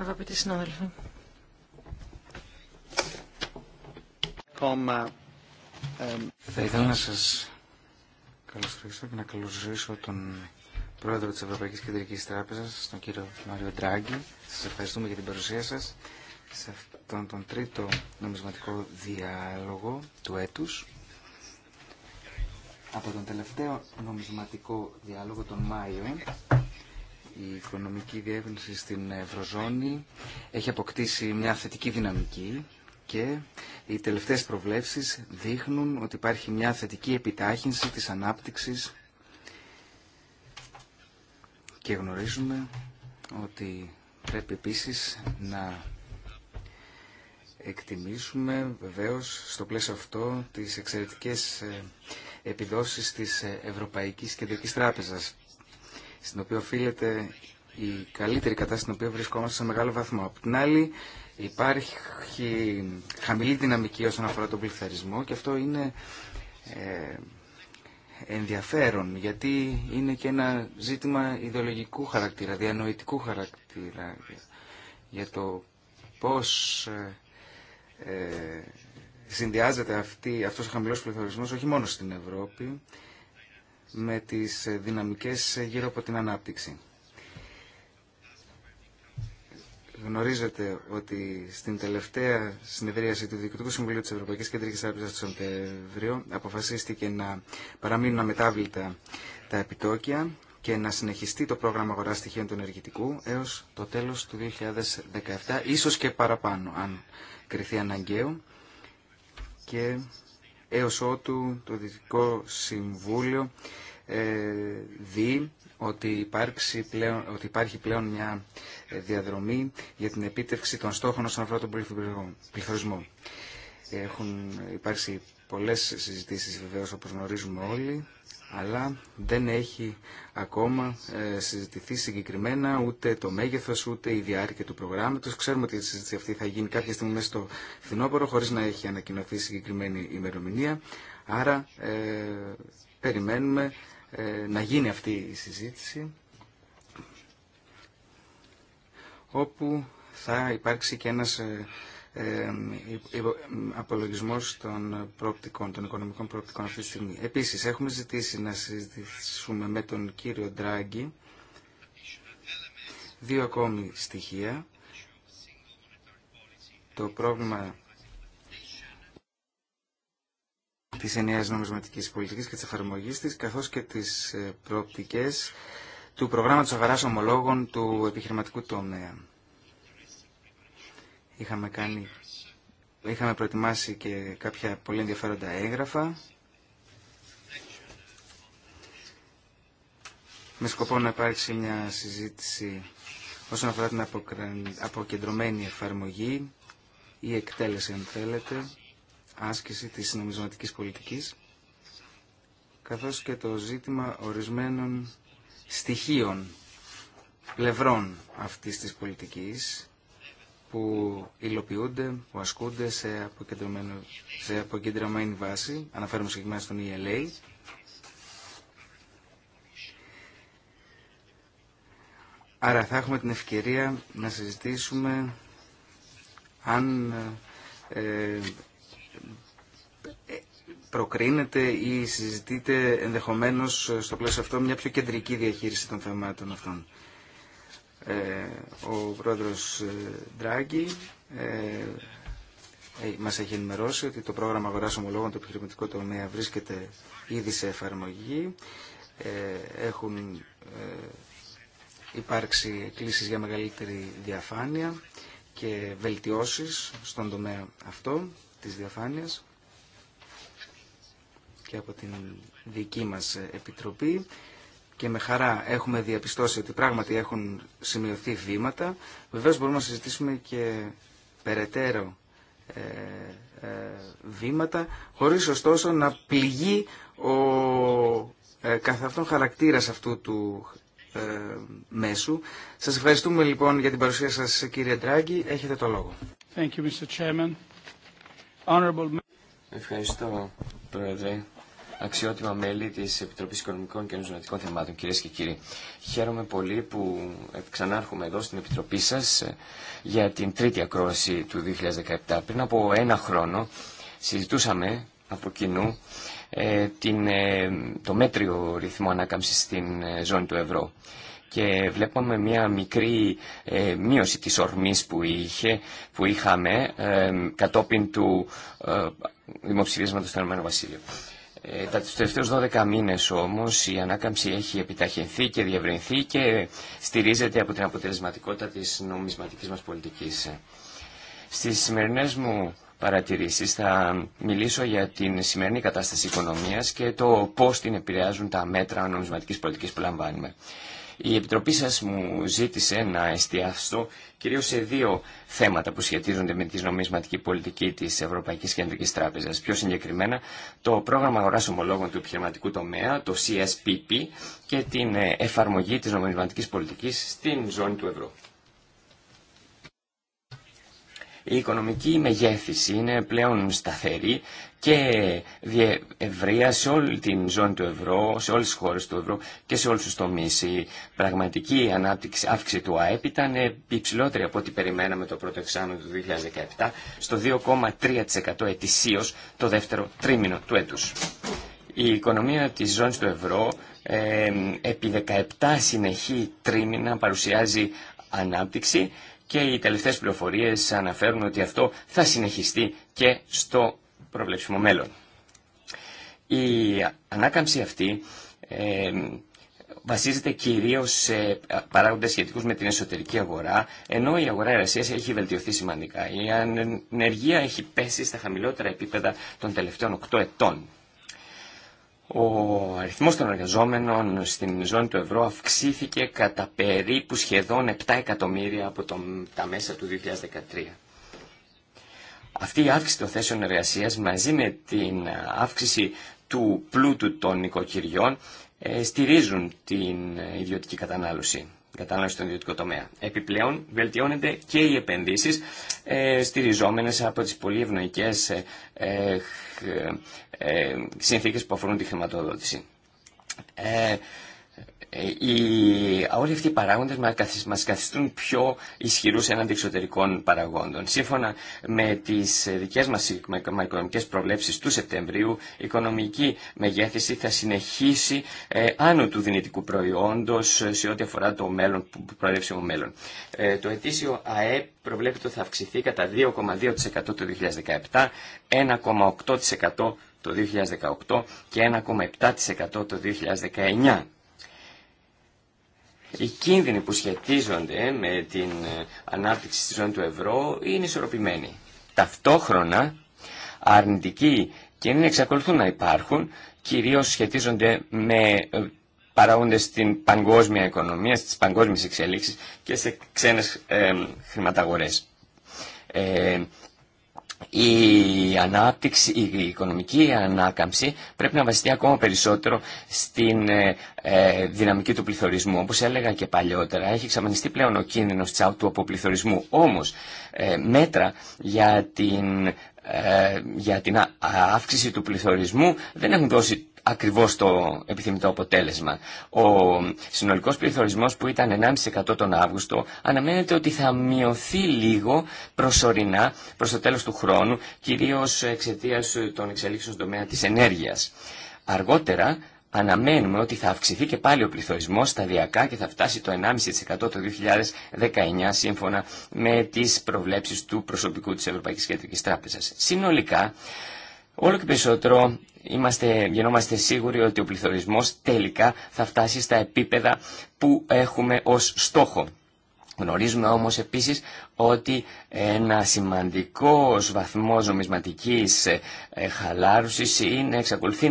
Αγαπητοί συνάδελφοι. Uh, um, Θα ήθελα να σας καλωσορίσω και να καλωσορίσω τον πρόεδρο της Ευρωπαϊκής Κεντρικής Τράπεζας, τον κύριο Μάριο Ντράγκη. Σας ευχαριστούμε για την παρουσία σας σε αυτόν τον τρίτο νομισματικό διάλογο του έτους. Από τον τελευταίο νομισματικό διάλογο τον Μάιο η οικονομική διεύρυνση στην Ευρωζώνη έχει αποκτήσει μια θετική δυναμική και οι τελευταίες προβλέψεις δείχνουν ότι υπάρχει μια θετική επιτάχυνση της ανάπτυξης και γνωρίζουμε ότι πρέπει επίσης να εκτιμήσουμε βεβαίως στο πλαίσιο αυτό τις εξαιρετικές ε, επιδόσεις της ε, Ευρωπαϊκής Κεντρικής Τράπεζας στην οποία οφείλεται η καλύτερη κατάσταση στην οποία βρισκόμαστε σε μεγάλο βαθμό. Από την άλλη υπάρχει χαμηλή δυναμική όσον αφορά τον πληθωρισμό και αυτό είναι ε, ενδιαφέρον γιατί είναι και ένα ζήτημα ιδεολογικού χαρακτήρα, διανοητικού χαρακτήρα για το πώς ε, ε συνδυάζεται αυτή, αυτός ο χαμηλός πληθωρισμός όχι μόνο στην Ευρώπη με τις δυναμικές γύρω από την ανάπτυξη. Γνωρίζετε ότι στην τελευταία συνεδρίαση του Διοικητικού Συμβουλίου της Ευρωπαϊκής Κεντρικής Τράπεζας του Σεπτεμβρίου αποφασίστηκε να παραμείνουν αμετάβλητα τα επιτόκια και να συνεχιστεί το πρόγραμμα αγορά στοιχείων του ενεργητικού έως το τέλος του 2017, ίσως και παραπάνω, αν κριθεί αναγκαίο. Και έως ότου το Δυτικό Συμβούλιο ε, δει ότι, πλέον, ότι υπάρχει πλέον μια ε, διαδρομή για την επίτευξη των στόχων όσον αφορά τον πληθωρισμό. Έχουν υπάρξει πολλές συζητήσεις βεβαίως όπως γνωρίζουμε όλοι αλλά δεν έχει ακόμα ε, συζητηθεί συγκεκριμένα ούτε το μέγεθος ούτε η διάρκεια του προγράμματος. Ξέρουμε ότι η συζήτηση αυτή θα γίνει κάποια στιγμή μέσα στο φθινόπωρο χωρίς να έχει ανακοινωθεί συγκεκριμένη ημερομηνία. Άρα ε, περιμένουμε ε, να γίνει αυτή η συζήτηση όπου θα υπάρξει και ένας ε, απολογισμός των προοπτικών, των οικονομικών προοπτικών αυτή τη στιγμή. Επίσης, έχουμε ζητήσει να συζητήσουμε με τον κύριο Ντράγκη δύο ακόμη στοιχεία. Το πρόβλημα της ενιαίας νομισματικής πολιτικής και της εφαρμογής της, καθώς και τις ε, προοπτικές του προγράμματος αγοράς ομολόγων του επιχειρηματικού τομέα. Είχαμε, κάνει, είχαμε προετοιμάσει και κάποια πολύ ενδιαφέροντα έγγραφα με σκοπό να υπάρξει μια συζήτηση όσον αφορά την αποκεντρωμένη εφαρμογή ή εκτέλεση αν θέλετε, άσκηση της νομισματικής πολιτικής, καθώς και το ζήτημα ορισμένων στοιχείων, πλευρών αυτής της πολιτικής, που υλοποιούνται, που ασκούνται σε, σε αποκεντρωμένη βάση. Αναφέρομαι συγκεκριμένα στον ELA. Άρα θα έχουμε την ευκαιρία να συζητήσουμε αν ε, προκρίνεται ή συζητείται ενδεχομένως ε, στο πλαίσιο αυτό μια πιο κεντρική διαχείριση των θεμάτων αυτών. Ε, ο πρόεδρος ε, Ντράγκη ε, μας έχει ενημερώσει ότι το πρόγραμμα αγοράς ομολόγων του επιχειρηματικού τομέα βρίσκεται ήδη σε εφαρμογή. Έχουν υπάρξει κλήσεις για μεγαλύτερη διαφάνεια και βελτιώσεις στον τομέα αυτό της διαφάνειας και από την δική μας επιτροπή και με χαρά έχουμε διαπιστώσει ότι πράγματι έχουν σημειωθεί βήματα. Βεβαίως μπορούμε να συζητήσουμε και περαιτέρω ε, ε βήματα, χωρίς ωστόσο να πληγεί ο ε, καθ' αυτόν χαρακτήρας αυτού του ε, μέσου. Σας ευχαριστούμε λοιπόν για την παρουσία σας κύριε Ντράγκη. Έχετε το λόγο. Thank you, Mr. Ευχαριστώ, Πρόεδρε αξιότιμα μέλη τη Επιτροπή Οικονομικών και Ενωσιατικών Θεμάτων, κύριε και κύριοι. Χαίρομαι πολύ που ξανάρχομαι εδώ στην Επιτροπή σας ε, για την τρίτη ακρόαση του 2017. Πριν από ένα χρόνο συζητούσαμε από κοινού ε, την, ε, το μέτριο ρυθμό ανάκαμψης στην ζώνη του ευρώ και βλέπαμε μια μικρή μείωση της ορμής που, είχαμε κατόπιν του ε, δημοψηφίσματος του ε, τα τους τελευταίους 12 μήνες όμως η ανάκαμψη έχει επιταχυνθεί και διευρυνθεί και στηρίζεται από την αποτελεσματικότητα της νομισματικής μας πολιτικής. Στις σημερινές μου παρατηρήσεις θα μιλήσω για την σημερινή κατάσταση οικονομίας και το πώς την επηρεάζουν τα μέτρα νομισματικής πολιτικής που λαμβάνουμε. Η Επιτροπή σας μου ζήτησε να εστιάσω κυρίως σε δύο θέματα που σχετίζονται με τη νομισματική πολιτική της Ευρωπαϊκής Κεντρικής Τράπεζας. Πιο συγκεκριμένα το πρόγραμμα αγοράς ομολόγων του επιχειρηματικού τομέα, το CSPP, και την ε, εφαρμογή της νομισματικής πολιτικής στην ζώνη του ευρώ. Η οικονομική μεγέθηση είναι πλέον σταθερή και ευρεία σε όλη την ζώνη του ευρώ, σε όλες τις χώρες του ευρώ και σε όλους τους τομείς. Η πραγματική ανάπτυξη, αύξηση του ΑΕΠ ήταν υψηλότερη από ό,τι περιμέναμε το πρώτο εξάμεινο του 2017 στο 2,3% ετησίως το δεύτερο τρίμηνο του έτους. Η οικονομία της ζώνης του ευρώ ε, επί 17 συνεχή τρίμηνα παρουσιάζει ανάπτυξη και οι τελευταίες πληροφορίες αναφέρουν ότι αυτό θα συνεχιστεί και στο προβλέψιμο μέλλον. Η ανάκαμψη αυτή ε, βασίζεται κυρίως σε παράγοντες σχετικούς με την εσωτερική αγορά, ενώ η αγορά εργασίας έχει βελτιωθεί σημαντικά. Η ανεργία έχει πέσει στα χαμηλότερα επίπεδα των τελευταίων 8 ετών. Ο αριθμός των εργαζόμενων στην ζώνη του ευρώ αυξήθηκε κατά περίπου σχεδόν 7 εκατομμύρια από τα μέσα του 2013. Αυτή η αύξηση των θέσεων εργασίας μαζί με την αύξηση του πλούτου των νοικοκυριών ε, στηρίζουν την ιδιωτική κατανάλωση, κατανάλωση στον ιδιωτικό τομέα. Επιπλέον βελτιώνεται και οι επενδύσεις ε, στηριζόμενες από τις πολύ ευνοϊκές ε, ε, ε συνθήκες που αφορούν τη χρηματοδότηση. Ε, οι, όλοι αυτοί οι παράγοντε μα καθιστούν πιο ισχυρού έναντι εξωτερικών παραγόντων. Σύμφωνα με τι δικέ μα οικονομικέ προβλέψει του Σεπτεμβρίου, η οικονομική μεγέθυνση θα συνεχίσει ε, άνω του δυνητικού προϊόντο σε ό,τι αφορά το μέλλον, μέλλον. Ε, το ετήσιο ΑΕΠ προβλέπεται ότι θα αυξηθεί κατά 2,2% το 2017, 1,8% το 2018 και 1,7% το 2019. Οι κίνδυνοι που σχετίζονται με την ε, ανάπτυξη στη ζώνη του ευρώ είναι ισορροπημένοι. Ταυτόχρονα αρνητικοί κίνδυνοι εξακολουθούν να υπάρχουν, κυρίως σχετίζονται με ε, παράγοντες στην παγκόσμια οικονομία, στις παγκόσμιες εξελίξεις και σε ξένες ε, χρηματαγορές η ανάπτυξη, η οικονομική ανάκαμψη πρέπει να βασιστεί ακόμα περισσότερο στην ε, ε, δυναμική του πληθωρισμού. Όπως έλεγα και παλιότερα, έχει εξαφανιστεί πλέον ο κίνδυνος του αποπληθωρισμού. Όμως, ε, μέτρα για την, για την αύξηση του πληθωρισμού δεν έχουν δώσει ακριβώς το επιθυμητό αποτέλεσμα. Ο συνολικός πληθωρισμός που ήταν 1,5% τον Αύγουστο αναμένεται ότι θα μειωθεί λίγο προσωρινά προς το τέλος του χρόνου, κυρίως εξαιτίας των εξελίξεων στον τομέα της ενέργειας. Αργότερα αναμένουμε ότι θα αυξηθεί και πάλι ο πληθωρισμός σταδιακά και θα φτάσει το 1,5% το 2019 σύμφωνα με τις προβλέψεις του προσωπικού της Ευρωπαϊκής Κεντρικής Τράπεζας. Συνολικά, Όλο και περισσότερο είμαστε, γινόμαστε σίγουροι ότι ο πληθωρισμός τελικά θα φτάσει στα επίπεδα που έχουμε ως στόχο. Γνωρίζουμε όμως επίσης ότι ένα σημαντικό βαθμό νομισματικής ε, ε, χαλάρωσης είναι εξακολουθεί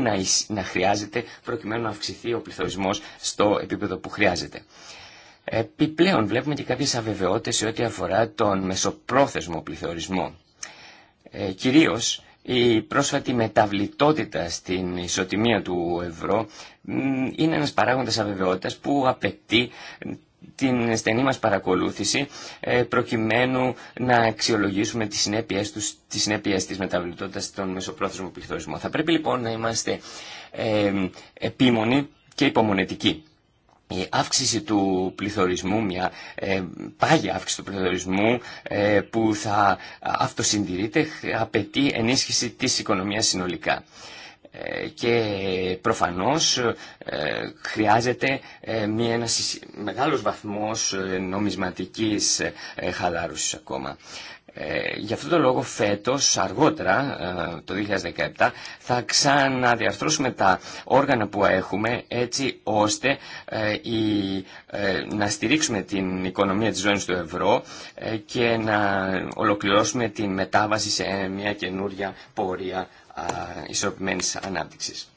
να, χρειάζεται προκειμένου να αυξηθεί ο πληθωρισμός στο επίπεδο που χρειάζεται. Επιπλέον βλέπουμε και κάποιες αβεβαιότητες σε ό,τι αφορά τον μεσοπρόθεσμο πληθωρισμό. Ε, κυρίως η πρόσφατη μεταβλητότητα στην ισοτιμία του ευρώ είναι ένας παράγοντας αβεβαιότητας που απαιτεί την στενή μας παρακολούθηση ε, προκειμένου να αξιολογήσουμε τις συνέπειες, τους, τις συνέπειες της μεταβλητότητας στον μεσοπρόθεσμο πληθωρισμό. Θα πρέπει λοιπόν να είμαστε ε, επίμονοι και υπομονετικοί η αύξηση του πληθωρισμού, μια ε, πάγια αύξηση του πληθωρισμού ε, που θα αυτοσυντηρείται απαιτεί ενίσχυση της οικονομίας συνολικά. Ε, και προφανώς χρειάζεται μια, ένας μεγάλος βαθμός νομισματικής χαλάρωσης ακόμα. Ε, γι' αυτόν τον λόγο φέτος, αργότερα, ε, το 2017, θα ξαναδιαρθρώσουμε τα όργανα που έχουμε έτσι ώστε ε, η, να στηρίξουμε την οικονομία της ζώνης του ευρώ και να ολοκληρώσουμε την μετάβαση σε μια καινούρια πορεία ισορροπημένης ανάπτυξης.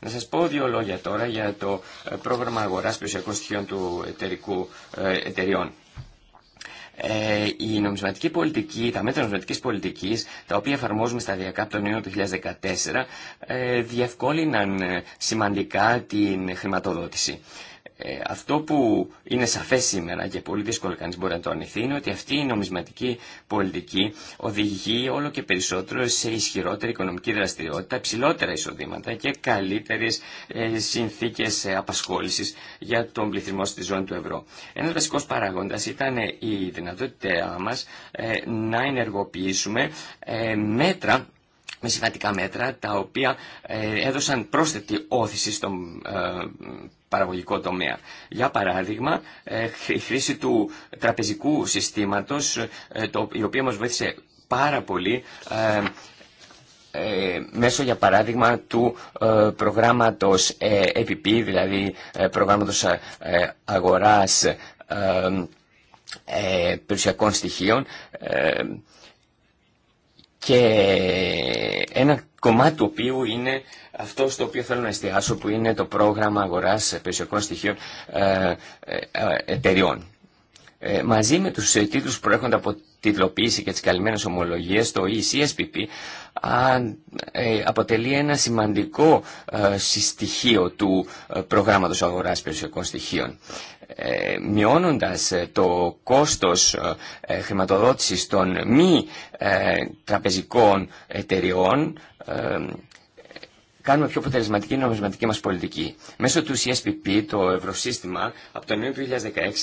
Να σας πω δύο λόγια τώρα για το πρόγραμμα αγοράς πλουσιακών στοιχείων του εταιρικού εταιριών. Ε, η νομισματική πολιτική, τα μέτρα νομισματικής πολιτικής, τα οποία εφαρμόζουμε σταδιακά από τον Ιούνιο του 2014, ε, διευκόλυναν ε, σημαντικά την χρηματοδότηση ε, αυτό που είναι σαφές σήμερα και πολύ δύσκολο κανεί μπορεί να το αρνηθεί είναι ότι αυτή η νομισματική πολιτική οδηγεί όλο και περισσότερο σε ισχυρότερη οικονομική δραστηριότητα, ψηλότερα εισοδήματα και καλύτερες συνθήκε συνθήκες ε, απασχόλησης για τον πληθυσμό στη ζώνη του ευρώ. Ένα βασικό παραγόντας ήταν ε, η δυνατότητά μα ε, να ενεργοποιήσουμε μέτρα με συμβατικά μέτρα τα οποία έδωσαν πρόσθετη όθηση στον παραγωγικό τομέα. Για παράδειγμα, ε, η χρήση του τραπεζικού συστήματος, ε, η οποία μας βοήθησε πάρα πολύ ε, μέσω για παράδειγμα του προγράμματος EPP, δηλαδή προγράμματος αγοράς περιουσιακών στοιχείων και ένα κομμάτι του οποίου είναι αυτό στο οποίο θέλω να εστιάσω που είναι το πρόγραμμα αγοράς περιουσιακών στοιχείων ε, ε, ε, εταιριών. μαζί με τους τίτλους που προέρχονται από τιτλοποίηση και τις καλυμμένες ομολογίες, το ECSPP αποτελεί ένα σημαντικό συστοιχείο του προγράμματος αγοράς περιουσιακών στοιχείων. Μειώνοντας το κόστος χρηματοδότησης των μη ε, τραπεζικών εταιριών ε, κάνουμε πιο αποτελεσματική νομισματική μας πολιτική. Μέσω του CSPP το ευρωσύστημα από τον Ιούνιο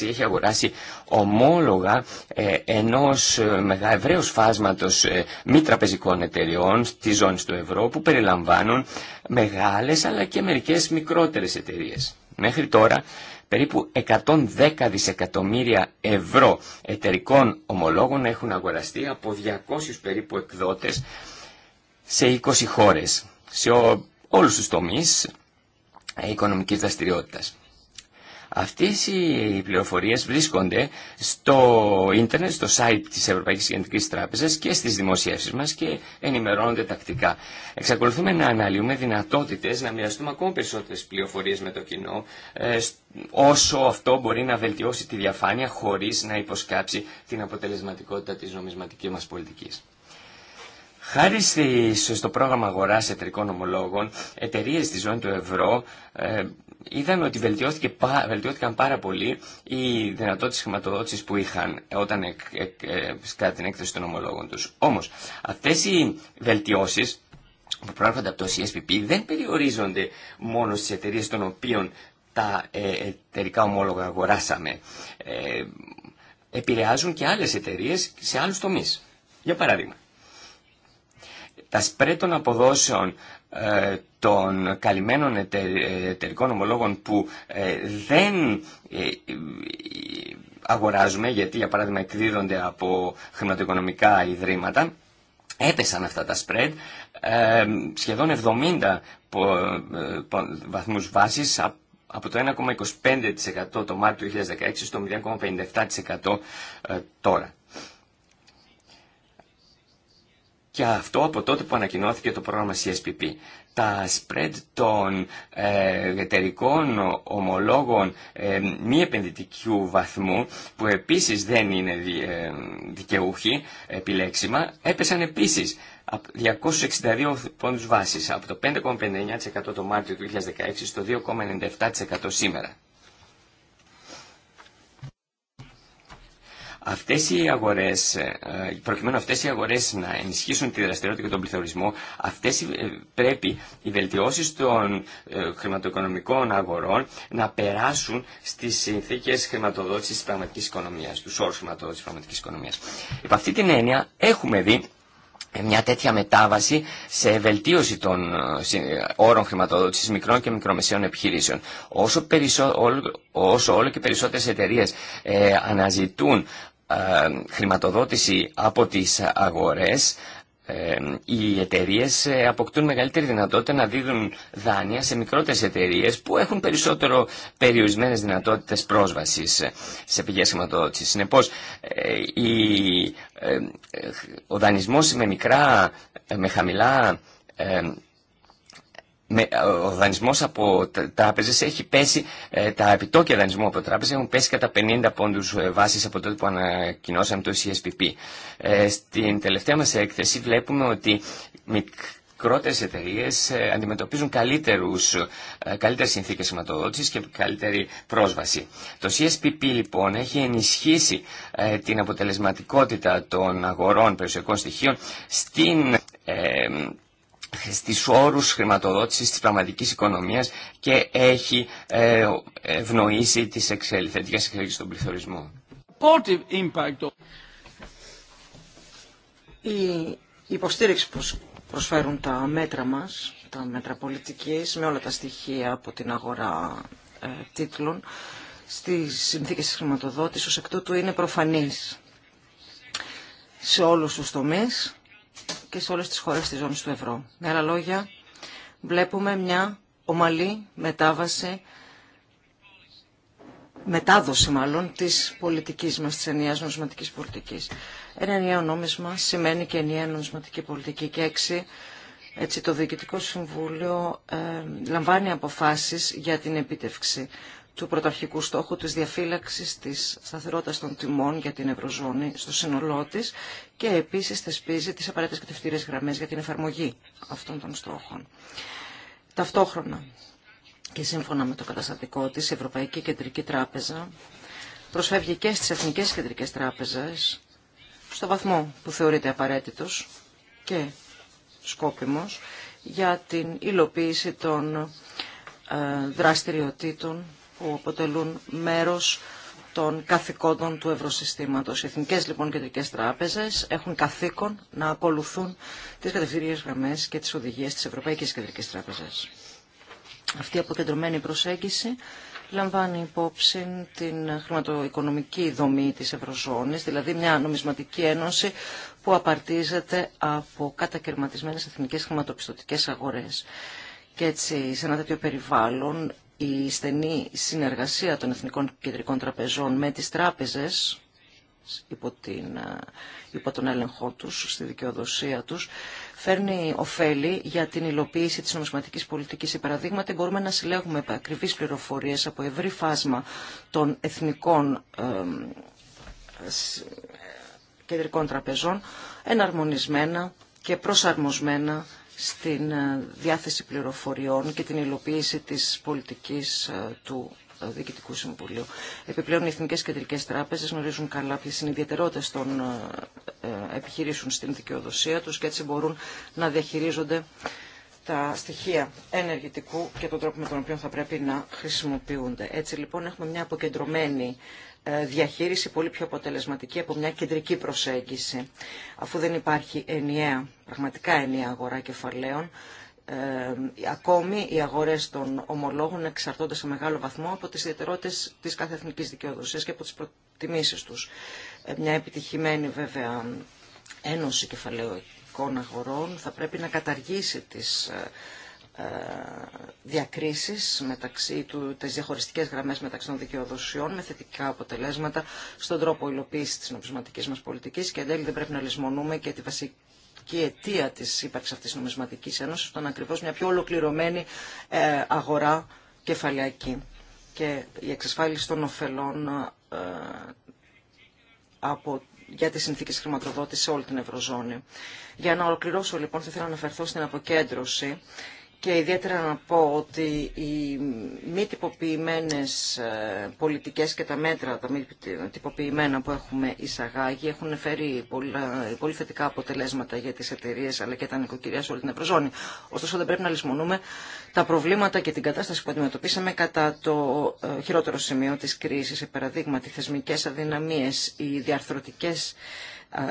2016 έχει αγοράσει ομόλογα ε, ενός ε, μεγά, φάσματος ε, μη τραπεζικών εταιριών στη ζώνη του ευρώ που περιλαμβάνουν μεγάλες αλλά και μερικές μικρότερες εταιρείες. Μέχρι τώρα περίπου 110 δισεκατομμύρια ευρώ εταιρικών ομολόγων έχουν αγοραστεί από 200 περίπου εκδότες σε 20 χώρες, σε όλους τους τομείς ε, οικονομικής δραστηριότητας. Αυτές οι πληροφορίες βρίσκονται στο ίντερνετ, στο site της Ευρωπαϊκής Κεντρικής Τράπεζας και στις δημοσίευσεις μας και ενημερώνονται τακτικά. Εξακολουθούμε να αναλύουμε δυνατότητες να μοιραστούμε ακόμα περισσότερες πληροφορίες με το κοινό ε, όσο αυτό μπορεί να βελτιώσει τη διαφάνεια χωρίς να υποσκάψει την αποτελεσματικότητα της νομισματικής μας πολιτικής. Χάρη στο πρόγραμμα αγοράς εταιρικών ομολόγων, εταιρείες στη ζώνη του ευρώ ε, είδαμε ότι βελτιώθηκε, βελτιώθηκαν πάρα πολύ οι δυνατότητε χρηματοδότηση που είχαν ε, όταν εκ, εκ, ε, κατά την έκθεση των ομολόγων του. Όμω, αυτέ οι βελτιώσεις που προέρχονται από το CSPP δεν περιορίζονται μόνο στις εταιρείε των οποίων τα ε, εταιρικά ομόλογα αγοράσαμε. επηρεάζουν και άλλες εταιρείε σε άλλους τομείς. Για παράδειγμα, τα σπρέ των αποδόσεων ε, των καλυμμένων εταιρικών ομολόγων που ε, δεν ε, αγοράζουμε, γιατί για παράδειγμα εκδίδονται από χρηματοοικονομικά ιδρύματα, έπεσαν αυτά τα spread σχεδόν 70 βαθμούς βάσης από το 1,25% το Μάρτιο 2016 στο 0,57% τώρα. Και αυτό από τότε που ανακοινώθηκε το πρόγραμμα CSPP. Τα spread των ε, εταιρικών ομολόγων ε, μη επενδυτικού βαθμού, που επίσης δεν είναι ε, δικαιούχοι επιλέξιμα, έπεσαν επίσης 262 πόντους βάσης, από το 5,59% το Μάρτιο του 2016 στο 2,97% σήμερα. Αυτές οι αγορές, ε, ε, προκειμένου αυτές οι αγορές να ενισχύσουν τη δραστηριότητα και τον πληθωρισμό, αυτές ε, πρέπει οι βελτιώσεις των χρηματοοικονομικών αγορών να περάσουν στις συνθήκες χρηματοδότησης της πραγματικής οικονομίας, τους όρους χρηματοδότησης της πραγματικής οικονομίας. Υπ' αυτή την έννοια έχουμε δει μια τέτοια μετάβαση σε βελτίωση των όρων χρηματοδότησης μικρών και μικρομεσαίων επιχειρήσεων. Όσο, περισσό, όσο όλο και περισσότερες εταιρείες αναζητούν ε, χρηματοδότηση από τις αγορές ε, οι εταιρείε ε, αποκτούν μεγαλύτερη δυνατότητα να δίδουν δάνεια σε μικρότερες εταιρείε που έχουν περισσότερο περιορισμένες δυνατότητες πρόσβασης σε πηγέ χρηματοδότηση. Συνεπώ, ο δανεισμός με μικρά, με χαμηλά με, ο δανεισμός από τράπεζες έχει πέσει, ε, τα επιτόκια δανεισμού από τράπεζες έχουν πέσει κατά 50 πόντους ε, βάσης από τότε που ανακοινώσαμε το CSPP. Ε, στην τελευταία μας έκθεση βλέπουμε ότι μικρότερες εταιρείε αντιμετωπίζουν καλύτερους, καλύτερες συνθήκες χρηματοδότησης και καλύτερη πρόσβαση. Το CSPP λοιπόν έχει ενισχύσει την αποτελεσματικότητα των αγορών περιουσιακών στοιχείων στην στις όρους χρηματοδότησης της πραγματικής οικονομίας και έχει ε, ευνοήσει τις θετικές εξέλιξεις πληθωρισμών. πληθωρισμό. Η υποστήριξη που προσφέρουν τα μέτρα μας, τα μέτρα πολιτικής, με όλα τα στοιχεία από την αγορά ε, τίτλων, στις συνθήκες της χρηματοδότησης, ως εκ είναι προφανής σε όλους τους τομείς και σε όλες τις χώρες της ζώνης του ευρώ. Με άλλα λόγια, βλέπουμε μια ομαλή μετάβαση, μετάδοση μάλλον, της πολιτικής μας, της ενιαίας νομισματικής πολιτικής. Ένα ενιαίο νόμισμα σημαίνει και ενιαία νομισματική πολιτική και έξι, έτσι το Διοικητικό Συμβούλιο ε, λαμβάνει αποφάσεις για την επίτευξη του πρωταρχικού στόχου της διαφύλαξης της σταθερότητας των τιμών για την Ευρωζώνη στο σύνολό τη και επίσης θεσπίζει τις απαραίτητες κατευθυντήριες γραμμές για την εφαρμογή αυτών των στόχων. Ταυτόχρονα και σύμφωνα με το καταστατικό της, η Ευρωπαϊκή Κεντρική Τράπεζα προσφεύγει και στις Εθνικές Κεντρικές Τράπεζες στο βαθμό που θεωρείται απαραίτητος και σκόπιμος για την υλοποίηση των ε, δραστηριοτήτων που αποτελούν μέρος των καθηκόντων του ευρωσυστήματος. Οι εθνικές λοιπόν κεντρικές τράπεζες έχουν καθήκον να ακολουθούν τις κατευθυντήριες γραμμές και τις οδηγίες της Ευρωπαϊκής Κεντρικής Τράπεζας. Αυτή η αποκεντρωμένη προσέγγιση λαμβάνει υπόψη την χρηματοοικονομική δομή της Ευρωζώνης, δηλαδή μια νομισματική ένωση που απαρτίζεται από κατακαιρματισμένες εθνικές χρηματοπιστωτικές αγορές. Και έτσι σε ένα τέτοιο περιβάλλον η στενή συνεργασία των Εθνικών Κεντρικών Τραπεζών με τις τράπεζες υπό, την, ε, υπό τον έλεγχό τους, στη δικαιοδοσία τους, φέρνει ωφέλη για την υλοποίηση της νομισματικής πολιτικής. Οι παραδείγματα μπορούμε να συλλέγουμε ακριβείς πληροφορίες από ευρύ φάσμα των εθνικών ε, ε, κεντρικών τραπεζών, εναρμονισμένα και προσαρμοσμένα στην ε, διάθεση πληροφοριών και την υλοποίηση της πολιτικής ε, του ε, Διοικητικού Συμβουλίου. Επιπλέον, οι Εθνικέ Κεντρικέ Τράπεζε γνωρίζουν καλά ποιες είναι οι ιδιαιτερότητε των επιχειρήσεων στην δικαιοδοσία τους και έτσι μπορούν να διαχειρίζονται τα στοιχεία ενεργητικού και τον τρόπο με τον οποίο θα πρέπει να χρησιμοποιούνται. Έτσι λοιπόν έχουμε μια αποκεντρωμένη ε, διαχείριση πολύ πιο αποτελεσματική από μια κεντρική προσέγγιση. Αφού δεν υπάρχει ενιαία, πραγματικά ενιαία αγορά κεφαλαίων, ε, ακόμη οι αγορές των ομολόγων εξαρτώνται σε μεγάλο βαθμό από τις ιδιαιτερότητες της κάθε εθνικής δικαιοδοσίας και από τις προτιμήσεις τους. Ε, μια επιτυχημένη βέβαια ένωση κεφαλαίων αγορών θα πρέπει να καταργήσει τις ε, ε, διακρίσεις μεταξύ του, τις διαχωριστικές γραμμές μεταξύ των δικαιοδοσιών με θετικά αποτελέσματα στον τρόπο υλοποίησης της νομισματικής μας πολιτικής και εν τέλει δεν πρέπει να λησμονούμε και τη βασική αιτία της ύπαρξης αυτής της νομισματικής ένωσης ήταν ακριβώς μια πιο ολοκληρωμένη ε, αγορά κεφαλαιακή και η εξασφάλιση των ωφελών ε, από για τις συνθήκες χρηματοδότησης σε όλη την Ευρωζώνη. Για να ολοκληρώσω λοιπόν, θα ήθελα να αναφερθώ στην αποκέντρωση και ιδιαίτερα να πω ότι οι μη τυποποιημένε ε, πολιτικές και τα μέτρα, τα μη τυποποιημένα που έχουμε εισαγάγει έχουν φέρει πολύ θετικά αποτελέσματα για τις εταιρείε αλλά και τα νοικοκυριά σε όλη την Ευρωζώνη. Ωστόσο δεν πρέπει να λησμονούμε τα προβλήματα και την κατάσταση που αντιμετωπίσαμε κατά το ε, χειρότερο σημείο της κρίσης, παραδείγματι θεσμικές αδυναμίες, οι διαρθρωτικές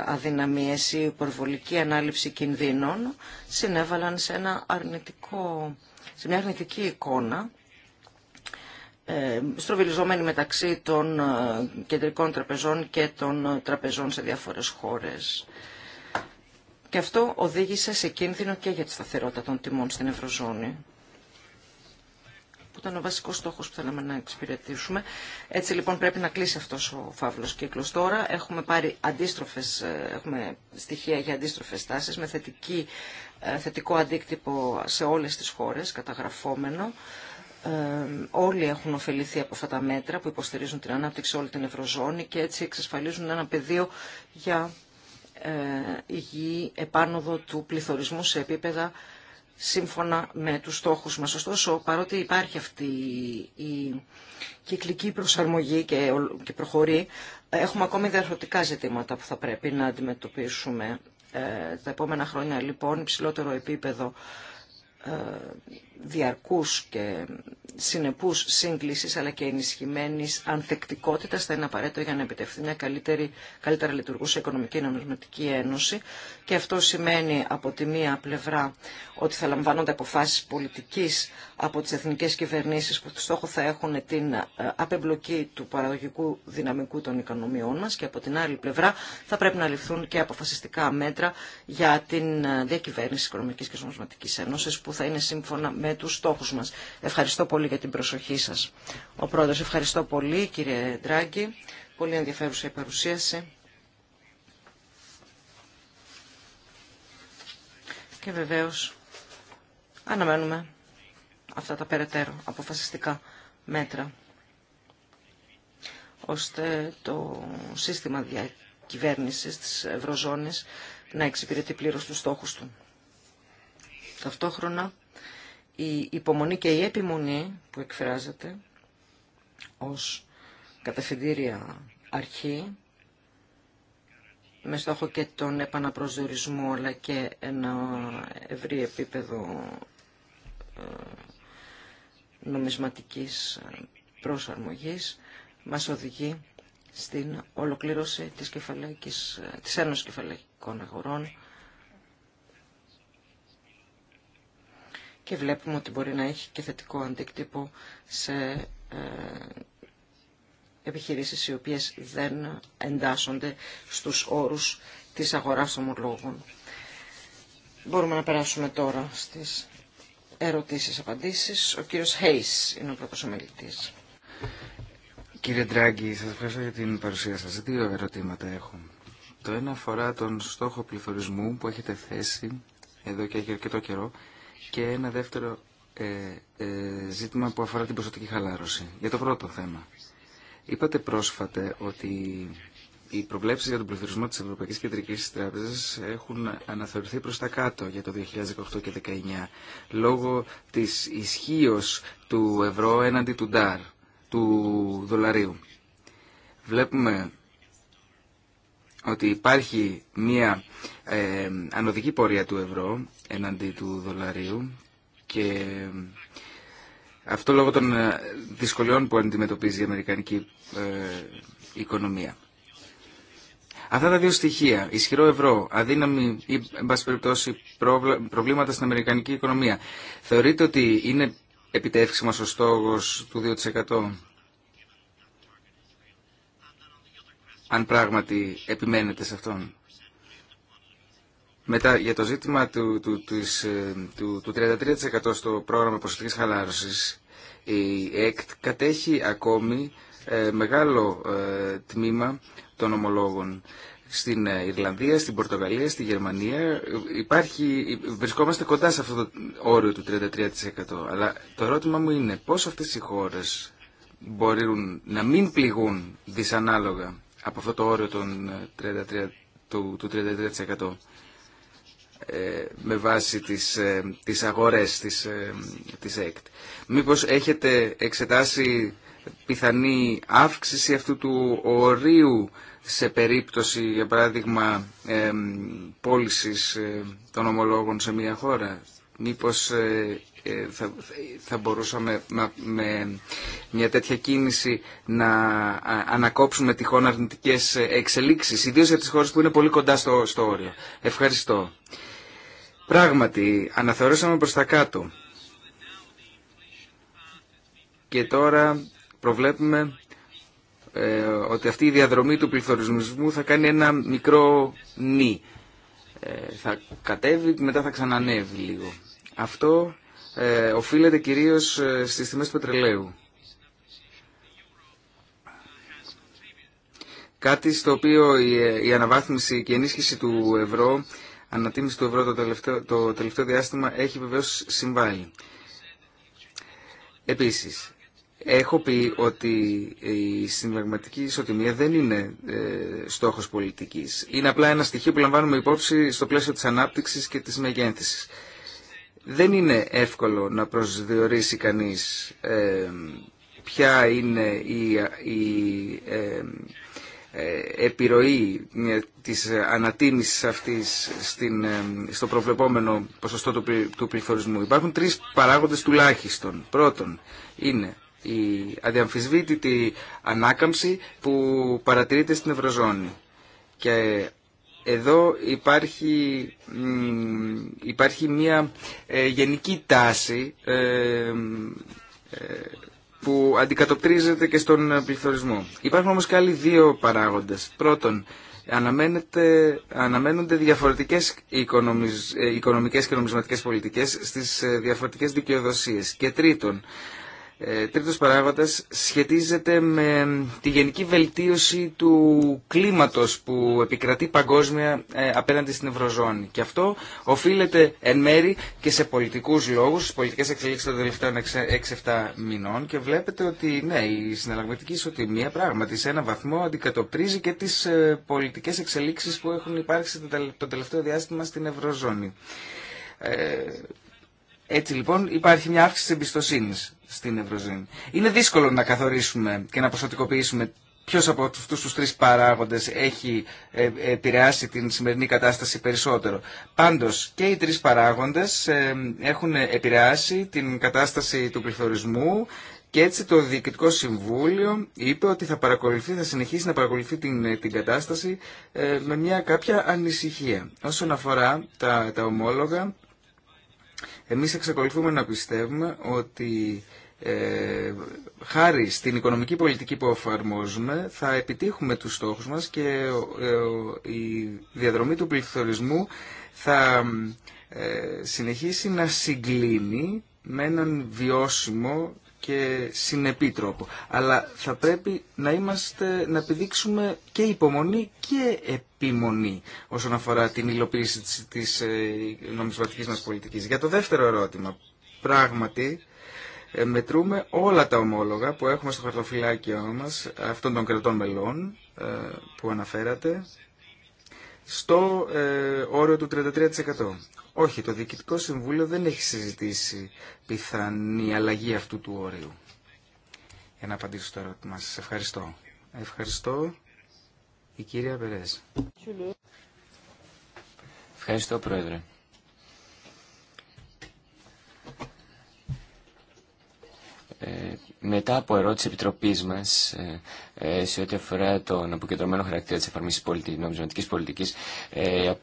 αδυναμίες ή υπορβολική ανάληψη κινδύνων συνέβαλαν σε, ένα αρνητικό, σε μια αρνητική εικόνα ε, στροβιλιζόμενη μεταξύ των ε, κεντρικών τραπεζών και των ε, τραπεζών σε διάφορες χώρες. Και αυτό οδήγησε σε κίνδυνο και για τη σταθερότητα των τιμών στην Ευρωζώνη που ήταν ο βασικός στόχος που θέλαμε να εξυπηρετήσουμε. Έτσι λοιπόν πρέπει να κλείσει αυτός ο φαύλος κύκλος τώρα. Έχουμε πάρει αντίστροφες, ε, έχουμε στοιχεία για αντίστροφες τάσεις με θετική, ε, θετικό αντίκτυπο σε όλες τις χώρες, καταγραφόμενο. Ε, όλοι έχουν ωφεληθεί από αυτά τα μέτρα που υποστηρίζουν την ανάπτυξη όλη την Ευρωζώνη και έτσι εξασφαλίζουν ένα πεδίο για υγιή επάνωδο του πληθωρισμού σε επίπεδα σύμφωνα με τους στόχους μας. Ωστόσο, παρότι υπάρχει αυτή η κυκλική προσαρμογή και προχωρεί, έχουμε ακόμη διαρθρωτικά ζητήματα που θα πρέπει να αντιμετωπίσουμε. Ε, τα επόμενα χρόνια, λοιπόν, υψηλότερο επίπεδο ε, διαρκούς και συνεπούς σύγκλησης αλλά και ενισχυμένης ανθεκτικότητας θα είναι απαραίτητο για να επιτευχθεί μια καλύτερη, καλύτερα λειτουργούσα οικονομική νομισματική ένωση και αυτό σημαίνει από τη μία πλευρά ότι θα λαμβάνονται αποφάσεις πολιτικής από τις εθνικές κυβερνήσεις που το στόχο θα έχουν την ε, απεμπλοκή του παραγωγικού δυναμικού των οικονομιών μας και από την άλλη πλευρά θα πρέπει να ληφθούν και αποφασιστικά μέτρα για την ε, διακυβέρνηση Οικονομικής και Σωματικής Ένωσης που θα είναι σύμφωνα με τους στόχους μας. Ευχαριστώ πολύ για την προσοχή σας. Ο Πρόεδρος, ευχαριστώ πολύ κύριε Ντράγκη. Πολύ ενδιαφέρουσα η παρουσίαση. Και βεβαίως αναμένουμε αυτά τα περαιτέρω αποφασιστικά μέτρα ώστε το σύστημα διακυβέρνησης της Ευρωζώνης να εξυπηρετεί πλήρως τους στόχους του. Ταυτόχρονα η υπομονή και η επιμονή που εκφράζεται ως κατευθυντήρια αρχή με στόχο και τον επαναπροσδιορισμό αλλά και ένα ευρύ επίπεδο ε, νομισματικής προσαρμογής μας οδηγεί στην ολοκλήρωση της, κεφαλαϊκής, της Ένωσης Κεφαλαϊκών Αγορών και βλέπουμε ότι μπορεί να έχει και θετικό αντίκτυπο σε ε, επιχειρήσεις οι οποίες δεν εντάσσονται στους όρους της αγοράς ομολόγων. Μπορούμε να περάσουμε τώρα στις ερωτήσεις-απαντήσεις. Ο κύριος Χέις είναι ο πρώτος ομιλητής. Κύριε Ντράγκη, σας ευχαριστώ για την παρουσία σας. Δύο ερωτήματα έχω. Το ένα αφορά τον στόχο πληθωρισμού που έχετε θέσει εδώ και έχει αρκετό καιρό και ένα δεύτερο ε, ε ζήτημα που αφορά την ποσοτική χαλάρωση. Για το πρώτο θέμα. Είπατε πρόσφατα ότι οι προβλέψεις για τον πληθωρισμό της Ευρωπαϊκής Κεντρικής Τράπεζας έχουν αναθεωρηθεί προς τα κάτω για το 2018 και 2019 λόγω της ισχύω του ευρώ έναντι του ντάρ, του δολαρίου. Βλέπουμε ότι υπάρχει μία ε, ανωδική πορεία του ευρώ έναντι του δολαρίου και αυτό λόγω των ε, δυσκολιών που αντιμετωπίζει η Αμερικανική ε, οικονομία. Αυτά τα δύο στοιχεία, ισχυρό ευρώ, αδύναμη ή, εν πάση περιπτώσει, προβλήματα στην Αμερικανική οικονομία, θεωρείτε ότι είναι επιτεύξιμος ο στόχος του 2%? αν πράγματι επιμένετε σε αυτόν. Μετά, για το ζήτημα του, του, ε, του, 33% στο πρόγραμμα προσωπικής χαλάρωσης, η ΕΚΤ κατέχει ακόμη ε, μεγάλο ε, τμήμα των ομολόγων. Στην Ιρλανδία, στην Πορτογαλία, στη Γερμανία υπάρχει, βρισκόμαστε κοντά σε αυτό το όριο του 33%. Αλλά το ερώτημα μου είναι πώς αυτές οι χώρες μπορούν να μην πληγούν δυσανάλογα από αυτό το όριο των 33%, του, του 33%. Ε, με βάση τις, ε, τις αγορές της, ε, της ΕΚΤ. Μήπως έχετε εξετάσει πιθανή αύξηση αυτού του ορίου σε περίπτωση, για παράδειγμα, πώλησης των ομολόγων σε μια χώρα μήπως ε, ε, θα, θα μπορούσαμε με μια τέτοια κίνηση να ανακόψουμε τυχόν αρνητικές εξελίξεις, ιδίως για τις χώρες που είναι πολύ κοντά στο, όριο. Ευχαριστώ. Πράγματι, αναθεωρήσαμε προς τα κάτω. Και τώρα προβλέπουμε ε, ότι αυτή η διαδρομή του πληθωρισμού θα κάνει ένα μικρό νι. Ε, θα κατέβει, μετά θα ξανανεύει λίγο. Αυτό ε, οφείλεται κυρίως ε, στις τιμές του πετρελαίου. Κάτι στο οποίο ε, η, αναβάθμιση και η ενίσχυση του ευρώ, ανατίμηση του ευρώ το τελευταίο, το τελευταίο διάστημα έχει βεβαίως συμβάλει. Επίσης, έχω πει ότι η συνταγματική ισοτιμία δεν είναι ε, στόχος πολιτικής. Είναι απλά ένα στοιχείο που λαμβάνουμε υπόψη στο πλαίσιο της ανάπτυξης και της μεγένθησης δεν είναι εύκολο να προσδιορίσει κανείς ε, ποια είναι η, η ε, ε, επιρροή της ανατίμησης αυτής στην, στο προβλεπόμενο ποσοστό του, του πληθωρισμού. Υπάρχουν τρεις παράγοντες τουλάχιστον. Πρώτον είναι η αδιαμφισβήτητη ανάκαμψη που παρατηρείται στην Ευρωζώνη. Και εδώ υπάρχει, υπάρχει μια ε, γενική τάση ε, ε, που αντικατοπτρίζεται και στον πληθωρισμό. Υπάρχουν όμως και άλλοι δύο παράγοντες. Πρώτον, αναμένονται διαφορετικές οικονομικές και νομισματικές πολιτικές στις διαφορετικές δικαιοδοσίες. Και τρίτον, ε, τρίτος παράγοντας σχετίζεται με τη γενική βελτίωση του κλίματος που επικρατεί παγκόσμια ε, απέναντι στην Ευρωζώνη. Και αυτό οφείλεται εν μέρη και σε πολιτικούς λόγους, στις πολιτικές εξελίξεις των τελευταίων 6-7 μηνών και βλέπετε ότι ναι, η συναλλαγματική ισοτιμία πράγματι σε ένα βαθμό αντικατοπτρίζει και τις ε, πολιτικές εξελίξεις που έχουν υπάρξει το τελευταίο διάστημα στην Ευρωζώνη. Έτσι λοιπόν υπάρχει μια αύξηση της στην Ευρωζώνη. Είναι δύσκολο να καθορίσουμε και να ποσοτικοποιήσουμε ποιος από αυτούς τους τρεις παράγοντες έχει ε, επηρεάσει την σημερινή κατάσταση περισσότερο. Πάντως και οι τρεις παράγοντες ε, έχουν επηρεάσει την κατάσταση του πληθωρισμού και έτσι το Διοικητικό Συμβούλιο είπε ότι θα, παρακολουθεί, θα συνεχίσει να παρακολουθεί την, ε, την κατάσταση με μια κάποια ανησυχία. Όσον αφορά τα, τα ομόλογα, εμείς εξακολουθούμε να πιστεύουμε ότι ε, χάρη στην οικονομική πολιτική που εφαρμόζουμε θα επιτύχουμε τους στόχους μας και ε, η διαδρομή του πληθωρισμού θα ε, συνεχίσει να συγκλίνει με έναν βιώσιμο και συνεπή τρόπο. Αλλά θα πρέπει να είμαστε, να επιδείξουμε και υπομονή και επιμονή όσον αφορά την υλοποίηση της, της ε, νομισματικής μας πολιτικής. Για το δεύτερο ερώτημα, πράγματι ε, μετρούμε όλα τα ομόλογα που έχουμε στο χαρτοφυλάκιο μας αυτών των κρατών μελών ε, που αναφέρατε στο ε, όριο του 33%. Όχι, το Διοικητικό Συμβούλιο δεν έχει συζητήσει πιθανή αλλαγή αυτού του όριου. Για να απαντήσω στο ερώτημα σας. Ευχαριστώ. Ευχαριστώ η κυρία Περέζ. Ευχαριστώ, Πρόεδρε. Ε, μετά από ερώτηση επιτροπή μας ε, ε, σε ό,τι αφορά τον αποκεντρωμένο χαρακτήρα τη εφαρμής τη νομισματική πολιτικής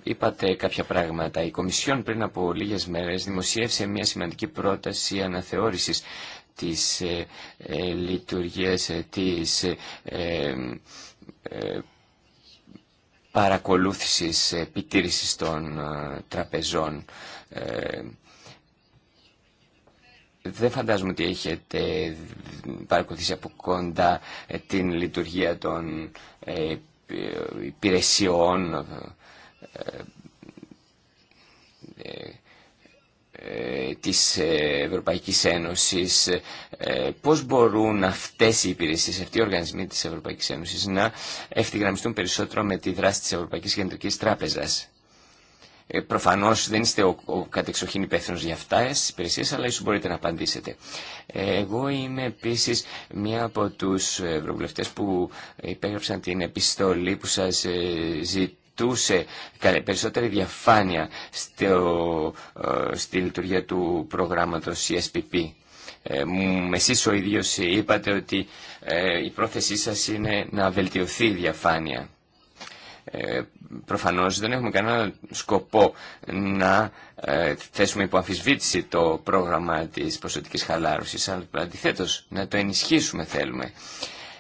είπατε κάποια πράγματα. Η Κομισιόν πριν από λίγες μέρες δημοσίευσε μια σημαντική πρόταση αναθεώρησης της λειτουργίας της παρακολούθησης επιτήρησης των τραπεζών δεν φαντάζομαι ότι έχετε παρακολουθήσει από κοντά ε, την λειτουργία των ε, υπηρεσιών ε, της Ευρωπαϊκής Ένωσης πώς μπορούν αυτές οι υπηρεσίες, αυτοί οι οργανισμοί της Ευρωπαϊκής Ένωσης να ευθυγραμμιστούν περισσότερο με τη δράση της Ευρωπαϊκής Κεντρικής Τράπεζας. Ε, προφανώς δεν είστε ο, ο κατεξοχήν υπεύθυνο για αυτά τι υπηρεσίε, αλλά ίσω μπορείτε να απαντήσετε. Ε, εγώ είμαι επίση μία από τους ευρωβουλευτέ που υπέγραψαν την επιστολή που σας ε, ζητούσε περισσότερη διαφάνεια στο, ε, στη λειτουργία του προγράμματος CSPP. Ε, εσείς ο ίδιος είπατε ότι η πρόθεσή σας είναι να βελτιωθεί η διαφάνεια. Ε, προφανώς δεν έχουμε κανένα σκοπό να ε, θέσουμε υπό αμφισβήτηση το πρόγραμμα της ποσοτικής χαλάρωσης, αλλά αντιθέτως να το ενισχύσουμε θέλουμε.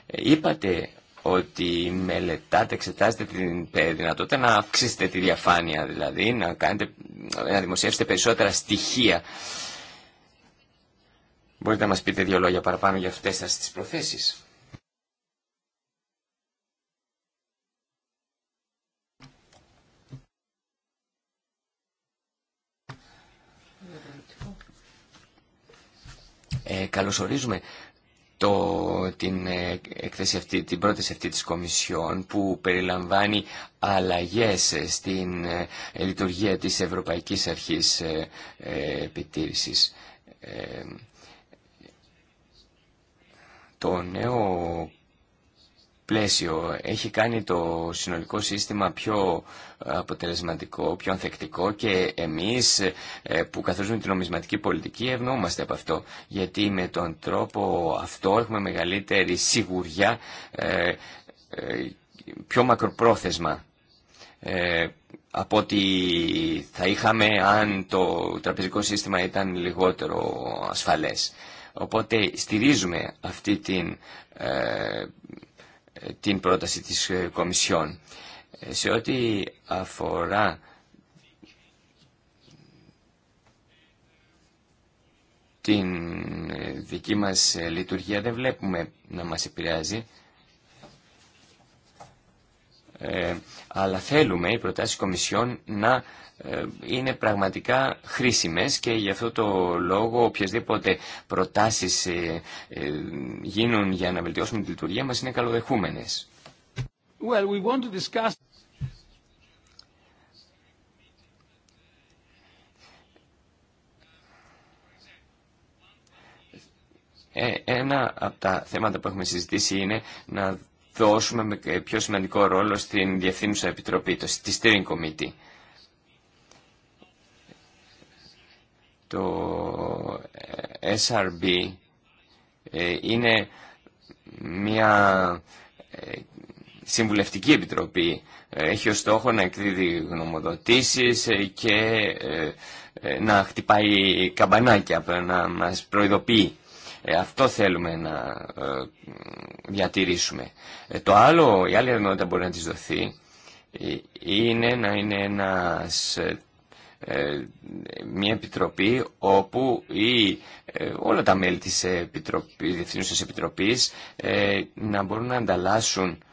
Ε, είπατε ότι μελετάτε, εξετάζετε την δυνατότητα να αυξήσετε τη διαφάνεια, δηλαδή να, κάνετε, να δημοσιεύσετε περισσότερα στοιχεία. Μπορείτε να μας πείτε δύο λόγια παραπάνω για αυτές τις προθέσεις. Ε, καλωσορίζουμε το, την έκθεση ε, αυτή, την πρόταση αυτή της Κομισιόν που περιλαμβάνει αλλαγές στην ε, λειτουργία της Ευρωπαϊκής Αρχής ε, Επιτήρησης. Το νέο πλαίσιο. Έχει κάνει το συνολικό σύστημα πιο αποτελεσματικό, πιο ανθεκτικό και εμείς ε, που καθορίζουμε την νομισματική πολιτική ευνοούμαστε από αυτό. Γιατί με τον τρόπο αυτό έχουμε μεγαλύτερη σιγουριά, ε, ε, πιο μακροπρόθεσμα από ότι θα είχαμε αν το τραπεζικό σύστημα ήταν λιγότερο ασφαλές. Οπότε στηρίζουμε αυτή την την πρόταση της ε, Κομισιόν. Ε, σε ό,τι αφορά την ε, δική μας λειτουργία δεν βλέπουμε να μας επηρεάζει. Ε, αλλά θέλουμε οι προτάσεις Κομισιόν να ε, είναι πραγματικά χρήσιμες και γι' αυτό το λόγο οποιασδήποτε προτάσεις ε, γίνουν για να βελτιώσουμε τη λειτουργία μας είναι καλοδεχούμενες. Well, we want to discuss... Ένα από τα θέματα που έχουμε συζητήσει είναι να δώσουμε πιο σημαντικό ρόλο στην Διευθύνουσα Επιτροπή, το, τη Steering Committee. Το ε, SRB ε, είναι μια ε, συμβουλευτική επιτροπή. Έχει ως στόχο να εκδίδει γνωμοδοτήσεις και να χτυπάει καμπανάκια, να μας προειδοποιεί. Ε, αυτό θέλουμε να ε, διατηρήσουμε. Ε, το άλλο, η άλλη που μπορεί να της δοθεί είναι να είναι ένας, μια επιτροπή όπου η, όλα τα μέλη της επιτροπής, Διευθύνουσας Επιτροπής να μπορούν να ανταλλάσσουν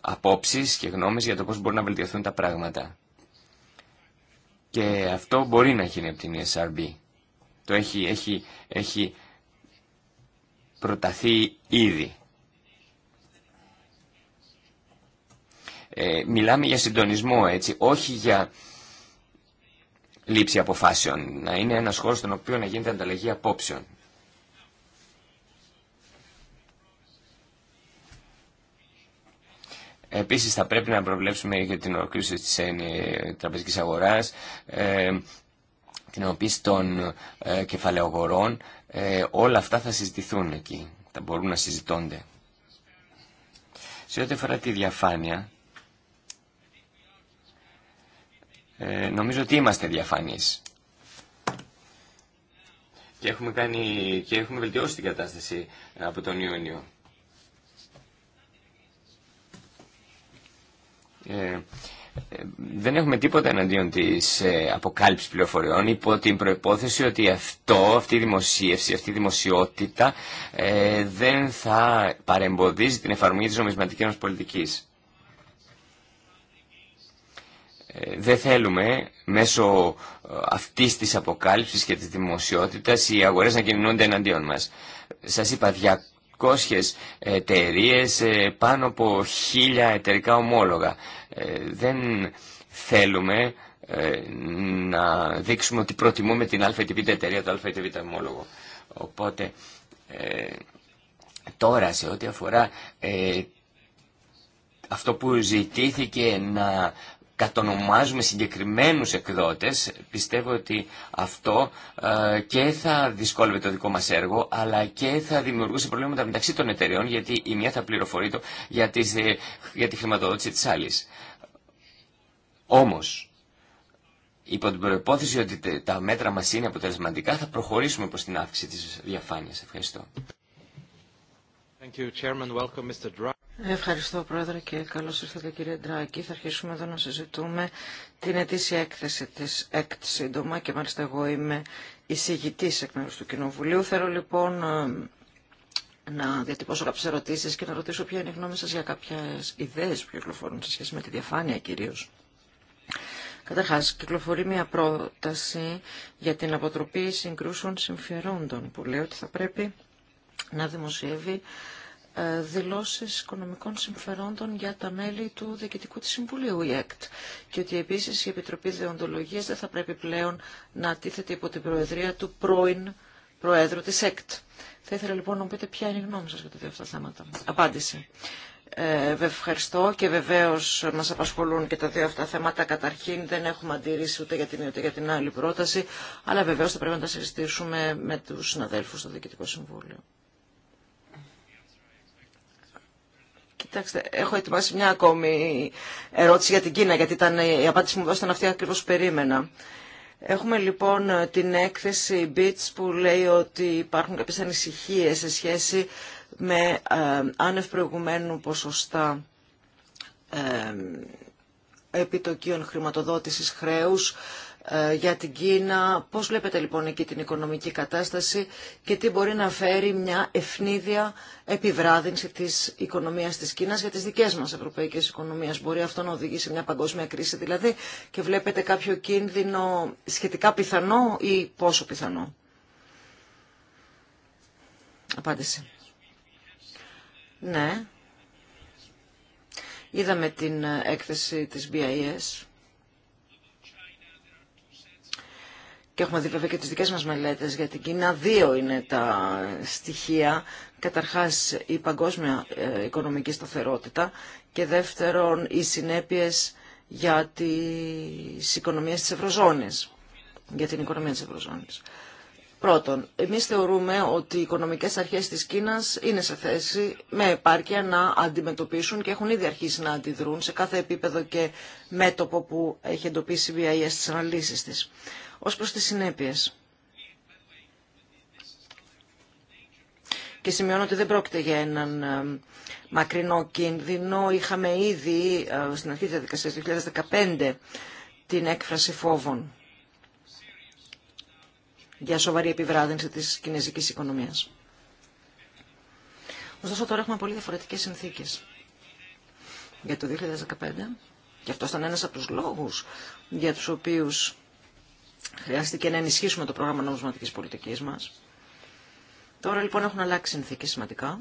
απόψεις και γνώμες για το πώς μπορούν να βελτιωθούν τα πράγματα. Και αυτό μπορεί να γίνει από την ESRB. Το έχει, έχει προταθεί ήδη. Ε, μιλάμε για συντονισμό, έτσι, όχι για λήψη αποφάσεων. Να είναι ένα χώρο στον οποίο να γίνεται ανταλλαγή απόψεων. Επίσης θα πρέπει να προβλέψουμε για την ολοκλήρωση της ε, τραπεζικής αγοράς, ε, την οποία των ε, κεφαλαιογορών, ε, όλα αυτά θα συζητηθούν εκεί, θα μπορούν να συζητώνται. Σε ό,τι αφορά τη διαφάνεια, ε, νομίζω ότι είμαστε διαφανείς. Και έχουμε, κάνει, και έχουμε βελτιώσει την κατάσταση ε, από τον Ιούνιο δεν έχουμε τίποτα εναντίον της ε, αποκάλυψης πληροφοριών υπό την προϋπόθεση ότι αυτό, αυτή η δημοσίευση, αυτή η δημοσιότητα ε, δεν θα παρεμποδίζει την εφαρμογή της νομισματικής μας πολιτικής. Ε, δεν θέλουμε μέσω αυτής της αποκάλυψης και της δημοσιότητας οι αγορές να κινούνται εναντίον μας. Σας είπα εταιρείε, ε, πάνω από χίλια εταιρικά ομόλογα. Ε, δεν θέλουμε ε, να δείξουμε ότι προτιμούμε την α ή β εταιρεία, το α ή β ομόλογο. Οπότε τώρα σε ό,τι αφορά αυτό που ζητήθηκε να κατονομάζουμε συγκεκριμένους εκδότες. Πιστεύω ότι αυτό ε, και θα δυσκόλευε το δικό μας έργο, αλλά και θα δημιουργούσε προβλήματα μεταξύ των εταιρεών, γιατί η μία θα πληροφορεί το για, τις, ε, για τη χρηματοδότηση της άλλης. Όμως, υπό την προπόθεση ότι τα μέτρα μας είναι αποτελεσματικά, θα προχωρήσουμε προς την αύξηση της διαφάνειας. Ευχαριστώ. Thank you, Chairman. Welcome, Mr. Ευχαριστώ Πρόεδρε και καλώς ήρθατε κύριε Ντράκη. Θα αρχίσουμε εδώ να συζητούμε την ετήσια έκθεση της ΕΚΤ σύντομα και μάλιστα εγώ είμαι εισηγητής εκ μέρους του Κοινοβουλίου. Θέλω λοιπόν ε, να διατυπώσω κάποιες ερωτήσεις και να ρωτήσω ποια είναι η γνώμη σας για κάποιες ιδέες που κυκλοφορούν σε σχέση με τη διαφάνεια κυρίως. Καταρχά, κυκλοφορεί μια πρόταση για την αποτροπή συγκρούσεων συμφερόντων που λέει ότι θα πρέπει να δημοσιεύει ε, δηλώσεις οικονομικών συμφερόντων για τα μέλη του Διοικητικού της Συμβουλίου, η ΕΚΤ. Και ότι επίσης η Επιτροπή Δεοντολογίας δεν θα πρέπει πλέον να τίθεται υπό την Προεδρία του πρώην Προέδρου της ΕΚΤ. Θα ήθελα λοιπόν να μου πείτε ποια είναι η γνώμη σας για τα δύο αυτά θέματα. Απάντηση. Ε, ευχαριστώ και βεβαίω μα απασχολούν και τα δύο αυτά θέματα. Καταρχήν δεν έχουμε αντίρρηση ούτε για την ούτε για την άλλη πρόταση, αλλά βεβαίω θα πρέπει να τα συζητήσουμε με του συναδέλφου στο Διοικητικό Συμβούλιο. Κοιτάξτε, έχω ετοιμάσει μια ακόμη ερώτηση για την Κίνα, γιατί ήταν, η απάντηση μου δώσαν αυτή ακριβώ περίμενα. Έχουμε λοιπόν την έκθεση BITS που λέει ότι υπάρχουν κάποιες ανησυχίες σε σχέση με ε, άνευ προηγουμένου ποσοστά ε, επιτοκίων χρηματοδότησης χρέους ε, για την Κίνα. Πώς βλέπετε λοιπόν εκεί την οικονομική κατάσταση και τι μπορεί να φέρει μια ευνίδια επιβράδυνση της οικονομίας της Κίνας για τις δικές μας ευρωπαϊκές οικονομίες. Μπορεί αυτό να οδηγήσει μια παγκόσμια κρίση δηλαδή και βλέπετε κάποιο κίνδυνο σχετικά πιθανό ή πόσο πιθανό. Απάντηση. Ναι. Είδαμε την έκθεση της BIS και έχουμε δει βέβαια και τις δικές μας μελέτες για την Κίνα, δύο είναι τα στοιχεία. Καταρχάς η παγκόσμια ε, οικονομική σταθερότητα και δεύτερον οι συνέπειες για τις οικονομίες της Ευρωζώνης, για την οικονομία της Ευρωζώνης. Πρώτον, εμείς θεωρούμε ότι οι οικονομικές αρχές της Κίνας είναι σε θέση με επάρκεια να αντιμετωπίσουν και έχουν ήδη αρχίσει να αντιδρούν σε κάθε επίπεδο και μέτωπο που έχει εντοπίσει η ΒΑΙΑ στις αναλύσεις της. Ως προς τις συνέπειες. Και σημειώνω ότι δεν πρόκειται για έναν ε, μακρινό κίνδυνο. Είχαμε ήδη ε, στην αρχή της διαδικασίας 2015 την έκφραση φόβων για σοβαρή επιβράδυνση της κινέζικης οικονομίας. Ωστόσο τώρα έχουμε πολύ διαφορετικές συνθήκες. Για το 2015, και αυτό ήταν ένας από τους λόγους για τους οποίους χρειάστηκε να ενισχύσουμε το πρόγραμμα νομισματικής πολιτικής μας. Τώρα λοιπόν έχουν αλλάξει συνθήκες σημαντικά.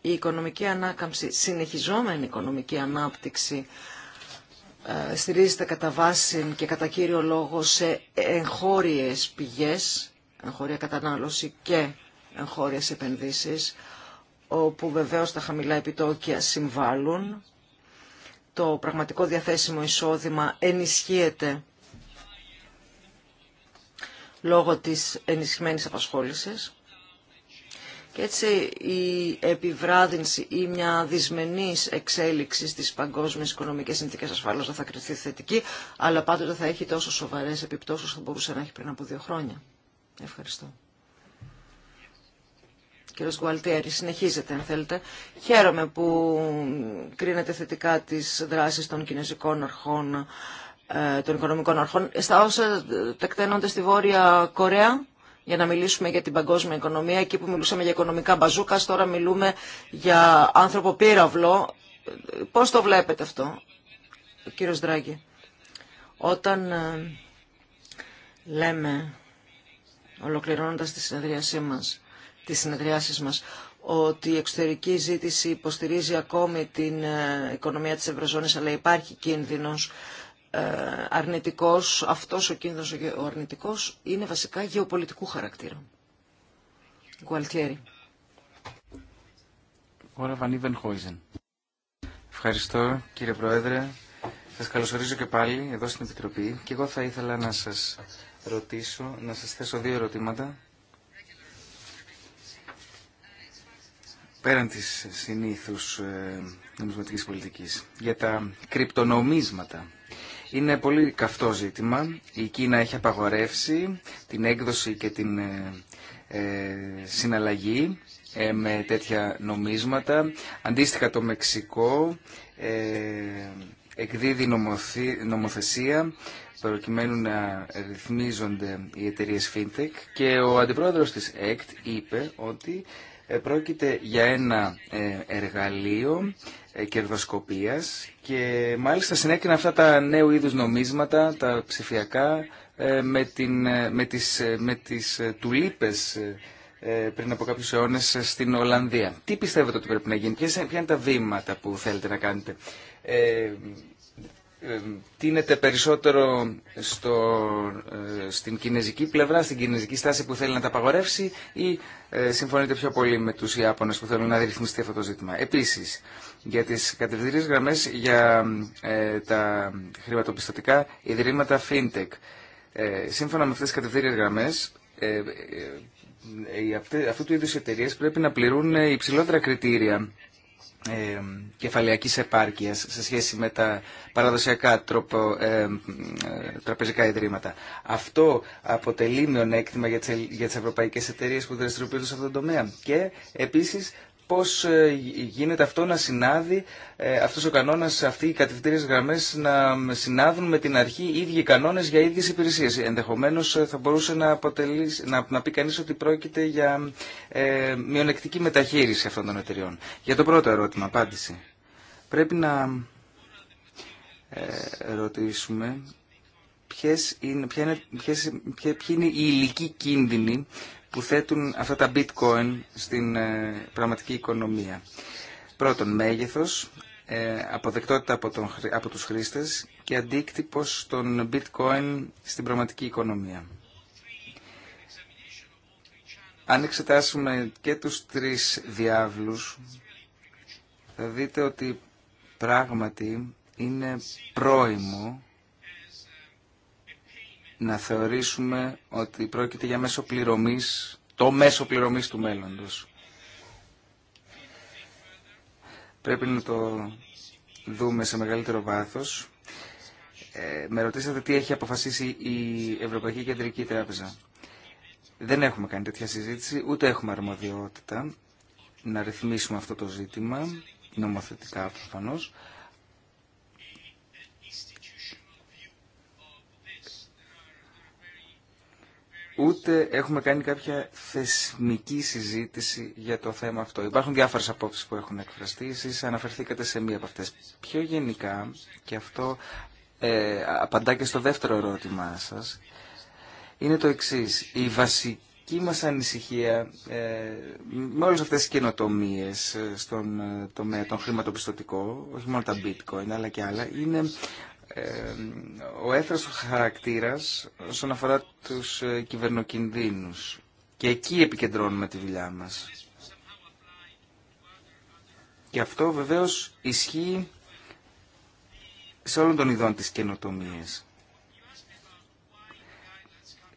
Η οικονομική ανάκαμψη, συνεχιζόμενη οικονομική ανάπτυξη ε, στηρίζεται κατά βάση και κατά κύριο λόγο σε εγχώριες πηγές, εγχώρια κατανάλωση και εγχώριες επενδύσεις, όπου βεβαίως τα χαμηλά επιτόκια συμβάλλουν. Το πραγματικό διαθέσιμο εισόδημα ενισχύεται λόγω της ενισχυμένης απασχόλησης. Και έτσι η επιβράδυνση ή μια δυσμενής εξέλιξη στις παγκόσμιες οικονομικές συνθήκες ασφαλώς δεν θα κριθεί θετική, αλλά πάντοτε θα έχει τόσο σοβαρές επιπτώσεις όσο θα μπορούσε να έχει πριν από δύο χρόνια. Ευχαριστώ. Κύριος Γουαλτιέρη, συνεχίζετε αν θέλετε. Χαίρομαι που κρίνετε θετικά τις δράσεις των κινέζικων αρχών, ε, των οικονομικών αρχών. Στα όσα τεκταίνονται στη Βόρεια Κορέα, για να μιλήσουμε για την παγκόσμια οικονομία. Εκεί που μιλούσαμε για οικονομικά μπαζούκα, τώρα μιλούμε για άνθρωπο πύραυλο. Πώς το βλέπετε αυτό, κύριο Δράγκη. Όταν ε, λέμε, ολοκληρώνοντα τη συνεδρίασή μα τις συνεδριάσεις μας, ότι η εξωτερική ζήτηση υποστηρίζει ακόμη την ε, οικονομία της Ευρωζώνης, αλλά υπάρχει κίνδυνος ε, αρνητικός, αυτός ο κίνδυνος ο αρνητικός είναι βασικά γεωπολιτικού χαρακτήρα. Γκουαλτιέρη. Ωρα Ευχαριστώ κύριε Πρόεδρε. Σας καλωσορίζω και πάλι εδώ στην Επιτροπή και εγώ θα ήθελα να σας ρωτήσω, να σας θέσω δύο ερωτήματα. πέραν της συνήθους ε, νομισματικής πολιτικής, για τα κρυπτονομίσματα. Είναι πολύ καυτό ζήτημα. Η Κίνα έχει απαγορεύσει την έκδοση και την ε, ε, συναλλαγή ε, με τέτοια νομίσματα. Αντίστοιχα το Μεξικό εκδίδει νομοθεσία προκειμένου να ρυθμίζονται οι εταιρείες fintech και ο αντιπρόεδρος της ΕΚΤ είπε ότι Πρόκειται για ένα ε, εργαλείο ε, κερδοσκοπίας και μάλιστα συνέκρινα αυτά τα νέου είδους νομίσματα, τα ψηφιακά, ε, με, την, με τις, με τις τουλίπες πριν από κάποιους αιώνες στην Ολλανδία. Τι πιστεύετε ότι πρέπει να γίνει, ποια είναι τα βήματα που θέλετε να κάνετε. Ε, τίνεται περισσότερο στο, ε, στην κινέζικη πλευρά, στην κινέζικη στάση που θέλει να τα απαγορεύσει ή ε, συμφωνείτε πιο πολύ με τους Ιάπωνες που θέλουν να ρυθμιστεί αυτό το ζήτημα. Επίσης, για τις κατευθυντήριες γραμμές για ε, τα χρηματοπιστωτικά ιδρύματα FinTech. σύμφωνα με αυτές τις κατευθυντήριες γραμμές, αυτού του είδους εταιρείε πρέπει να πληρούν υψηλότερα κριτήρια ε, κεφαλαιακής επάρκειας σε σχέση με τα παραδοσιακά τροπο, ε, ε, τραπεζικά ιδρύματα. Αυτό αποτελεί μειονέκτημα για τις, ε, για τις ευρωπαϊκές εταιρείες που δραστηριοποιούνται σε αυτόν τον τομέα. Και επίσης πώς ε, γίνεται αυτό να συνάδει, ε, αυτός ο κανόνας, αυτοί οι κατευθυντήριες γραμμές να συνάδουν με την αρχή οι ίδιοι κανόνες για ίδιες υπηρεσίες. Ενδεχομένως ε, θα μπορούσε να, αποτελεί, να, να πει κανείς ότι πρόκειται για ε, μειονεκτική μεταχείριση αυτών των εταιριών. Για το πρώτο ερώτημα, απάντηση. Πρέπει να ε, ρωτήσουμε είναι, είναι, ποιοι είναι οι υλικοί κίνδυνοι που θέτουν αυτά τα bitcoin στην ε, πραγματική οικονομία. Πρώτον, μέγεθος, ε, αποδεκτότητα από, τον, από τους χρήστες και αντίκτυπος των bitcoin στην πραγματική οικονομία. Αν εξετάσουμε και τους τρεις διάβλους, θα δείτε ότι πράγματι είναι πρόημο να θεωρήσουμε ότι πρόκειται για μέσο πληρωμής, το μέσο πληρωμής του μέλλοντος. Πρέπει να το δούμε σε μεγαλύτερο βάθος. Ε, με ρωτήσατε τι έχει αποφασίσει η Ευρωπαϊκή Κεντρική Τράπεζα. Δεν έχουμε κάνει τέτοια συζήτηση, ούτε έχουμε αρμοδιότητα να ρυθμίσουμε αυτό το ζήτημα, νομοθετικά προφανώς. ούτε έχουμε κάνει κάποια θεσμική συζήτηση για το θέμα αυτό. Υπάρχουν διάφορε απόψεις που έχουν εκφραστεί, Εσεί αναφερθήκατε σε μία από αυτέ. Πιο γενικά, και αυτό ε, απαντά και στο δεύτερο ερώτημά σας, είναι το εξής. Η βασική μα μας ανησυχία ε, με όλες αυτές τις καινοτομίες ε, στον ε, τομέα των χρηματοπιστωτικών, όχι μόνο τα bitcoin αλλά και άλλα, είναι ε, ο έθρος χαρακτήρας όσον αφορά τους ε, κυβερνοκινδύνους. Και εκεί επικεντρώνουμε τη δουλειά μας. Και αυτό βεβαίως ισχύει σε όλων των ειδών της καινοτομίας.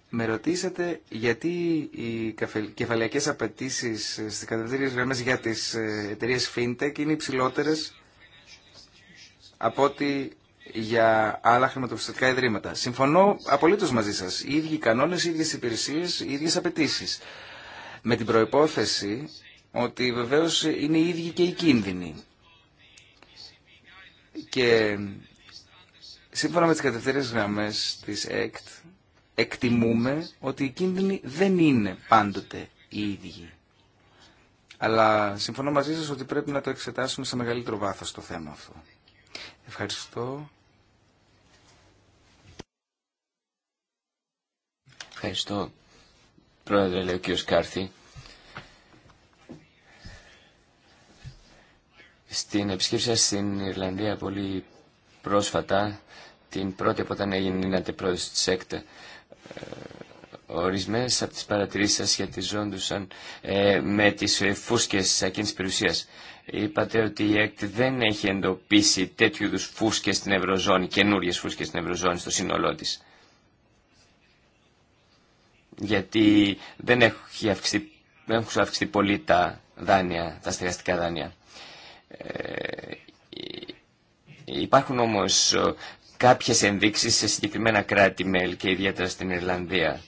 Με ρωτήσατε γιατί οι κεφαλαιακές απαιτήσει ε, στις κατευθύνες γραμμές για τις εταιρείες FinTech είναι υψηλότερες από ότι για άλλα χρηματοπιστωτικά ιδρύματα. Συμφωνώ απολύτω μαζί σα. Οι ίδιοι κανόνε, οι ίδιε υπηρεσίε, οι ίδιε απαιτήσει. Με την προπόθεση ότι βεβαίω είναι οι ίδιοι και οι κίνδυνοι. Και σύμφωνα με τι κατευθείαν γραμμέ τη ΕΚΤ, εκτιμούμε ότι οι κίνδυνοι δεν είναι πάντοτε οι ίδιοι. Αλλά συμφωνώ μαζί σας ότι πρέπει να το εξετάσουμε σε μεγαλύτερο βάθος το θέμα αυτό. Ευχαριστώ. Ευχαριστώ, πρόεδρε, λέει ο κ. Κάρθη. Στην επισκέψη στην Ιρλανδία πολύ πρόσφατα, την πρώτη από όταν έγινε γίνατε πρόεδρος της ΕΚΤ, ορισμένες από τις παρατηρήσεις σας σχετιζόντουσαν ε, με τις φούσκες ακίνησης περιουσίας. Είπατε ότι η ΕΚΤ δεν έχει εντοπίσει τέτοιου είδους φούσκες στην Ευρωζώνη, καινούριες φούσκες στην Ευρωζώνη στο σύνολό της γιατί δεν, έχουν αυξηθεί, έχουν αυξηθεί πολύ τα δάνεια, τα στεγαστικά δάνεια. Ε, ε, υπάρχουν όμως ε, κάποιες ενδείξεις σε συγκεκριμένα κράτη-μέλη και ιδιαίτερα στην Ιρλανδία.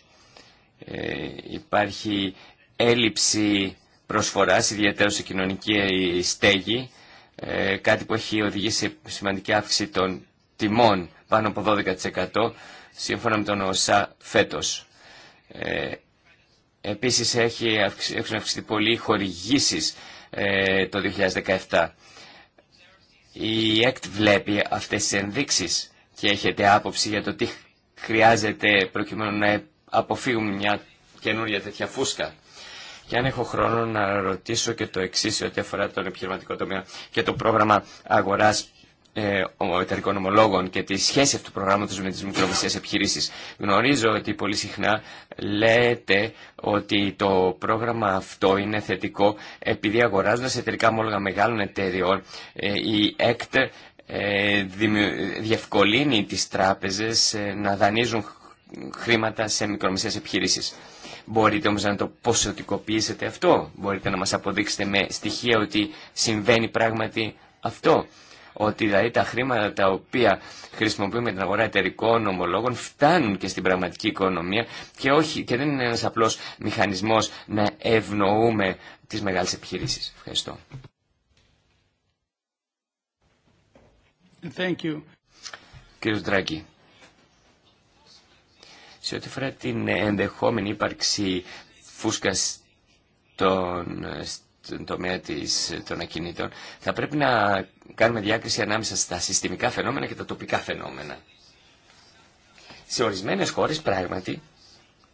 Ε, υπάρχει έλλειψη προσφοράς, ιδιαίτερα σε κοινωνική στέγη, ε, κάτι που έχει οδηγήσει σε σημαντική αύξηση των τιμών πάνω από 12% σύμφωνα με τον ΟΣΑ φέτος. Ε, επίσης έχει αυξη, έχουν αυξηθεί πολύ οι χορηγήσεις ε, το 2017. Η ΕΚΤ βλέπει αυτές τις ενδείξεις και έχετε άποψη για το τι χρειάζεται προκειμένου να αποφύγουμε μια καινούρια τέτοια φούσκα. Και αν έχω χρόνο να ρωτήσω και το εξή ό,τι αφορά τον επιχειρηματικό τομέα και το πρόγραμμα αγοράς ε, εταιρικών ομολόγων και τη σχέση αυτού του προγράμματος με τις μικρομεσαίες επιχειρήσεις. Γνωρίζω ότι πολύ συχνά λέτε ότι το πρόγραμμα αυτό είναι θετικό επειδή αγοράζοντα εταιρικά ομόλογα μεγάλων εταιριών ε, η ΕΚΤ ε, διευκολύνει τις τράπεζες ε, να δανείζουν χρήματα σε μικρομεσαίες επιχειρήσεις. Μπορείτε όμως να το ποσοτικοποιήσετε αυτό. Μπορείτε να μας αποδείξετε με στοιχεία ότι συμβαίνει πράγματι αυτό. Ότι δηλαδή τα χρήματα τα οποία χρησιμοποιούμε την αγορά εταιρικών ομολόγων φτάνουν και στην πραγματική οικονομία και, όχι, και δεν είναι ένας απλός μηχανισμός να ευνοούμε τις μεγάλες επιχειρήσεις. Ευχαριστώ. Thank you. Κύριος σε ό,τι αφορά την ενδεχόμενη ύπαρξη φούσκας των, στον τομέα της, ε, των ακινήτων, θα πρέπει να κάνουμε διάκριση ανάμεσα στα συστημικά φαινόμενα και τα τοπικά φαινόμενα. Σε ορισμένες χώρες πράγματι,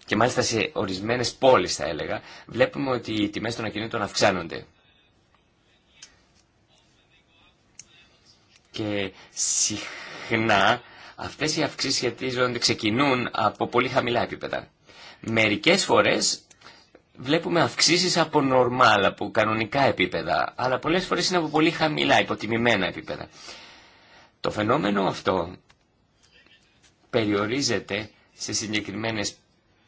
και μάλιστα σε ορισμένες πόλεις θα έλεγα, βλέπουμε ότι οι τιμές των ακινήτων αυξάνονται. Και συχνά αυτές οι αυξήσεις σχετίζονται, ξεκινούν από πολύ χαμηλά επίπεδα. Μερικές φορές βλέπουμε αυξήσεις από νορμάλα, από κανονικά επίπεδα, αλλά πολλές φορές είναι από πολύ χαμηλά, υποτιμημένα επίπεδα. Το φαινόμενο αυτό περιορίζεται σε συγκεκριμένες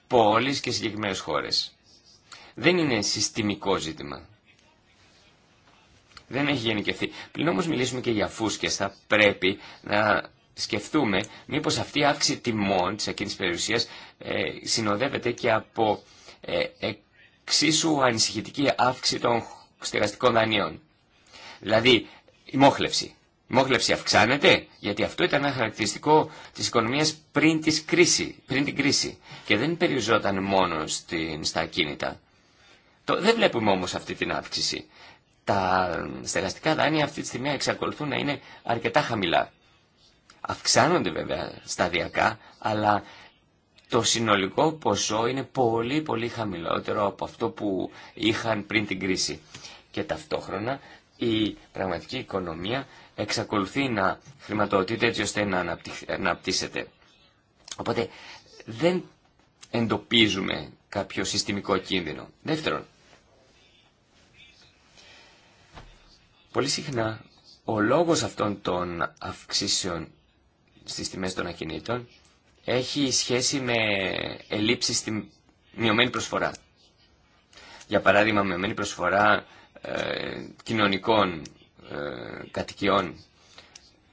πόλεις και συγκεκριμένες χώρες. Δεν είναι συστημικό ζήτημα. Δεν έχει γενικευθεί. Πλην όμως μιλήσουμε και για φούσκες, θα πρέπει να σκεφτούμε μήπως αυτή η αύξηση τιμών της εκείνης περιουσίας ε, συνοδεύεται και από ε, εξίσου ανησυχητική αύξηση των στεγαστικών δανείων. Δηλαδή, η μόχλευση. Η μόχλευση αυξάνεται, γιατί αυτό ήταν ένα χαρακτηριστικό της οικονομίας πριν, της κρίση, πριν την κρίση και δεν περιοριζόταν μόνο στην, στα ακίνητα. Το, δεν βλέπουμε όμως αυτή την αύξηση. Τα στεγαστικά δάνεια αυτή τη στιγμή εξακολουθούν να είναι αρκετά χαμηλά. Αυξάνονται βέβαια σταδιακά, αλλά το συνολικό ποσό είναι πολύ πολύ χαμηλότερο από αυτό που είχαν πριν την κρίση. Και ταυτόχρονα η πραγματική οικονομία εξακολουθεί να χρηματοδοτείται έτσι ώστε να αναπτύσσεται. Οπότε δεν εντοπίζουμε κάποιο συστημικό κίνδυνο. Δεύτερον, πολύ συχνά ο λόγος αυτών των αυξήσεων στις τιμές των ακινήτων έχει σχέση με ελλείψεις στη μειωμένη προσφορά. Για παράδειγμα, μειωμένη προσφορά ε, κοινωνικών ε, κατοικιών.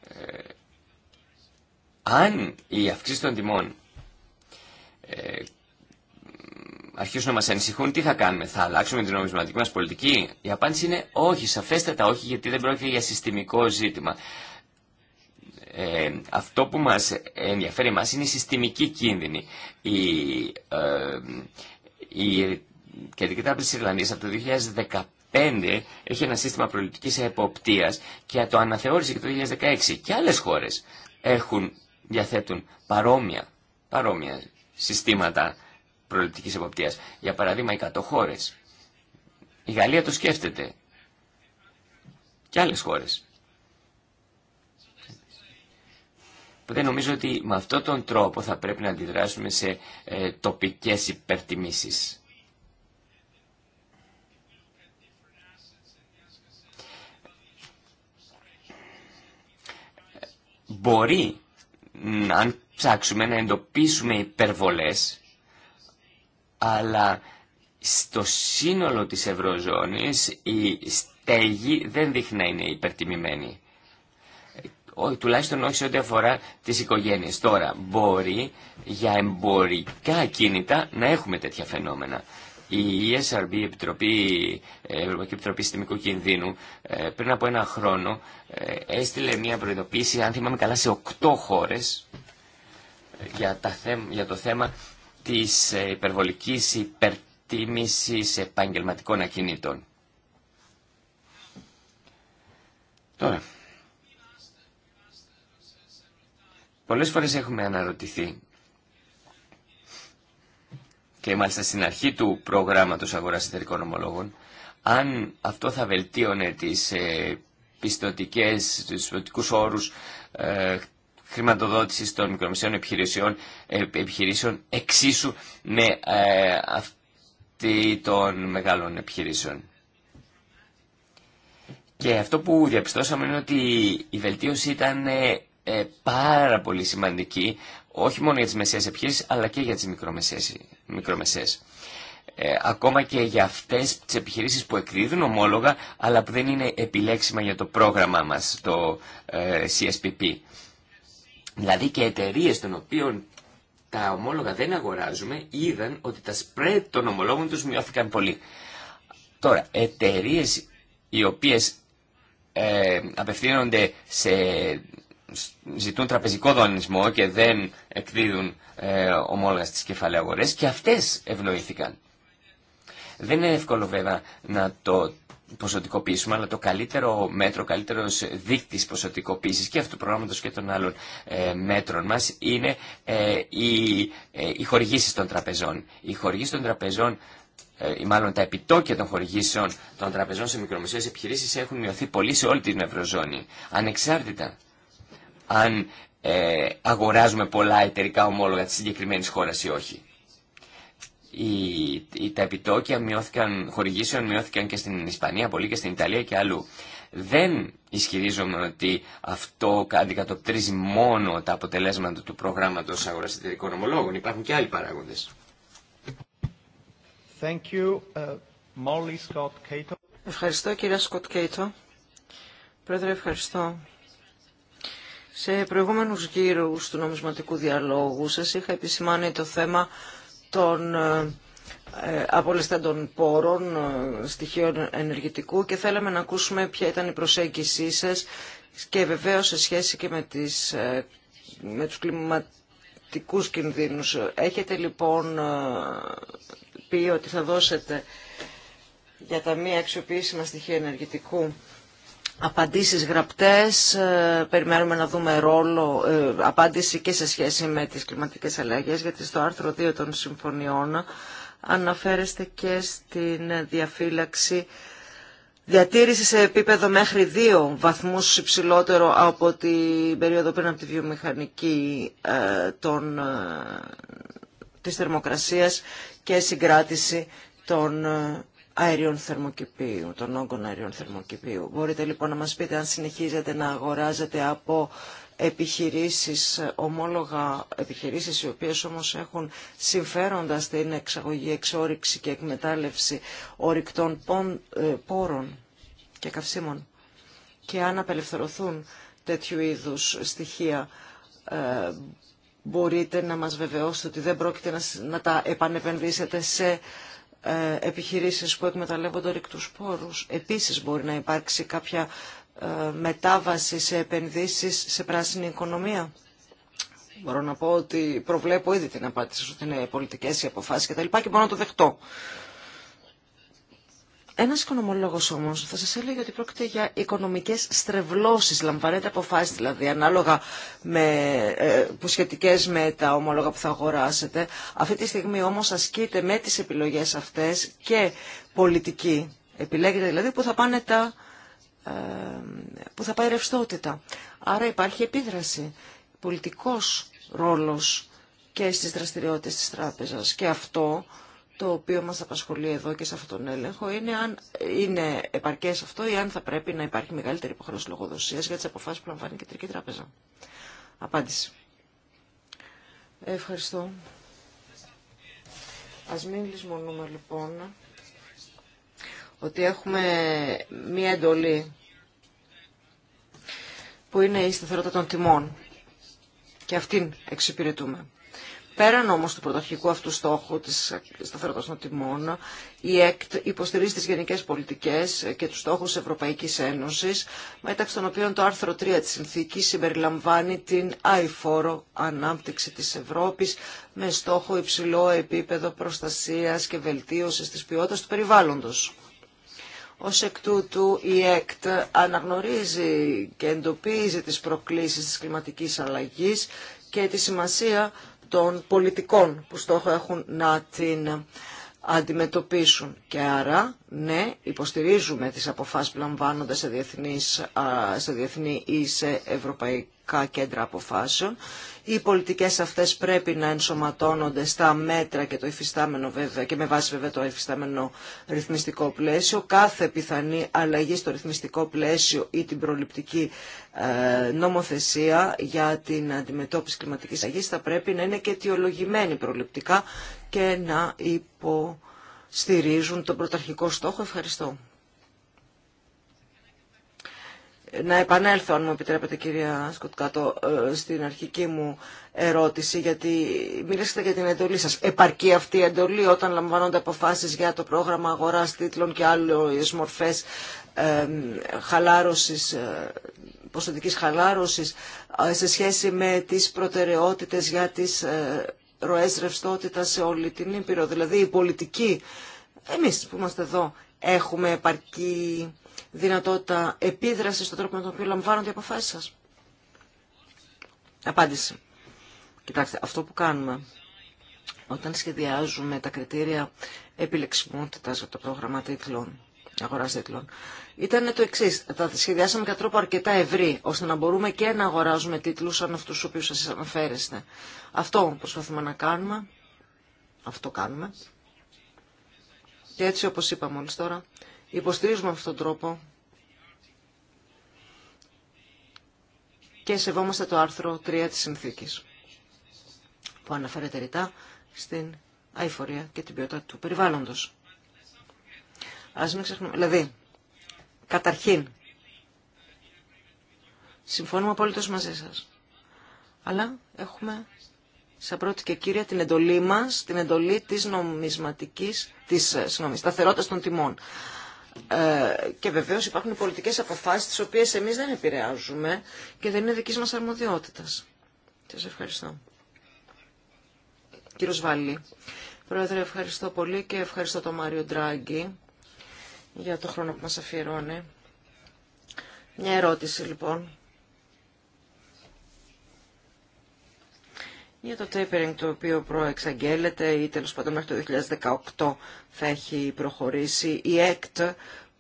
Ε, αν οι αυξήσει των τιμών ε, αρχίσουν να μας ανησυχούν, τι θα κάνουμε, θα αλλάξουμε την νομισματική μας πολιτική. Η απάντηση είναι όχι, σαφέστατα όχι, γιατί δεν πρόκειται για συστημικό ζήτημα. Ε, αυτό που μας ενδιαφέρει μας είναι η συστημική κίνδυνη. Η, ε, η Κεντρική Τράπεζα της Ιρλανδίας από το 2015 έχει ένα σύστημα προληπτικής εποπτείας και το αναθεώρησε και το 2016. Και άλλες χώρες έχουν, διαθέτουν παρόμοια, παρόμοια συστήματα προληπτικής εποπτείας. Για παράδειγμα, οι 100 Η Γαλλία το σκέφτεται. Και άλλες χώρες. Οπότε νομίζω ότι με αυτόν τον τρόπο θα πρέπει να αντιδράσουμε σε ε, τοπικές υπερτιμήσεις. Μπορεί, αν ψάξουμε, να εντοπίσουμε υπερβολές, αλλά στο σύνολο της Ευρωζώνης η στέγη δεν δείχνει να είναι υπερτιμημένη τουλάχιστον όχι σε ό,τι αφορά τις οικογένειε. Τώρα, μπορεί για εμπορικά κίνητα να έχουμε τέτοια φαινόμενα. Η ESRB, η Επιτροπή, ε, Ευρωπαϊκή Επιτροπή Συστημικού Κινδύνου, ε, πριν από ένα χρόνο ε, έστειλε μια προειδοποίηση, αν θυμάμαι καλά, σε οκτώ χώρες για, για το θέμα της υπερβολικής υπερτίμησης επαγγελματικών ακινήτων. Τώρα, Πολλές φορές έχουμε αναρωτηθεί και μάλιστα στην αρχή του προγράμματος αγοράς εταιρικών ομολόγων αν αυτό θα βελτίωνε τις ε, πιστοτικές, τους πιστοτικούς όρους ε, χρηματοδότησης των μικρομεσαίων επιχειρήσεων, ε, επιχειρήσεων εξίσου με ε, αυτή των μεγάλων επιχειρήσεων. Και αυτό που διαπιστώσαμε είναι ότι η βελτίωση ήταν ε, ε, πάρα πολύ σημαντική, όχι μόνο για τις μεσαίες επιχείρησεις, αλλά και για τις μικρομεσαίες. Ε, ακόμα και για αυτές τις επιχειρήσεις που εκδίδουν ομόλογα, αλλά που δεν είναι επιλέξιμα για το πρόγραμμα μας, το ε, CSPP. Δηλαδή και εταιρείε των οποίων τα ομόλογα δεν αγοράζουμε, είδαν ότι τα spread των ομολόγων τους μειώθηκαν πολύ. Τώρα, εταιρείε οι οποίες ε, απευθύνονται σε ζητούν τραπεζικό δανεισμό και δεν εκδίδουν ε, ομόλογα στις κεφαλαίες αγορές και αυτές ευνοήθηκαν. Δεν είναι εύκολο βέβαια να το ποσοτικοποιήσουμε, αλλά το καλύτερο μέτρο, ο καλύτερος δείκτης ποσοτικοποίησης και αυτού του προγράμματος και των άλλων ε, μέτρων μας είναι ε, οι, ε, οι χορηγήσεις των τραπεζών. Οι χορηγήσεις των τραπεζών ε, ή μάλλον τα επιτόκια των χορηγήσεων των τραπεζών σε μικρομεσαίες επιχειρήσεις έχουν μειωθεί πολύ σε όλη την Ευρωζώνη, ανεξάρτητα αν ε, αγοράζουμε πολλά εταιρικά ομόλογα της συγκεκριμένη χώρας ή όχι. τα επιτόκια μειώθηκαν, χορηγήσεων μειώθηκαν και στην Ισπανία πολύ και στην Ιταλία και αλλού. Δεν ισχυρίζομαι ότι αυτό αντικατοπτρίζει μόνο τα αποτελέσματα του προγράμματος αγοράς εταιρικών ομολόγων. Υπάρχουν και άλλοι παράγοντες. Thank you. Uh, Scott Cato. Ευχαριστώ κύριε Σκοτ Κέιτο. Πρόεδρε ευχαριστώ. Σε προηγούμενους γύρους του νομισματικού διαλόγου σας είχα επισημάνει το θέμα των ε, ε, απολεσθέντων πόρων, ε, στοιχείων ενεργητικού και θέλαμε να ακούσουμε ποια ήταν η προσέγγισή σας και βεβαίως σε σχέση και με, τις, με τους κλιματικούς κινδύνους. Έχετε λοιπόν πει ότι θα δώσετε για τα μία αξιοποιήσιμα στοιχεία ενεργητικού απαντήσεις γραπτές, ε, περιμένουμε να δούμε ρόλο, ε, απάντηση και σε σχέση με τις κλιματικές αλλαγές, γιατί στο άρθρο 2 των συμφωνιών αναφέρεστε και στην διαφύλαξη διατήρηση σε επίπεδο μέχρι δύο βαθμούς υψηλότερο από την περίοδο πριν από τη βιομηχανική ε, των, ε, της θερμοκρασίας και συγκράτηση των αερίων θερμοκηπίου, των όγκων αερίων θερμοκηπίου. Μπορείτε λοιπόν να μας πείτε αν συνεχίζετε να αγοράζετε από επιχειρήσεις, ομόλογα επιχειρήσεις οι οποίες όμως έχουν συμφέροντα στην εξαγωγή, εξόριξη και εκμετάλλευση ορυκτών ε, πόρων και καυσίμων και αν απελευθερωθούν τέτοιου είδους στοιχεία ε, μπορείτε να μας βεβαιώσετε ότι δεν πρόκειται να, να τα επανεπενδύσετε σε ε, επιχειρήσεις που εκμεταλλεύονται ρηκτούς πόρους. Επίσης μπορεί να υπάρξει κάποια ε, μετάβαση σε επενδύσεις σε πράσινη οικονομία. Μπορώ να πω ότι προβλέπω ήδη την απάντηση ότι είναι πολιτικές οι και τα λοιπά και μπορώ να το δεχτώ. Ένας οικονομολόγος όμως θα σας έλεγε ότι πρόκειται για οικονομικές στρεβλώσεις, λαμβανέτε αποφάσει δηλαδή ανάλογα με, ε, που σχετικές με τα ομόλογα που θα αγοράσετε. Αυτή τη στιγμή όμως ασκείται με τι επιλογέ αυτές και πολιτική. Επιλέγετε δηλαδή που θα πάνε τα, ε, που θα πάει ρευστότητα. Άρα υπάρχει επίδραση, πολιτικός ρόλος και στις δραστηριότητες της τράπεζας και αυτό το οποίο μας απασχολεί εδώ και σε αυτόν τον έλεγχο είναι αν είναι επαρκές αυτό ή αν θα πρέπει να υπάρχει μεγαλύτερη υποχρέωση λογοδοσίας για τις αποφάσεις που λαμβάνει η Κεντρική Τράπεζα. Απάντηση. Ευχαριστώ. Ας μην λησμονούμε λοιπόν ότι έχουμε μία εντολή που είναι η σταθερότητα των τιμών και αυτήν εξυπηρετούμε. Πέραν όμως του πρωταρχικού αυτού στόχου της σταθερότητας των τιμών, η ΕΚΤ υποστηρίζει τις γενικές πολιτικές και τους στόχους Ευρωπαϊκής Ένωσης, μεταξύ των οποίων το άρθρο 3 της συνθήκης συμπεριλαμβάνει την αηφόρο ανάπτυξη της Ευρώπης με στόχο υψηλό επίπεδο προστασίας και βελτίωσης της ποιότητας του περιβάλλοντος. Ως εκ τούτου η ΕΚΤ αναγνωρίζει και εντοπίζει τις προκλήσεις της κλιματικής αλλαγής και τη σημασία των πολιτικών που στόχο έχουν να την αντιμετωπίσουν. Και άρα, ναι, υποστηρίζουμε τις αποφάσεις που λαμβάνονται σε, σε διεθνή ή σε ευρωπαϊκά κέντρα αποφάσεων οι πολιτικές αυτές πρέπει να ενσωματώνονται στα μέτρα και το υφιστάμενο βέβαια και με βάση βέβαια το εφιστάμενο ρυθμιστικό πλαίσιο. Κάθε πιθανή αλλαγή στο ρυθμιστικό πλαίσιο ή την προληπτική ε, νομοθεσία για την αντιμετώπιση κλιματικής αλλαγής θα πρέπει να είναι και αιτιολογημένη προληπτικά και να υποστηρίζουν τον πρωταρχικό στόχο. Ευχαριστώ να επανέλθω, αν μου επιτρέπετε κυρία Σκοτκάτο, ε, στην αρχική μου ερώτηση, γιατί μίλησατε για την εντολή σας. Επαρκεί αυτή η εντολή όταν λαμβάνονται αποφάσεις για το πρόγραμμα αγοράς τίτλων και άλλες μορφές ε, χαλάρωσης, ε, ποσοτικής χαλάρωσης ε, σε σχέση με τις προτεραιότητες για τις ε, ροές ρευστότητα σε όλη την Ήπειρο. Δηλαδή η πολιτική, εμείς που είμαστε εδώ, Έχουμε επαρκή δυνατότητα επίδραση στον τρόπο με τον οποίο λαμβάνονται οι αποφάσεις σα. Απάντηση. Κοιτάξτε, αυτό που κάνουμε όταν σχεδιάζουμε τα κριτήρια επιλεξιμότητας για το πρόγραμμα τίτλων, αγορά τίτλων, ήταν το εξή. Τα σχεδιάσαμε κατά τρόπο αρκετά ευρύ, ώστε να μπορούμε και να αγοράζουμε τίτλου σαν αυτού του οποίου σα αναφέρεστε. Αυτό προσπαθούμε να κάνουμε. Αυτό κάνουμε. Και έτσι όπως είπα μόλις τώρα, υποστηρίζουμε αυτόν τον τρόπο και σεβόμαστε το άρθρο 3 της συνθήκης που αναφέρεται ρητά στην αηφορία και την ποιότητα του περιβάλλοντος. Ας μην ξεχνούμε. Δηλαδή, καταρχήν, συμφωνούμε απόλυτος μαζί σας. Αλλά έχουμε σαν πρώτη και κύρια την εντολή μας, την εντολή της νομισματικής, της ε, συγγνώμη, σταθερότητας των τιμών. Ε, και βεβαίως υπάρχουν πολιτικές αποφάσεις τις οποίες εμείς δεν επηρεάζουμε και δεν είναι δικής μας αρμοδιότητας. Σας ευχαριστώ. Κύριος Βάλλη. Πρόεδρε, ευχαριστώ πολύ και ευχαριστώ τον Μάριο Ντράγκη για το χρόνο που μας αφιερώνει. Μια ερώτηση λοιπόν για το tapering το οποίο προεξαγγέλλεται ή τέλος πάντων μέχρι το 2018 θα έχει προχωρήσει η ΕΚΤ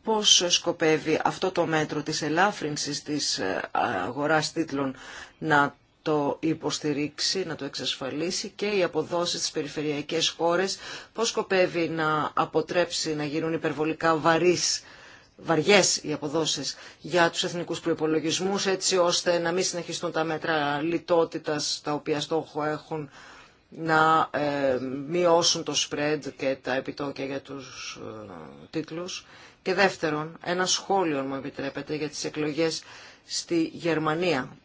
πώς σκοπεύει αυτό το μέτρο της ελάφρυνσης της ε, αγοράς τίτλων να το υποστηρίξει, να το εξασφαλίσει και οι αποδόσεις στις περιφερειακές χώρες πώς σκοπεύει να αποτρέψει να γίνουν υπερβολικά βαρύς βαριές οι αποδόσεις για τους εθνικούς προϋπολογισμούς έτσι ώστε να μην συνεχιστούν τα μέτρα λιτότητας τα οποία στόχο έχουν να ε, μειώσουν το spread και τα επιτόκια για τους ε, τίτλους. Και δεύτερον, ένα σχόλιο, μου επιτρέπετε, για τις εκλογές στη Γερμανία.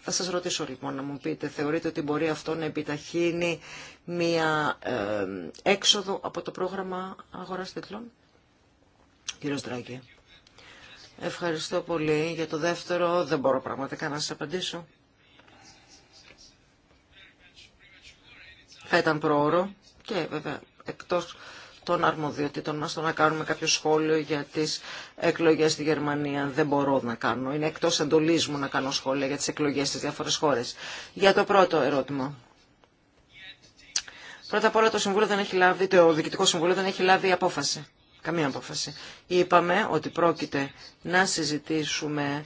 Θα σας ρωτήσω λοιπόν να μου πείτε, θεωρείτε ότι μπορεί αυτό να επιταχύνει μία ε, έξοδο από το πρόγραμμα αγοράς τίτλων. Κύριο Στράκη. Ευχαριστώ πολύ. Για το δεύτερο δεν μπορώ πραγματικά να σας απαντήσω. Θα ήταν προώρο και βέβαια εκτός των αρμοδιοτήτων μας το να κάνουμε κάποιο σχόλιο για τις εκλογές στη Γερμανία. Δεν μπορώ να κάνω. Είναι εκτός εντολής μου να κάνω σχόλια για τις εκλογές στις διάφορες χώρες. Για το πρώτο ερώτημα. Πρώτα απ' όλα το Συμβούλιο δεν έχει λάβει, το Διοικητικό Συμβούλιο δεν έχει λάβει απόφαση καμία απόφαση. Είπαμε ότι πρόκειται να συζητήσουμε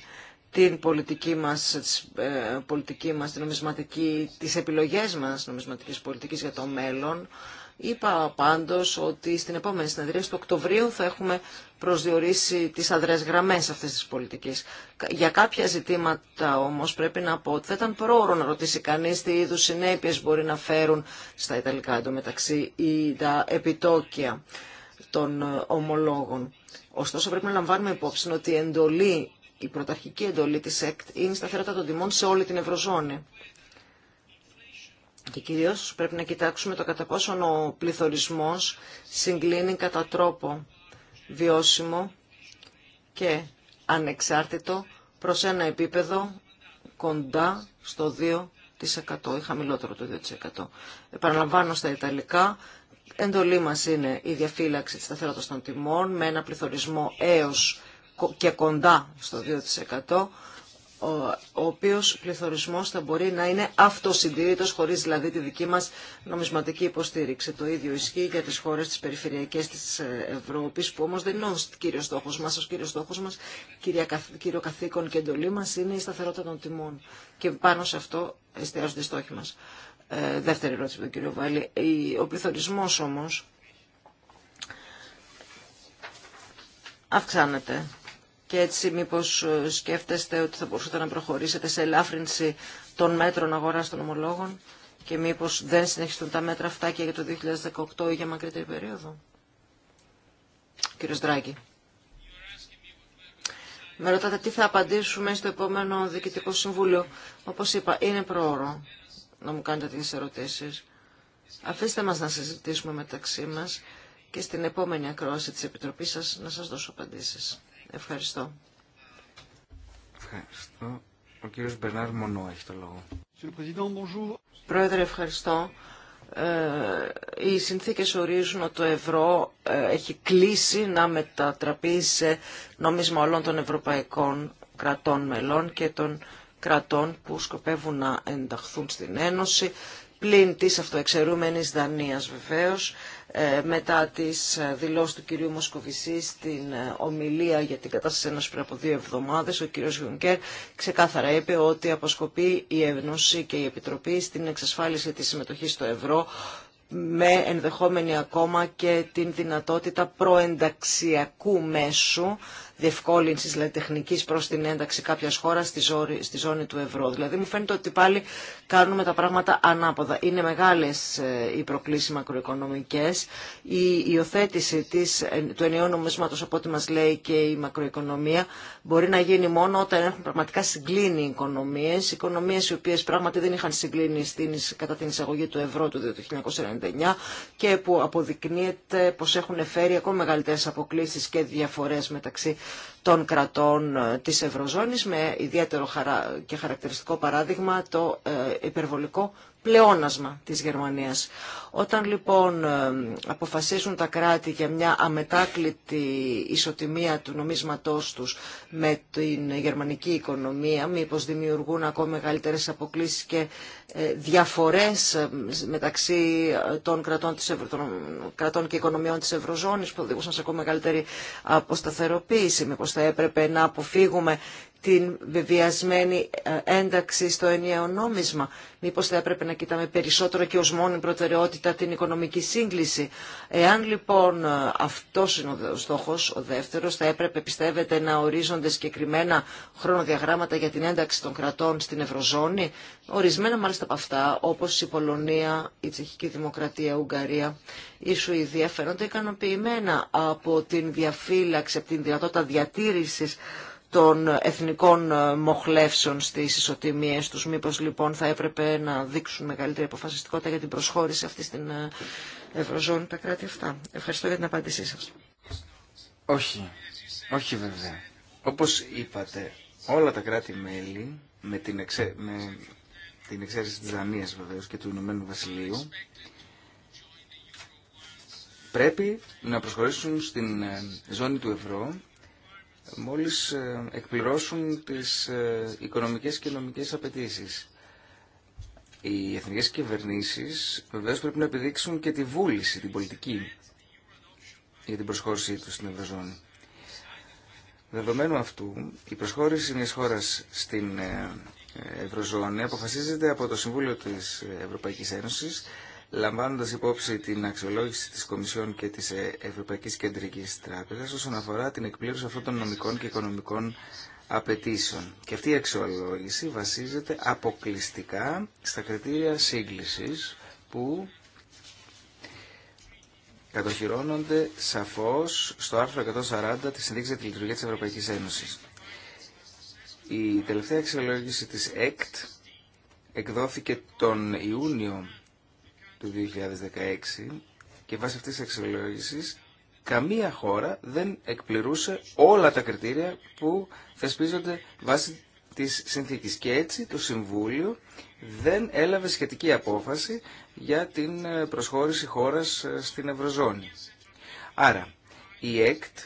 την πολιτική μας, ε, πολιτική μας την νομισματική, τις επιλογές μας νομισματικής πολιτικής για το μέλλον. Είπα πάντως ότι στην επόμενη συνεδρία του Οκτωβρίου θα έχουμε προσδιορίσει τις αδρές γραμμές αυτής της πολιτικής. Για κάποια ζητήματα όμως πρέπει να πω ότι θα ήταν πρόωρο να ρωτήσει κανείς τι είδους συνέπειες μπορεί να φέρουν στα Ιταλικά εντωμεταξύ ή τα επιτόκια των ε, ομολόγων. Ωστόσο πρέπει να λαμβάνουμε υπόψη ότι η εντολή, η πρωταρχική εντολή της ΕΚΤ είναι η σταθερότητα των τιμών σε όλη την Ευρωζώνη. Και κυρίω πρέπει να κοιτάξουμε το κατά πόσο ο πληθωρισμό συγκλίνει κατά τρόπο βιώσιμο και ανεξάρτητο προς ένα επίπεδο κοντά στο 2% ή χαμηλότερο το 2%. Επαναλαμβάνω στα Ιταλικά, Εντολή μας είναι η διαφύλαξη της σταθερότητας των τιμών με ένα πληθωρισμό έως και κοντά στο 2%, ο οποίος πληθωρισμός θα μπορεί να είναι αυτοσυντηρήτος, χωρίς δηλαδή τη δική μας νομισματική υποστήριξη. Το ίδιο ισχύει για τις χώρες της περιφερειακής της Ευρώπης που όμως δεν είναι ο κύριος στόχος μας. Ο κύριος στόχος μας, κύριο καθήκον και εντολή μας είναι η σταθερότητα των τιμών και πάνω σε αυτό εστιάζονται οι στόχοι μας. Ε, δεύτερη ερώτηση από τον κύριο Βάλλη. Ο πληθωρισμός όμως αυξάνεται. Και έτσι μήπως ε, σκέφτεστε ότι θα μπορούσατε να προχωρήσετε σε ελάφρυνση των μέτρων αγοράς των ομολόγων και μήπως δεν συνεχιστούν τα μέτρα αυτά και για το 2018 ή για μακρύτερη περίοδο. Κύριος Δράκη. Με ρωτάτε τι θα απαντήσουμε στο επόμενο Διοικητικό Συμβούλιο. Όπως είπα, είναι προώρο να μου κάνετε τις ερωτήσεις. Αφήστε μας να συζητήσουμε μεταξύ μας και στην επόμενη ακρόαση της Επιτροπής σας να σας δώσω απαντήσεις. Ευχαριστώ. Ευχαριστώ. Ο κύριος Μπερνάρ Μονό έχει το λόγο. Πρόεδρε, ευχαριστώ. Ε, οι συνθήκες ορίζουν ότι το ευρώ ε, έχει κλείσει να μετατραπεί σε νόμισμα όλων των ευρωπαϊκών κρατών μελών και των κρατών που σκοπεύουν να ενταχθούν στην Ένωση, πλην της αυτοεξαιρούμενης Δανίας βεβαίως, ε, μετά τις ε, δηλώσεις του κυρίου Μοσκοβισή στην ε, ομιλία για την κατάσταση Ένωση πριν από δύο εβδομάδες, ο κύριος Γιουνκέρ ξεκάθαρα είπε ότι αποσκοπεί η Ένωση και η Επιτροπή στην εξασφάλιση της συμμετοχής στο ευρώ με ενδεχόμενη ακόμα και την δυνατότητα προενταξιακού μέσου διευκόλυνση δηλαδή τεχνικής προς την ένταξη κάποια χώρα στη ζώνη, στη ζώνη του ευρώ. Δηλαδή μου φαίνεται ότι πάλι κάνουμε τα πράγματα ανάποδα. Είναι μεγάλε ε, οι προκλήσει μακροοικονομικέ. Η υιοθέτηση της, ε, του ενιαίου νομίσματο, από ό,τι μα λέει και η μακροοικονομία μπορεί να γίνει μόνο όταν έχουν πραγματικά συγκλίνει οι οικονομίε, Οικονομίε οι οποίε πράγματι δεν είχαν συγκλίνει στην, κατά την εισαγωγή του ευρώ του 1999 και που αποδεικνύεται πως έχουν φέρει ακόμα μεγαλύτερε αποκλήσει και διαφορέ μεταξύ των κρατών ε, της Ευρωζώνης με ιδιαίτερο και χαρακτηριστικό παράδειγμα το ε, υπερβολικό πλεόνασμα της Γερμανίας. Όταν λοιπόν ε, αποφασίσουν τα κράτη για μια αμετάκλητη ισοτιμία του νομίσματός τους με την γερμανική οικονομία, μήπως δημιουργούν ακόμα μεγαλύτερες αποκλήσεις και ε, διαφορές ε, μεταξύ των κρατών, της Ευρω... των κρατών και οικονομιών της Ευρωζώνης που οδηγούσαν σε ακόμα μεγαλύτερη αποσταθεροποίηση. Μήπως θα έπρεπε να αποφύγουμε την βεβαιασμένη ε, ένταξη στο ενιαίο νόμισμα. Μήπως θα έπρεπε να κοιτάμε περισσότερο και ως μόνη προτεραιότητα την οικονομική σύγκληση. Εάν λοιπόν ε, αυτός είναι ο στόχος, ο δεύτερος, θα έπρεπε πιστεύετε να ορίζονται συγκεκριμένα χρονοδιαγράμματα για την ένταξη των κρατών στην Ευρωζώνη. Ορισμένα μάλιστα από αυτά, όπως η Πολωνία, η Τσεχική Δημοκρατία, η Ουγγαρία, η Σουηδία φαίνονται ικανοποιημένα από την διαφύλαξη, από την δυνατότητα διατήρησης των εθνικών ε, μοχλεύσεων στις ισοτιμίες τους. Μήπως λοιπόν θα έπρεπε να δείξουν μεγαλύτερη αποφασιστικότητα για την προσχώρηση αυτή στην ε, Ευρωζώνη τα κράτη αυτά. Ευχαριστώ για την απάντησή σας. Όχι, όχι βέβαια. Όπως είπατε, όλα τα κράτη-μέλη, με την, εξε... με την εξαίρεση της Δανίας βεβαίως και του Ηνωμένου Βασιλείου, πρέπει να προσχωρήσουν στην ε, ζώνη του ευρώ μόλις ε, εκπληρώσουν τις ε, οικονομικές και νομικές απαιτήσεις. Οι εθνικές κυβερνήσεις βεβαίως πρέπει να επιδείξουν και τη βούληση, την πολιτική για την προσχώρησή τους στην Ευρωζώνη. Δεδομένου αυτού, η προσχώρηση μιας χώρας στην ε, Ευρωζώνη αποφασίζεται από το Συμβούλιο της Ευρωπαϊκής Ένωσης λαμβάνοντας υπόψη την αξιολόγηση της Κομισιόν και της ε- Ευρωπαϊκής Κεντρικής Τράπεζας όσον αφορά την εκπλήρωση αυτών των νομικών και οικονομικών απαιτήσεων. Και αυτή η αξιολόγηση βασίζεται αποκλειστικά στα κριτήρια σύγκλησης που κατοχυρώνονται σαφώς στο άρθρο 140 της Συνδίκης για τη Λειτουργία της Ευρωπαϊκής Ένωσης. Η τελευταία αξιολόγηση της ΕΚΤ εκδόθηκε τον Ιούνιο του 2016 και βάσει αυτής της αξιολόγησης καμία χώρα δεν εκπληρούσε όλα τα κριτήρια που θεσπίζονται βάσει της συνθήκης. Και έτσι το Συμβούλιο δεν έλαβε σχετική απόφαση για την προσχώρηση χώρας ε, στην Ευρωζώνη. Άρα, η ΕΚΤ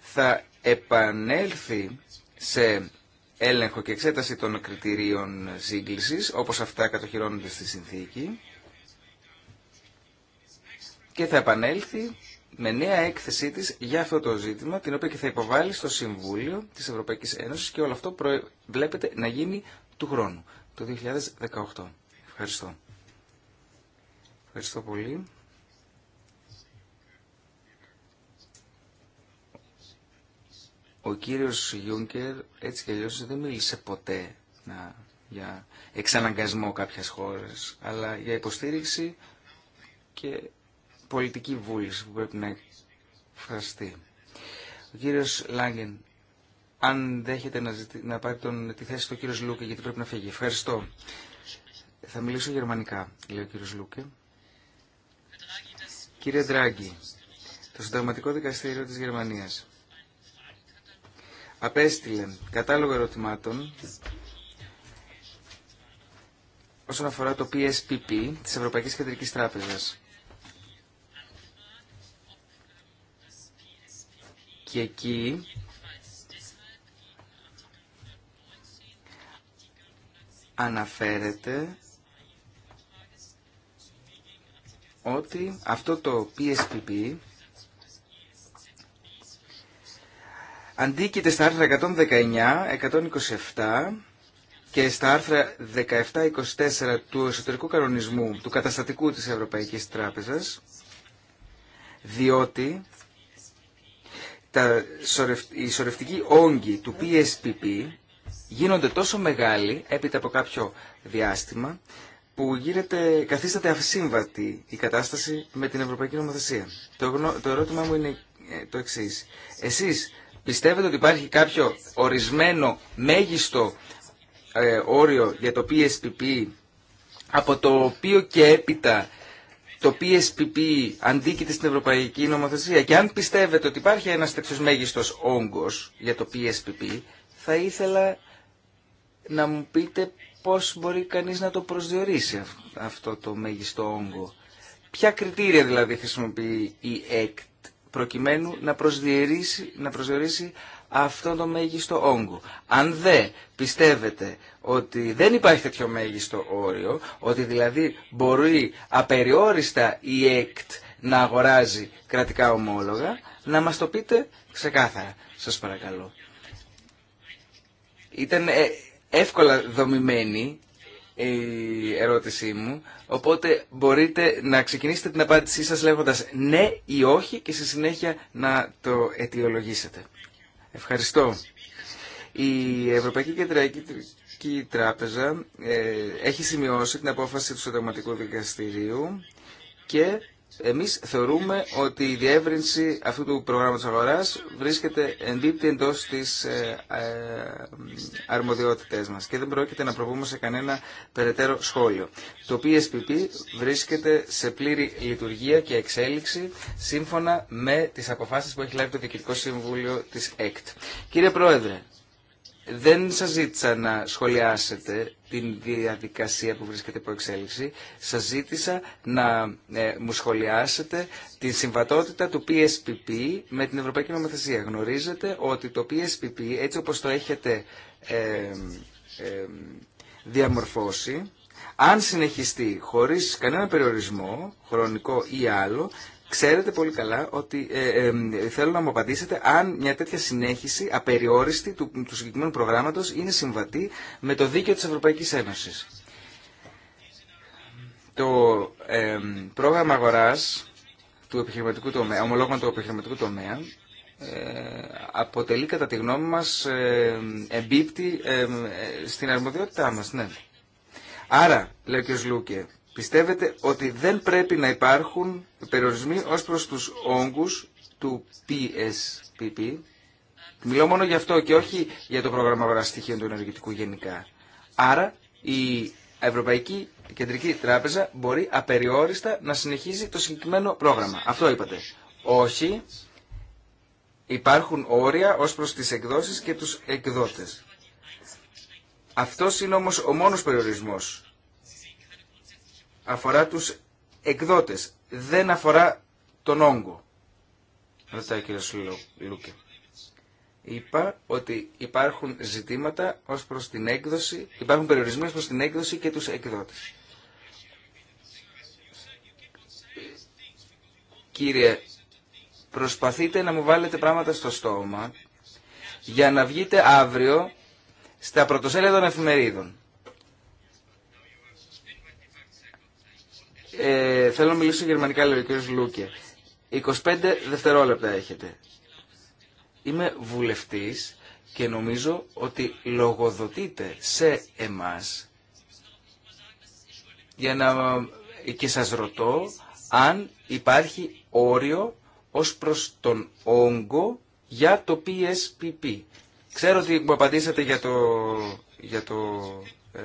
θα επανέλθει σε έλεγχο και εξέταση των κριτηρίων σύγκλησης, όπως αυτά κατοχυρώνονται στη συνθήκη, και θα επανέλθει με νέα έκθεσή της για αυτό το ζήτημα, την οποία και θα υποβάλει στο Συμβούλιο της Ευρωπαϊκής Ένωσης και όλο αυτό βλέπετε να γίνει του χρόνου, το 2018. Ευχαριστώ. Ευχαριστώ πολύ. Ο κύριος Γιούνκερ έτσι κι αλλιώς δεν μίλησε ποτέ να, για εξαναγκασμό κάποιας χώρες, αλλά για υποστήριξη και πολιτική βούληση που πρέπει να εκφραστεί. Ο κύριος Λάγκεν, αν δέχεται να, ζητή, να πάρει τον, τη θέση του κύριος Λούκε, γιατί πρέπει να φύγει. Ευχαριστώ. Θα μιλήσω γερμανικά, λέει ο κύριος Λούκε. Κύριε Ντράγκη, το Συνταγματικό Δικαστήριο της Γερμανίας απέστειλε κατάλογο ερωτημάτων όσον αφορά το PSPP της Ευρωπαϊκής Κεντρικής Τράπεζας. και εκεί αναφέρεται ότι αυτό το PSPP αντίκειται στα άρθρα 119, 127 και στα άρθρα 17-24 του εσωτερικού κανονισμού του καταστατικού της Ευρωπαϊκής Τράπεζας, διότι τα, οι σορευτικοί όγκοι του PSPP γίνονται τόσο μεγάλοι έπειτα από κάποιο διάστημα που γίνεται, καθίσταται αυσύμβατη η κατάσταση με την Ευρωπαϊκή Νομοθεσία. Το, το ερώτημά μου είναι ε, το εξή. Εσείς πιστεύετε ότι υπάρχει κάποιο ορισμένο μέγιστο ε, όριο για το PSPP από το οποίο και έπειτα το PSPP αντίκειται στην Ευρωπαϊκή Νομοθεσία και αν πιστεύετε ότι υπάρχει ένας τέτοιος μέγιστος όγκος για το PSPP, θα ήθελα να μου πείτε πώς μπορεί κανείς να το προσδιορίσει αυτό το μέγιστο όγκο. Ποια κριτήρια δηλαδή χρησιμοποιεί η ΕΚΤ προκειμένου να προσδιορίσει, να προσδιορίσει αυτό το μέγιστο όγκο. Αν δε πιστεύετε ότι δεν υπάρχει τέτοιο μέγιστο όριο, ότι δηλαδή μπορεί απεριόριστα η ΕΚΤ να αγοράζει κρατικά ομόλογα, να μας το πείτε ξεκάθαρα, σας παρακαλώ. Ήταν ε, εύκολα δομημένη η ερώτησή μου, οπότε μπορείτε να ξεκινήσετε την απάντησή σας λέγοντας ναι ή όχι και στη συνέχεια να το αιτιολογήσετε. Ευχαριστώ. Η Ευρωπαϊκή Κεντρική Τράπεζα ε, έχει σημειώσει την απόφαση του Συνταγματικού Δικαστηρίου και εμείς θεωρούμε ότι η διεύρυνση αυτού του προγράμματος αγοράς βρίσκεται εντύπτει εντό της ε, ε, αρμοδιότητές μας και δεν πρόκειται να προβούμε σε κανένα περαιτέρω σχόλιο. Το PSPP βρίσκεται σε πλήρη λειτουργία και εξέλιξη σύμφωνα με τις αποφάσεις που έχει λάβει το Διοικητικό Συμβούλιο της ΕΚΤ. Κύριε Πρόεδρε, δεν σας ζήτησα να σχολιάσετε την διαδικασία που βρίσκεται υπό εξέλιξη. Σας ζήτησα να ε, μου σχολιάσετε τη συμβατότητα του PSPP με την Ευρωπαϊκή Νομοθεσία. Γνωρίζετε ότι το PSPP έτσι όπως το έχετε ε, ε, διαμορφώσει, αν συνεχιστεί χωρίς κανένα περιορισμό, χρονικό ή άλλο, Ξέρετε πολύ καλά ότι ε, ε, ε, θέλω να μου απαντήσετε αν μια τέτοια συνέχιση απεριόριστη του, του συγκεκριμένου προγράμματο είναι συμβατή με το δίκαιο της Ευρωπαϊκής Ένωσης. Το ε, πρόγραμμα αγορά του επιχειρηματικού τομέα, ομολόγων του επιχειρηματικού τομέα αποτελεί κατά τη γνώμη μας εμπίπτη στην αρμοδιότητά μας. Ναι. Άρα, λέει ο κ. Λούκε, πιστεύετε ότι δεν πρέπει να υπάρχουν περιορισμοί ως προς τους όγκους του PSPP. Μιλώ μόνο για αυτό και όχι για το πρόγραμμα αγοράς στοιχείων του ενεργητικού γενικά. Άρα η Ευρωπαϊκή Κεντρική Τράπεζα μπορεί απεριόριστα να συνεχίζει το συγκεκριμένο πρόγραμμα. Αυτό είπατε. Όχι, υπάρχουν όρια ως προς τις εκδόσεις και τους εκδότες. Αυτός είναι όμως ο μόνος περιορισμός αφορά τους εκδότες, δεν αφορά τον όγκο. Ρωτάει ο κύριος Λούκε. Είπα ότι υπάρχουν ζητήματα ως προς την έκδοση, υπάρχουν περιορισμοί ως προς την έκδοση και τους εκδότες. Κύριε, προσπαθείτε να μου βάλετε πράγματα στο στόμα για να βγείτε αύριο στα πρωτοσέλιδα των εφημερίδων. Ε, θέλω να μιλήσω γερμανικά, λέει ο κ. Λούκε. 25 δευτερόλεπτα έχετε. Είμαι βουλευτής και νομίζω ότι λογοδοτείτε σε εμάς για να... και σας ρωτώ αν υπάρχει όριο ως προς τον όγκο για το PSPP. Ξέρω ότι μου απαντήσατε για το, για το ε,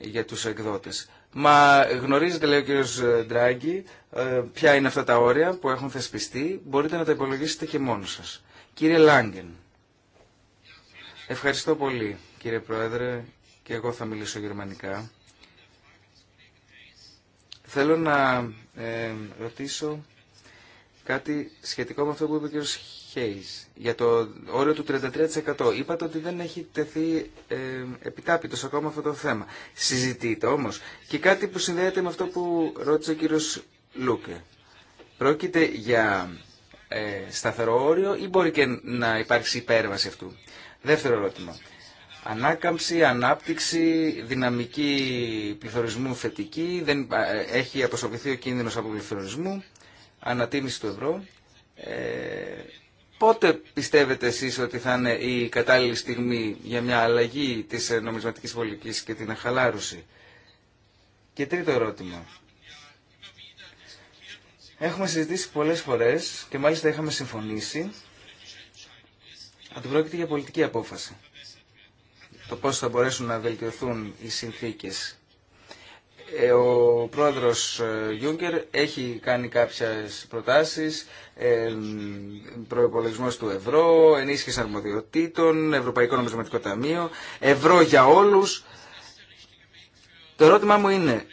για τους εκδότες. Μα γνωρίζετε, λέει ο κύριος Ντράγκη, ε, ποια είναι αυτά τα όρια που έχουν θεσπιστεί. Μπορείτε να τα υπολογίσετε και μόνος σας. Κύριε Λάγκεν, ευχαριστώ πολύ κύριε Πρόεδρε και εγώ θα μιλήσω γερμανικά. Θέλω να ε, ρωτήσω κάτι σχετικό με αυτό που είπε ο κύριος για το όριο του 33%. Είπατε ότι δεν έχει τεθεί ε, επιτάπητος ακόμα αυτό το θέμα. Συζητείτε όμως και κάτι που συνδέεται με αυτό που ρώτησε ο κύριος Λούκε. Πρόκειται για ε, σταθερό όριο ή μπορεί και να υπάρξει υπέρβαση αυτού. Δεύτερο ερώτημα. Ανάκαμψη, ανάπτυξη, δυναμική πληθωρισμού θετική, δεν, έχει αποσοβηθεί ο κίνδυνος από πληθωρισμού, ανατίμηση του ευρώ. Ε, Πότε πιστεύετε εσείς ότι θα είναι η κατάλληλη στιγμή για μια αλλαγή της νομισματικής πολιτικής και την αχαλάρωση. Και τρίτο ερώτημα. Έχουμε συζητήσει πολλές φορές και μάλιστα είχαμε συμφωνήσει ότι πρόκειται για πολιτική απόφαση. Το πώς θα μπορέσουν να βελτιωθούν οι συνθήκες ε, ο πρόεδρος ε, Γιούγκερ έχει κάνει κάποιες προτάσεις, ε, προϋπολογισμός του ευρώ, ενίσχυση αρμοδιοτήτων, Ευρωπαϊκό Νομισματικό Ταμείο, ευρώ για όλους. Το ερώτημά μου είναι,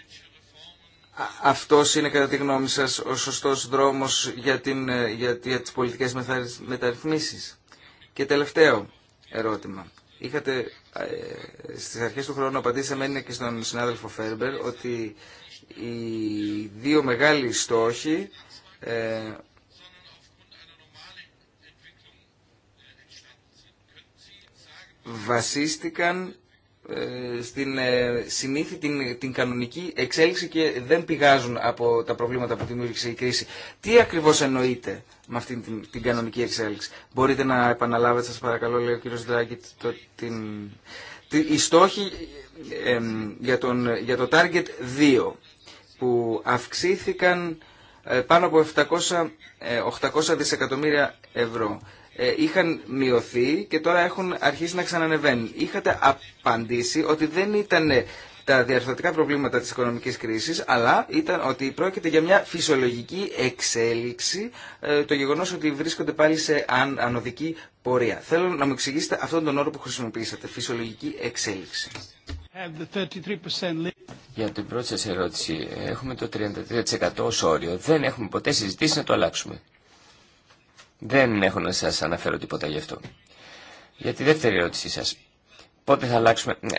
αυτός είναι κατά τη γνώμη σας ο σωστός δρόμος για, την, ε, για, για τις πολιτικές μεταρρυθμίσεις. Και τελευταίο ερώτημα. Είχατε ε, στις αρχές του χρόνου απαντήσαμε είναι και στον συνάδελφο Φέρμπερ ότι οι δύο μεγάλοι στόχοι ε, βασίστηκαν ε, στην ε, συνήθη την, την κανονική εξέλιξη και δεν πηγάζουν από τα προβλήματα που δημιούργησε η κρίση. Τι ακριβώς εννοείτε με αυτή την, την κανονική εξέλιξη. Μπορείτε να επαναλάβετε σας παρακαλώ λέει ο κύριος Δράκη, το, την... Οι στόχοι για, τον, για το Target 2 που αυξήθηκαν ε, πάνω από 700, 800 δισεκατομμύρια ευρώ. Ε, είχαν μειωθεί και τώρα έχουν αρχίσει να ξανανεβαίνουν. Είχατε απαντήσει ότι δεν ήταν τα διαρθρωτικά προβλήματα της οικονομικής κρίσης, αλλά ήταν ότι πρόκειται για μια φυσιολογική εξέλιξη ε, το γεγονός ότι βρίσκονται πάλι σε αν, ανωδική πορεία. Θέλω να μου εξηγήσετε αυτόν τον όρο που χρησιμοποιήσατε, φυσιολογική εξέλιξη. Για την πρώτη σας ερώτηση, έχουμε το 33% ως όριο. Δεν έχουμε ποτέ συζητήσει να το αλλάξουμε. Δεν έχω να σας αναφέρω τίποτα γι' αυτό. Για τη δεύτερη ερώτησή σας. Πότε θα αλλάξουμε... Ναι,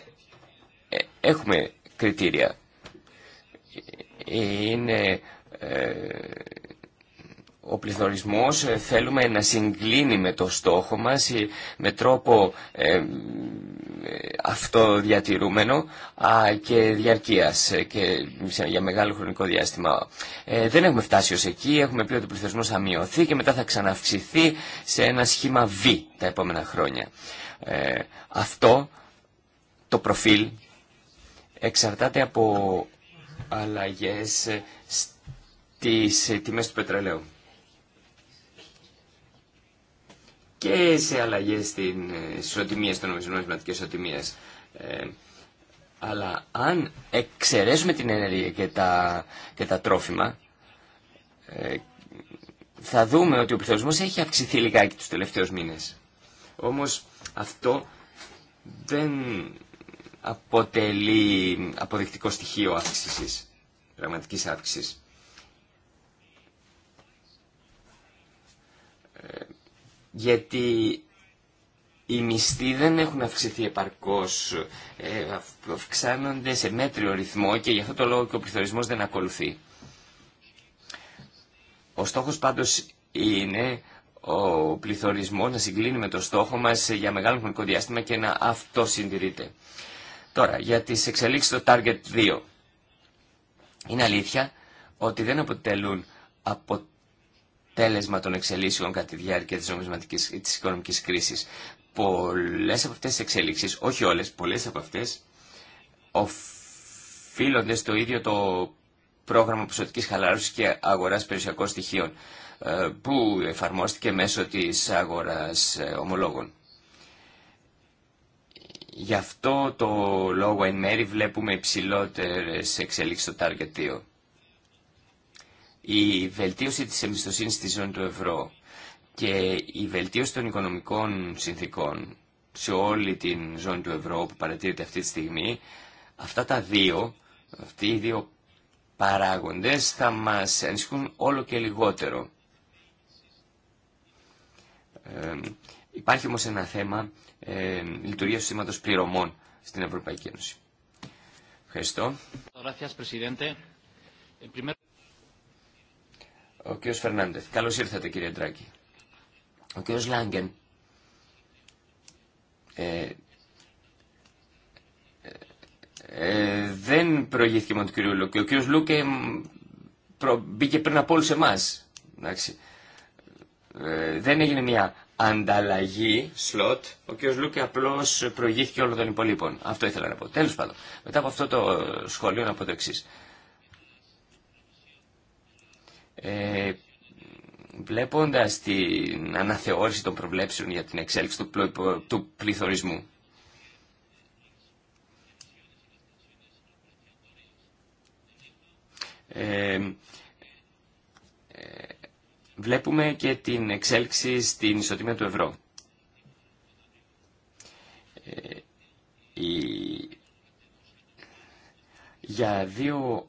ε, έχουμε κριτήρια. Ε, είναι ε, ο πληθωρισμός ε, θέλουμε να συγκλίνει με το στόχο μας ε, με τρόπο ε, ε, αυτοδιατηρούμενο α, και διαρκείας και για μεγάλο χρονικό διάστημα. δεν έχουμε φτάσει ως εκεί, έχουμε πει ότι ο πληθωρισμός θα μειωθεί και μετά θα ξαναυξηθεί σε ένα σχήμα V τα επόμενα χρόνια. αυτό το προφίλ εξαρτάται από αλλαγές στις τιμές του πετρελαίου. και σε αλλαγές στην ε, ισοτιμία, των νομισμό και Ε, αλλά αν εξαιρέσουμε την ενέργεια και τα, τρόφιμα, ε, θα δούμε ότι ο πληθωρισμός έχει αυξηθεί λιγάκι τους τελευταίους μήνες. Όμως αυτό δεν αποτελεί αποδεικτικό στοιχείο αύξησης, πραγματικής αύξησης. Ε, γιατί οι μισθοί δεν έχουν αυξηθεί επαρκώς, ε, αυξάνονται σε μέτριο ρυθμό και γι' αυτό το λόγο και ο πληθωρισμός δεν ακολουθεί. Ο στόχος πάντως είναι ο πληθωρισμός να συγκλίνει με το στόχο μας για μεγάλο χρονικό διάστημα και να αυτό συντηρείται. Τώρα, για τις εξελίξεις στο Target 2. Είναι αλήθεια ότι δεν αποτελούν αποτέλεσμα τέλεσμα των εξελίξεων κατά τη διάρκεια της, νομισματικής, της οικονομικής κρίσης. Πολλές από αυτές τις εξελίξεις, όχι όλες, πολλές από αυτές, οφείλονται στο ίδιο το πρόγραμμα ποσοτικής χαλάρωσης και αγοράς περιουσιακών στοιχείων ε, που εφαρμόστηκε μέσω της αγοράς ε, ομολόγων. Γι' αυτό το λόγο εν μέρη βλέπουμε υψηλότερες εξελίξεις στο Target 2 η βελτίωση της εμπιστοσύνης στη ζώνη του ευρώ και η βελτίωση των οικονομικών συνθήκων σε όλη την ζώνη του ευρώ που παρατηρείται αυτή τη στιγμή, αυτά τα δύο, αυτοί οι δύο παράγοντες θα μας ενισχύουν όλο και λιγότερο. υπάρχει όμως ένα θέμα ε, λειτουργίας του σύστηματος πληρωμών στην Ευρωπαϊκή Ένωση. Ευχαριστώ. Ο κ. Φερνάντεθ. καλώ ήρθατε κύριε Ντράκη. Ο κ. Λάγκεν. Ε, ε, ε, δεν προηγήθηκε μόνο του κ. Λούκε. Ο κ. Λούκε προ, μπήκε πριν από όλου εμάς. Ε, δεν έγινε μια ανταλλαγή σλότ. Ο κ. Λούκε απλώ προηγήθηκε όλων των υπολείπων. Αυτό ήθελα να πω. Τέλο πάντων, μετά από αυτό το σχολείο να πω το εξή. Ε, βλέποντας την αναθεώρηση των προβλέψεων για την εξέλιξη του πληθωρισμού, ε, ε, βλέπουμε και την εξέλιξη στην ισοτιμία του ευρώ. Ε, για δύο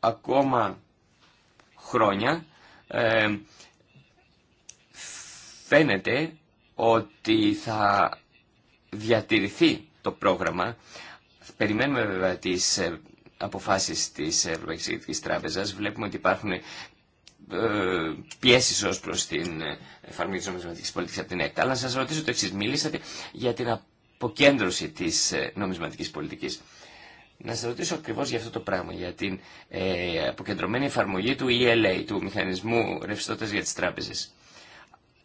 ακόμα χρόνια ε, φαίνεται ότι θα διατηρηθεί το πρόγραμμα. Περιμένουμε βέβαια τις ε, αποφάσεις της Ευρωπαϊκής Τράπεζας. Βλέπουμε ότι υπάρχουν ε, πιέσεις ως προς την εφαρμογή της νομισματικής πολιτικής από την ΕΚΤ. Αλλά να σας ρωτήσω το εξής. Μίλησατε για την αποκέντρωση της νομισματικής πολιτικής. Να σας ρωτήσω ακριβώ για αυτό το πράγμα, για την ε, αποκεντρωμένη εφαρμογή του ELA, του Μηχανισμού ρευστότητα για τις Τράπεζε.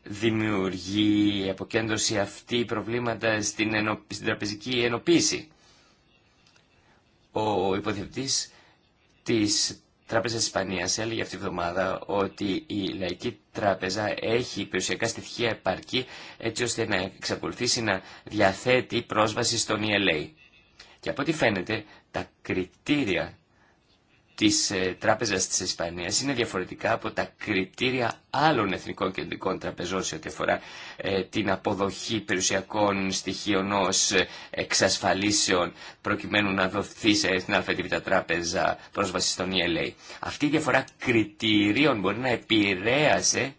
Δημιουργεί η αποκέντρωση αυτή προβλήματα στην, στην τραπεζική ενοποίηση. Ο υποθετή τη Τράπεζα Ισπανία έλεγε αυτή τη βδομάδα ότι η Λαϊκή Τράπεζα έχει περιουσιακά στοιχεία επαρκή έτσι ώστε να εξακολουθήσει να διαθέτει πρόσβαση στον ELA. Και από ό,τι φαίνεται τα κριτήρια της ε, Τράπεζας της Ισπανίας είναι διαφορετικά από τα κριτήρια άλλων εθνικών κεντρικών τραπεζών σε ό,τι αφορά ε, την αποδοχή περιουσιακών στοιχείων ως εξασφαλίσεων προκειμένου να δοθεί την ΑΒ τράπεζα πρόσβαση στον ELA. Αυτή η διαφορά κριτηρίων μπορεί να επηρέασε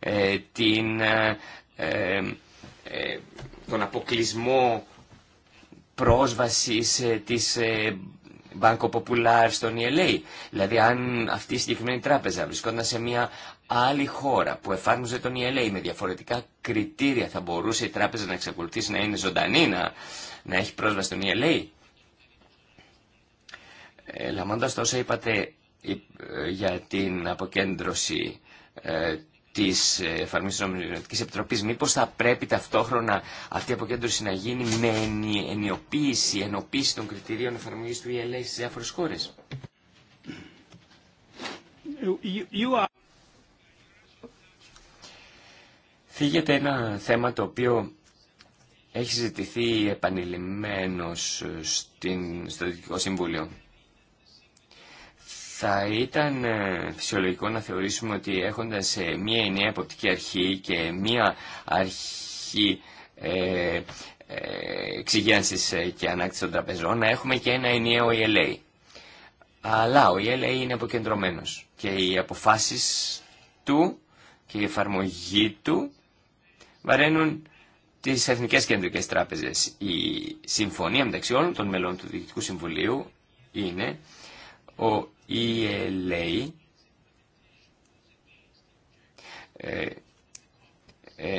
ε, την, τον αποκλεισμό πρόσβαση της ε, Banco Popular στον ELA. Δηλαδή αν αυτή η συγκεκριμένη τράπεζα βρισκόταν σε μια άλλη χώρα που εφάρμοζε τον ELA με διαφορετικά κριτήρια θα μπορούσε η τράπεζα να εξακολουθήσει να είναι ζωντανή, να, να έχει πρόσβαση στον ELA. Ε, λαμβάνοντας το όσα είπατε ε, για την αποκέντρωση ε, της τη ε, της Επιτροπή, Επιτροπής μήπως θα πρέπει ταυτόχρονα αυτή η αποκέντρωση να γίνει με ενιοποίηση, ενοποίηση των κριτηρίων εφαρμογή του ELA στι διάφορε χώρες. Φύγεται ένα θέμα το οποίο έχει συζητηθεί επανειλημμένος ε, στην, στο Δυτικό Συμβούλιο. Θα ήταν ε, φυσιολογικό να θεωρήσουμε ότι έχοντας ε, μία ενιαία εποπτική αρχή και μία αρχή ε, ε, και ανάκτησης των τραπεζών να έχουμε και ένα ενιαίο ELA. Αλλά ο ELA είναι αποκεντρωμένος και οι αποφάσεις του και η εφαρμογή του βαραίνουν τις Εθνικές Κεντρικές Τράπεζες. Η συμφωνία μεταξύ όλων των μελών του Διοικητικού Συμβουλίου είναι ο η ΕΛΕΗ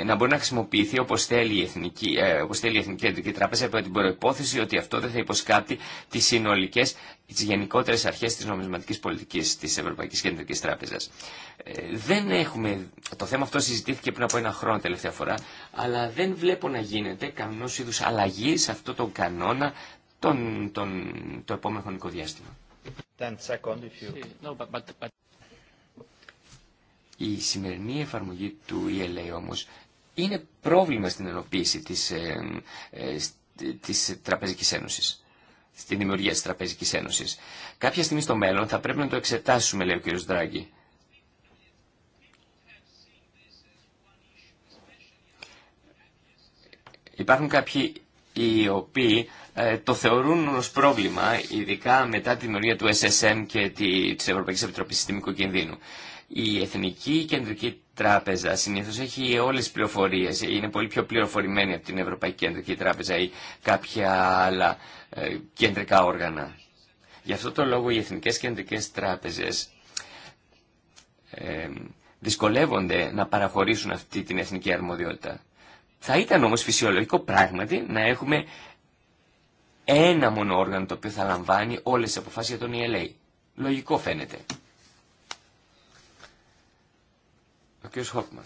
να μπορεί να χρησιμοποιηθεί όπως θέλει η Εθνική, ε, όπως θέλει Κεντρική Τράπεζα από την προϋπόθεση ότι αυτό δεν θα υποσκάπτει τις συνολικές, τις γενικότερες αρχές της νομισματικής πολιτικής της Ευρωπαϊκής Κεντρικής Τράπεζας. Ε, δεν έχουμε, το θέμα αυτό συζητήθηκε πριν από ένα χρόνο τελευταία φορά, αλλά δεν βλέπω να γίνεται κανένα είδου αλλαγή σε αυτό τον κανόνα τον, τον, το επόμενο χρονικό διάστημα. Η σημερινή εφαρμογή του ELA όμως είναι πρόβλημα στην ενοποίηση της, ε, ε, της Τραπεζικής Ένωσης στη δημιουργία της Τραπεζικής Ένωσης. Κάποια στιγμή στο μέλλον θα πρέπει να το εξετάσουμε, λέει ο κ. Δράγκη. Υπάρχουν κάποιοι οι οποίοι ε, το θεωρούν ως πρόβλημα, ειδικά μετά την ορία του SSM και τη Ευρωπαϊκής Επιτροπή Συστημικού Κινδύνου. Η Εθνική Κεντρική Τράπεζα συνήθως έχει όλες τις πληροφορίες, είναι πολύ πιο πληροφορημένη από την Ευρωπαϊκή Κεντρική Τράπεζα ή κάποια άλλα ε, κεντρικά όργανα. Γι' αυτό το λόγο οι Εθνικές Κεντρικές Τράπεζες ε, δυσκολεύονται να παραχωρήσουν αυτή την εθνική αρμοδιότητα. Θα ήταν όμως φυσιολογικό πράγματι να έχουμε ένα μόνο όργανο το οποίο θα λαμβάνει όλες τις αποφάσεις για τον ELA. Λογικό φαίνεται. Ο κ. Χόπμαν.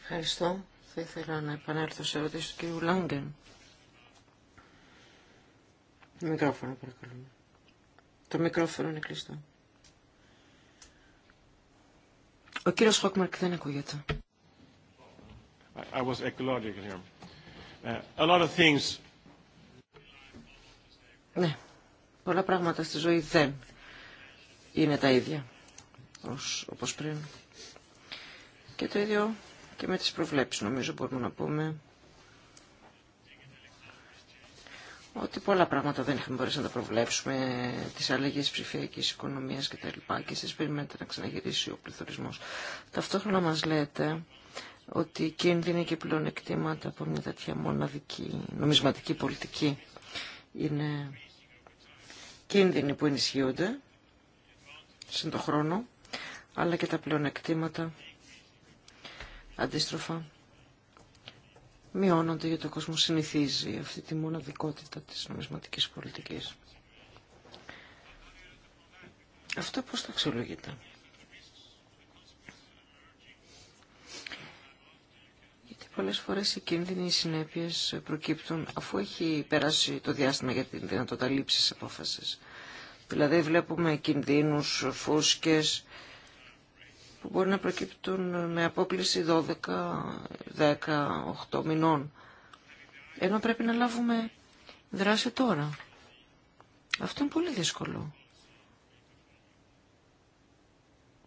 Ευχαριστώ. Θα ήθελα να επανέλθω σε ερωτήσεις του κ. Λάγκεν. Το μικρόφωνο παρακαλούμε. Το μικρόφωνο είναι κλειστό. Ο κύριος Χόκμαρκ δεν ακούγεται. I was ecological here. Uh, a lot of things... Ναι, πολλά πράγματα στη ζωή δεν είναι τα ίδια ως, όπως πριν. Και το ίδιο και με τις προβλέψεις νομίζω μπορούμε να πούμε ότι πολλά πράγματα δεν είχαμε μπορέσει να τα προβλέψουμε, τις αλλαγές ψηφιακής οικονομίας κτλ. Και, και εσείς περιμένετε να ξαναγυρίσει ο πληθωρισμός. Ταυτόχρονα μας λέτε ότι κίνδυνοι και πλεονεκτήματα από μια τέτοια μοναδική νομισματική πολιτική είναι κίνδυνοι που ενισχύονται συν το χρόνο, αλλά και τα πλεονεκτήματα αντίστροφα μειώνονται γιατί ο κόσμο συνηθίζει αυτή τη μοναδικότητα της νομισματικής πολιτικής. Αυτό πώς το αξιολογείται. πολλές φορές οι κίνδυνοι, οι συνέπειες προκύπτουν αφού έχει περάσει το διάστημα για την δυνατότητα λήψης απόφασης. Δηλαδή βλέπουμε κινδύνους, φούσκες που μπορεί να προκύπτουν με απόκληση 12, 10, 8 μηνών. Ενώ πρέπει να λάβουμε δράση τώρα. Αυτό είναι πολύ δύσκολο.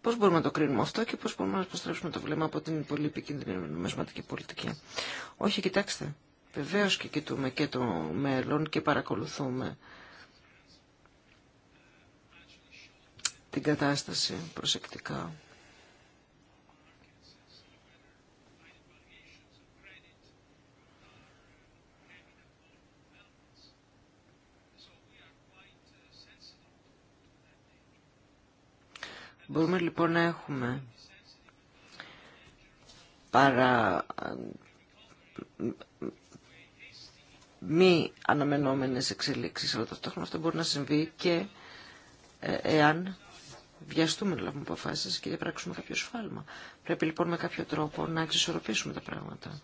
Πώς μπορούμε να το κρίνουμε αυτό και πώς μπορούμε να προστρέψουμε το βλέμμα από την πολύ επικίνδυνη νομισματική πολιτική. Όχι, κοιτάξτε, βεβαίω και κοιτούμε και το μέλλον και παρακολουθούμε την κατάσταση προσεκτικά. Μπορούμε λοιπόν να έχουμε παρά μη αναμενόμενες εξελίξεις, αλλά ταυτόχρονα αυτό μπορεί να συμβεί και ε, εάν βιαστούμε να λάβουμε αποφάσει και διαπράξουμε κάποιο σφάλμα. Πρέπει λοιπόν με κάποιο τρόπο να εξισορροπήσουμε τα πράγματα.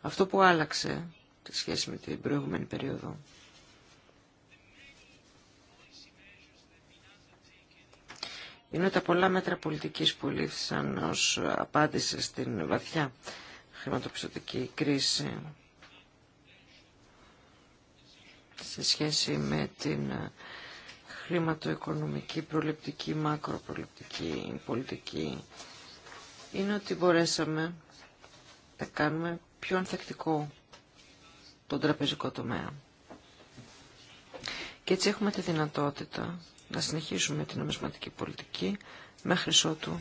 Αυτό που άλλαξε σε σχέση με την προηγούμενη περίοδο είναι τα πολλά μέτρα πολιτικής που λήφθησαν ως απάντηση στην βαθιά χρηματοπιστωτική κρίση σε σχέση με την χρηματοοικονομική, προληπτική, μακροπροληπτική πολιτική είναι ότι μπορέσαμε να κάνουμε πιο ανθεκτικό τον τραπεζικό τομέα. Και έτσι έχουμε τη δυνατότητα να συνεχίσουμε την νομισματική πολιτική μέχρι ότου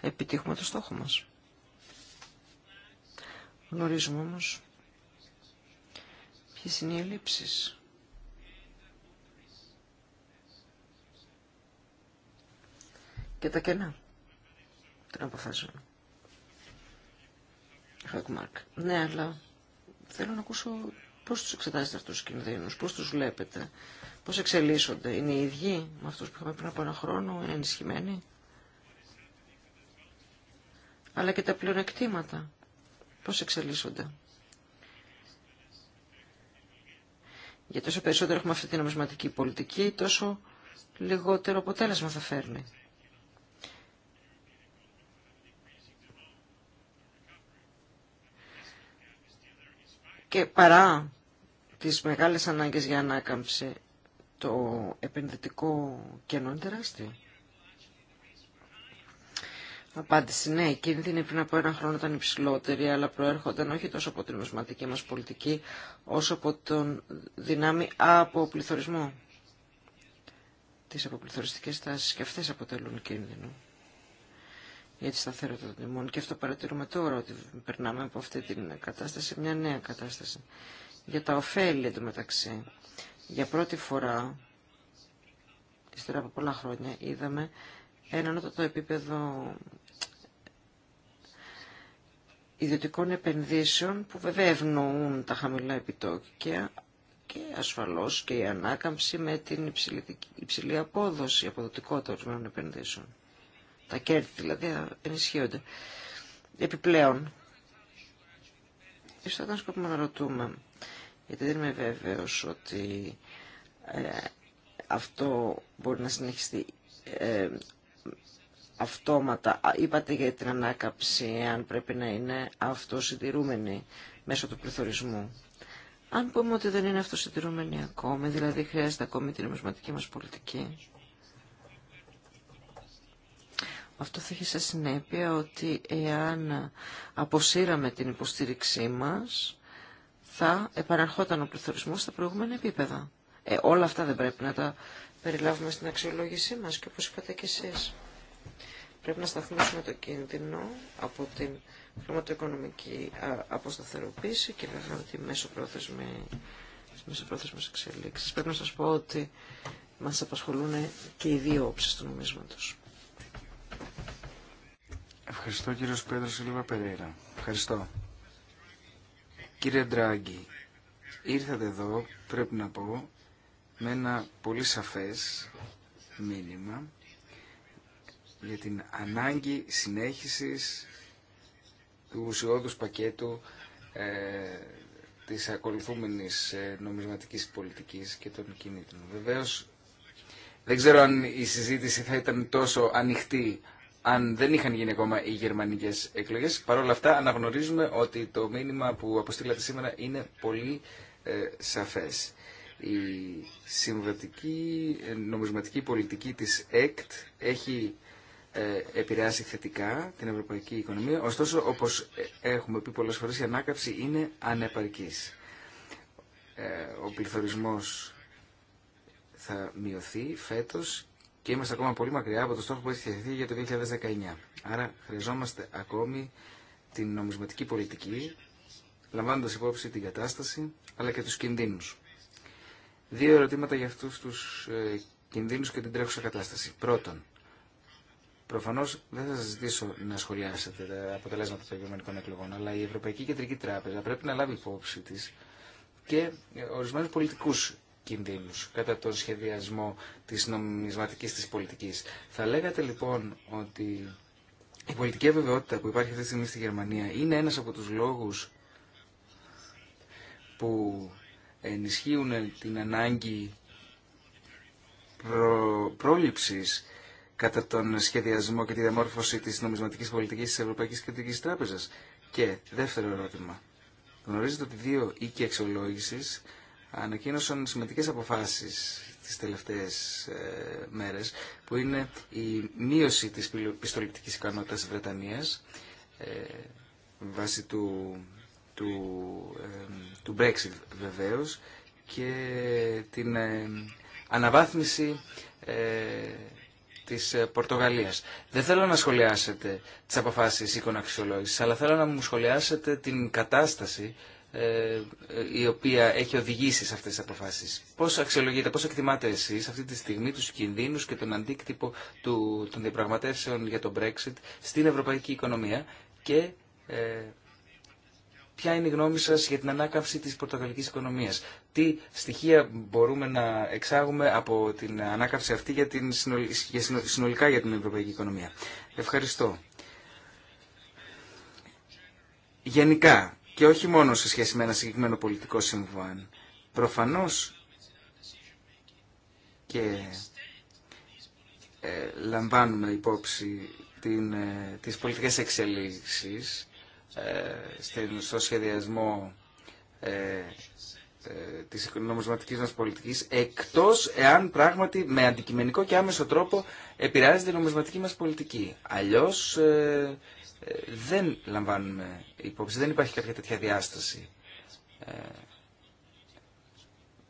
επιτύχουμε το στόχο μας. Γνωρίζουμε όμως ποιες είναι οι ελλείψεις. Και τα κενά. Την αποφάσισα. Χακμάρκ. Ναι, αλλά θέλω να ακούσω πώς τους εξετάζετε αυτούς τους κινδύνους, πώς τους βλέπετε, Πώς εξελίσσονται. Είναι οι ίδιοι με αυτούς που είχαμε πριν από ένα χρόνο, είναι ενισχυμένοι. Αλλά και τα πλεονεκτήματα. Πώς εξελίσσονται. Γιατί όσο περισσότερο έχουμε αυτή την νομισματική πολιτική, τόσο λιγότερο αποτέλεσμα θα φέρνει. Και παρά τις μεγάλες ανάγκες για ανάκαμψη το επενδυτικό κενό είναι τεράστιο. Απάντηση, ναι, η κίνδυνη πριν από ένα χρόνο ήταν υψηλότερη, αλλά προέρχονταν όχι τόσο από την οσματική μας πολιτική, όσο από τον δυνάμει αποπληθωρισμό. Τις αποπληθωριστικές τάσεις και αυτές αποτελούν κίνδυνο για τη σταθερότητα των τιμών. Και αυτό παρατηρούμε τώρα, ότι περνάμε από αυτή την κατάσταση μια νέα κατάσταση. Για τα ωφέλη εντωμεταξύ. μεταξύ για πρώτη φορά, ύστερα από πολλά χρόνια, είδαμε ένα το επίπεδο ιδιωτικών επενδύσεων που βέβαια ευνοούν τα χαμηλά επιτόκια και ασφαλώς και η ανάκαμψη με την υψηλή, υψηλή απόδοση, αποδοτικότητα ορισμένων επενδύσεων. Τα κέρδη δηλαδή ενισχύονται. Επιπλέον, ίσως θα ήταν σκοπό να ρωτούμε γιατί δεν είμαι βέβαιος ότι ε, αυτό μπορεί να συνεχιστεί ε, αυτόματα. Είπατε για την ανάκαψη, αν πρέπει να είναι αυτοσυντηρούμενη μέσω του πληθωρισμού. Αν πούμε ότι δεν είναι αυτοσυντηρούμενη ακόμη, δηλαδή χρειάζεται ακόμη την νομισματική μας πολιτική, αυτό θα έχει σε συνέπεια ότι εάν αποσύραμε την υποστήριξή μας, θα επαναρχόταν ο πληθωρισμός στα προηγούμενα επίπεδα. Ε, όλα αυτά δεν πρέπει να τα περιλάβουμε στην αξιολόγησή μας και όπως είπατε και εσείς. Πρέπει να σταθμίσουμε το κίνδυνο από την χρηματοοικονομική αποσταθεροποίηση και βέβαια τη μεσοπρόθεσμη μεσοπρόθεσμες εξελίξεις. Πρέπει να σας πω ότι μας απασχολούν και οι δύο όψεις του νομίσματος. Ευχαριστώ κύριο Πέτρος, Λίβα Περέιρα. Ευχαριστώ. Κύριε Ντράγκη, ήρθατε εδώ, πρέπει να πω, με ένα πολύ σαφές μήνυμα για την ανάγκη συνέχισης του ουσιώδους πακέτου ε, της ακολουθούμενης ε, νομισματικής πολιτικής και των κινήτων. Βεβαίως, δεν ξέρω αν η συζήτηση θα ήταν τόσο ανοιχτή αν δεν είχαν γίνει ακόμα οι γερμανικές εκλογές. Παρ' όλα αυτά αναγνωρίζουμε ότι το μήνυμα που αποστήλατε σήμερα είναι πολύ ε, σαφές. Η συμβατική ε, νομισματική πολιτική της ΕΚΤ έχει ε, επηρεάσει θετικά την ευρωπαϊκή οικονομία, ωστόσο όπως ε, έχουμε πει πολλέ φορέ η ανάκαψη είναι ανεπαρκής. ο πληθωρισμό θα μειωθεί φέτος και είμαστε ακόμα πολύ μακριά από το στόχο που έχει θεθεί για το 2019. Άρα χρειαζόμαστε ακόμη την νομισματική πολιτική, λαμβάνοντας υπόψη την κατάσταση, αλλά και τους κινδύνους. Δύο ερωτήματα για αυτούς τους ε, κινδύνους και την τρέχουσα κατάσταση. Πρώτον, προφανώς δεν θα σας ζητήσω να σχολιάσετε τα αποτελέσματα των γερμανικών εκλογών, αλλά η Ευρωπαϊκή Κεντρική Τράπεζα πρέπει να λάβει υπόψη της και ορισμένους πολιτικούς κινδύνους κατά τον σχεδιασμό της νομισματικής της πολιτικής. Θα λέγατε λοιπόν ότι η πολιτική αβεβαιότητα που υπάρχει αυτή τη στιγμή στη Γερμανία είναι ένας από τους λόγους που ενισχύουν την ανάγκη προ... πρόληψης κατά τον σχεδιασμό και τη διαμόρφωση της νομισματικής πολιτικής της Ευρωπαϊκής Κεντρικής Τράπεζας. Και δεύτερο ερώτημα. Γνωρίζετε ότι δύο οίκοι εξολόγησης ανακοίνωσαν σημαντικές αποφάσεις τις τελευταίες ε, μέρες, που είναι η μείωση της πιστοληπτικής ικανότητας της Βρετανίας ε, βάσει του, του, ε, του Brexit βεβαίως και την ε, αναβάθμιση της Πορτογαλίας. Δεν θέλω να σχολιάσετε τις αποφάσεις οίκων αλλά θέλω να μου σχολιάσετε την κατάσταση ε, ε, η οποία έχει οδηγήσει σε αυτές τις αποφάσεις. Πώς αξιολογείτε, πώς εκτιμάτε εσείς αυτή τη στιγμή τους κινδύνους και τον αντίκτυπο του, των διαπραγματεύσεων για το Brexit στην ευρωπαϊκή οικονομία και ε, ποια είναι η γνώμη σας για την ανάκαμψη της πορτογαλικής οικονομίας. Τι στοιχεία μπορούμε να εξάγουμε από την ανάκαμψη αυτή για την συνολικά για την ευρωπαϊκή οικονομία. Ευχαριστώ. Γενικά, και όχι μόνο σε σχέση με ένα συγκεκριμένο πολιτικό συμβάν. Προφανώς και ε, λαμβάνουμε υπόψη την, ε, τις πολιτικές εξελίξεις ε, στο σχεδιασμό της νομισματικής μας πολιτικής εκτός εάν πράγματι με αντικειμενικό και άμεσο τρόπο επηρεάζεται η νομισματική μας πολιτική. Αλλιώς δεν λαμβάνουμε υπόψη, δεν υπάρχει κάποια τέτοια διάσταση. Ε,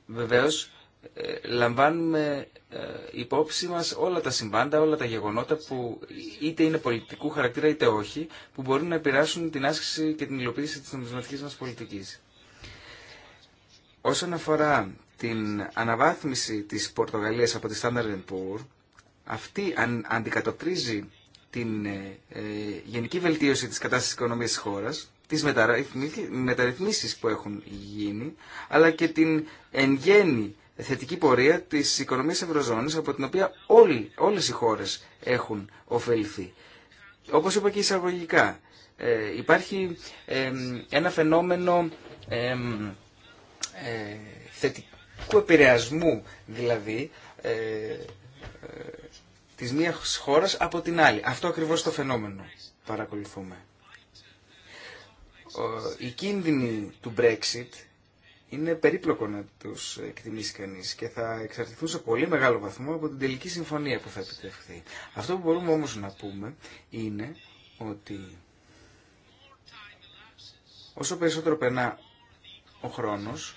βεβαίως, ε, λαμβάνουμε ε, υπόψη μας όλα τα συμβάντα, όλα τα γεγονότα που είτε είναι πολιτικού χαρακτήρα είτε όχι, που μπορούν να επηρεάσουν την άσκηση και την υλοποίηση της νομισματικής μας πολιτικής. Όσον αφορά την αναβάθμιση της Πορτογαλίας από τη Standard Poor's, αυτή αν, αντικατοπτρίζει την ε, ε, γενική βελτίωση της κατάστασης οικονομίας της χώρας, τις μεταρρυθμίσεις που έχουν γίνει, αλλά και την εν γέννη θετική πορεία της οικονομίας Ευρωζώνης, από την οποία όλοι, όλες οι χώρες έχουν ωφεληθεί. Όπως είπα και εισαγωγικά, ε, υπάρχει ένα φαινόμενο ε, θετικού επηρεασμού, δηλαδή ε, της μίας χώρας από την άλλη. Αυτό ακριβώς το φαινόμενο παρακολουθούμε. Οι κίνδυνοι του Brexit είναι περίπλοκο να τους εκτιμήσει κανείς και θα εξαρτηθούν σε πολύ μεγάλο βαθμό από την τελική συμφωνία που θα επιτευχθεί. Αυτό που μπορούμε όμως να πούμε είναι ότι όσο περισσότερο περνά ο χρόνος,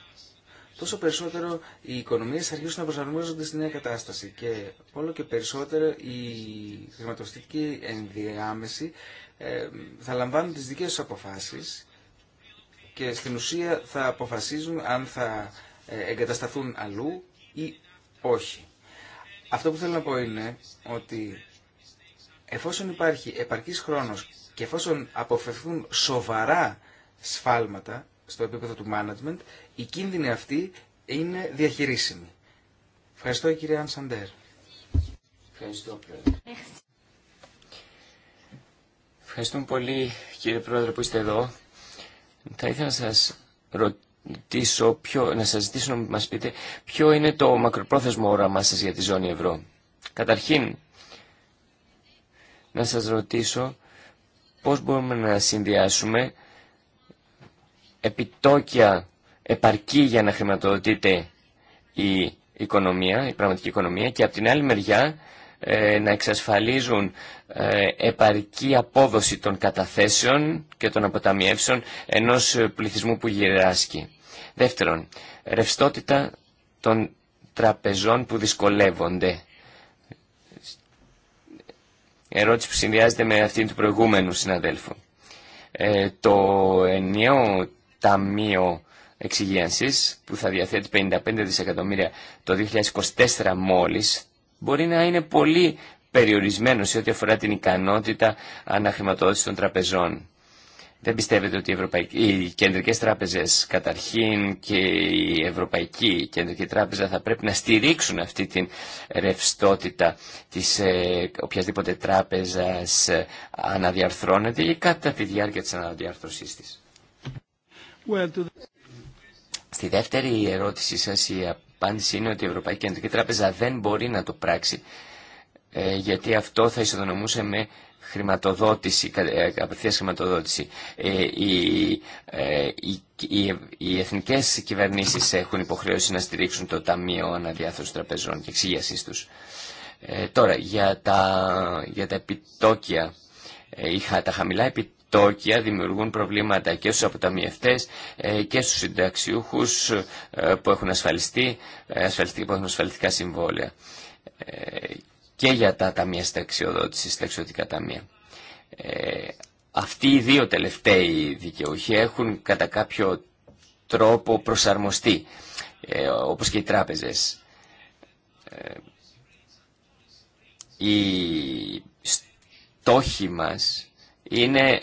τόσο περισσότερο οι οικονομίε αρχίζουν να προσαρμόζονται στη νέα κατάσταση και όλο και περισσότερο η χρηματοστική ενδιάμεση ε, θα λαμβάνουν τις δικές τους αποφάσεις και στην ουσία θα αποφασίζουν αν θα ε, εγκατασταθούν αλλού ή όχι. Αυτό που θέλω να πω είναι ότι εφόσον υπάρχει επαρκής χρόνος και εφόσον αποφευθούν σοβαρά σφάλματα στο επίπεδο του management, η κίνδυνη αυτή είναι διαχειρίσιμη. Ευχαριστώ κύριε Ανσαντέρ. Ευχαριστώ πρόεδρε. Ευχαριστούμε πολύ κύριε πρόεδρε που είστε εδώ. Θα ήθελα να σας ρωτήσω, ποιο, να σας ζητήσω να μας πείτε ποιο είναι το μακροπρόθεσμο όραμά σας για τη ζώνη ευρώ. Καταρχήν, να σας ρωτήσω πώς μπορούμε να συνδυάσουμε επιτόκια επαρκή για να χρηματοδοτείται η οικονομία, η πραγματική οικονομία και από την άλλη μεριά ε, να εξασφαλίζουν ε, επαρκή απόδοση των καταθέσεων και των αποταμιεύσεων ενός πληθυσμού που γυράσκει. Δεύτερον, ρευστότητα των τραπεζών που δυσκολεύονται. Ερώτηση που συνδυάζεται με αυτήν του προηγούμενου συναδέλφου. Ε, το ενιαίο ταμείο εξυγίανσης που θα διαθέτει 55 δισεκατομμύρια το 2024 μόλις μπορεί να είναι πολύ περιορισμένο σε ό,τι αφορά την ικανότητα αναχρηματοδότηση των τραπεζών. Δεν πιστεύετε ότι οι, κεντρικέ οι κεντρικές τράπεζες καταρχήν και η Ευρωπαϊκή Κεντρική Τράπεζα θα πρέπει να στηρίξουν αυτή την ρευστότητα της ε, οποιασδήποτε τράπεζας ε, αναδιαρθρώνεται ή κατά τη διάρκεια της αναδιαρθρώσής της. Στη δεύτερη ερώτησή σας η απάντηση είναι ότι η Ευρωπαϊκή Κεντρική Τράπεζα δεν μπορεί να το πράξει ε, γιατί αυτό θα ισοδονομούσε με χρηματοδότηση, ε, απευθείας χρηματοδότηση. οι, ε, οι, οι, εθνικές κυβερνήσεις έχουν υποχρέωση να στηρίξουν το Ταμείο Αναδιάθρωσης Τραπεζών και εξήγιασής τους. τώρα, για τα, για τα επιτόκια, είχα, τα χαμηλά επιτόκια τόκια δημιουργούν προβλήματα και στους αποταμιευτές ε, και στους συνταξιούχους ε, που έχουν ε, ασφαλιστεί, που έχουν ασφαλιστικά συμβόλαια και για τα ταμεία σταξιοδότησης, τα εξωτικά ταμεία. Αυτοί οι δύο τελευταίοι δικαιούχοι έχουν κατά κάποιο τρόπο προσαρμοστεί, όπως και οι τράπεζες. Οι στόχοι μας είναι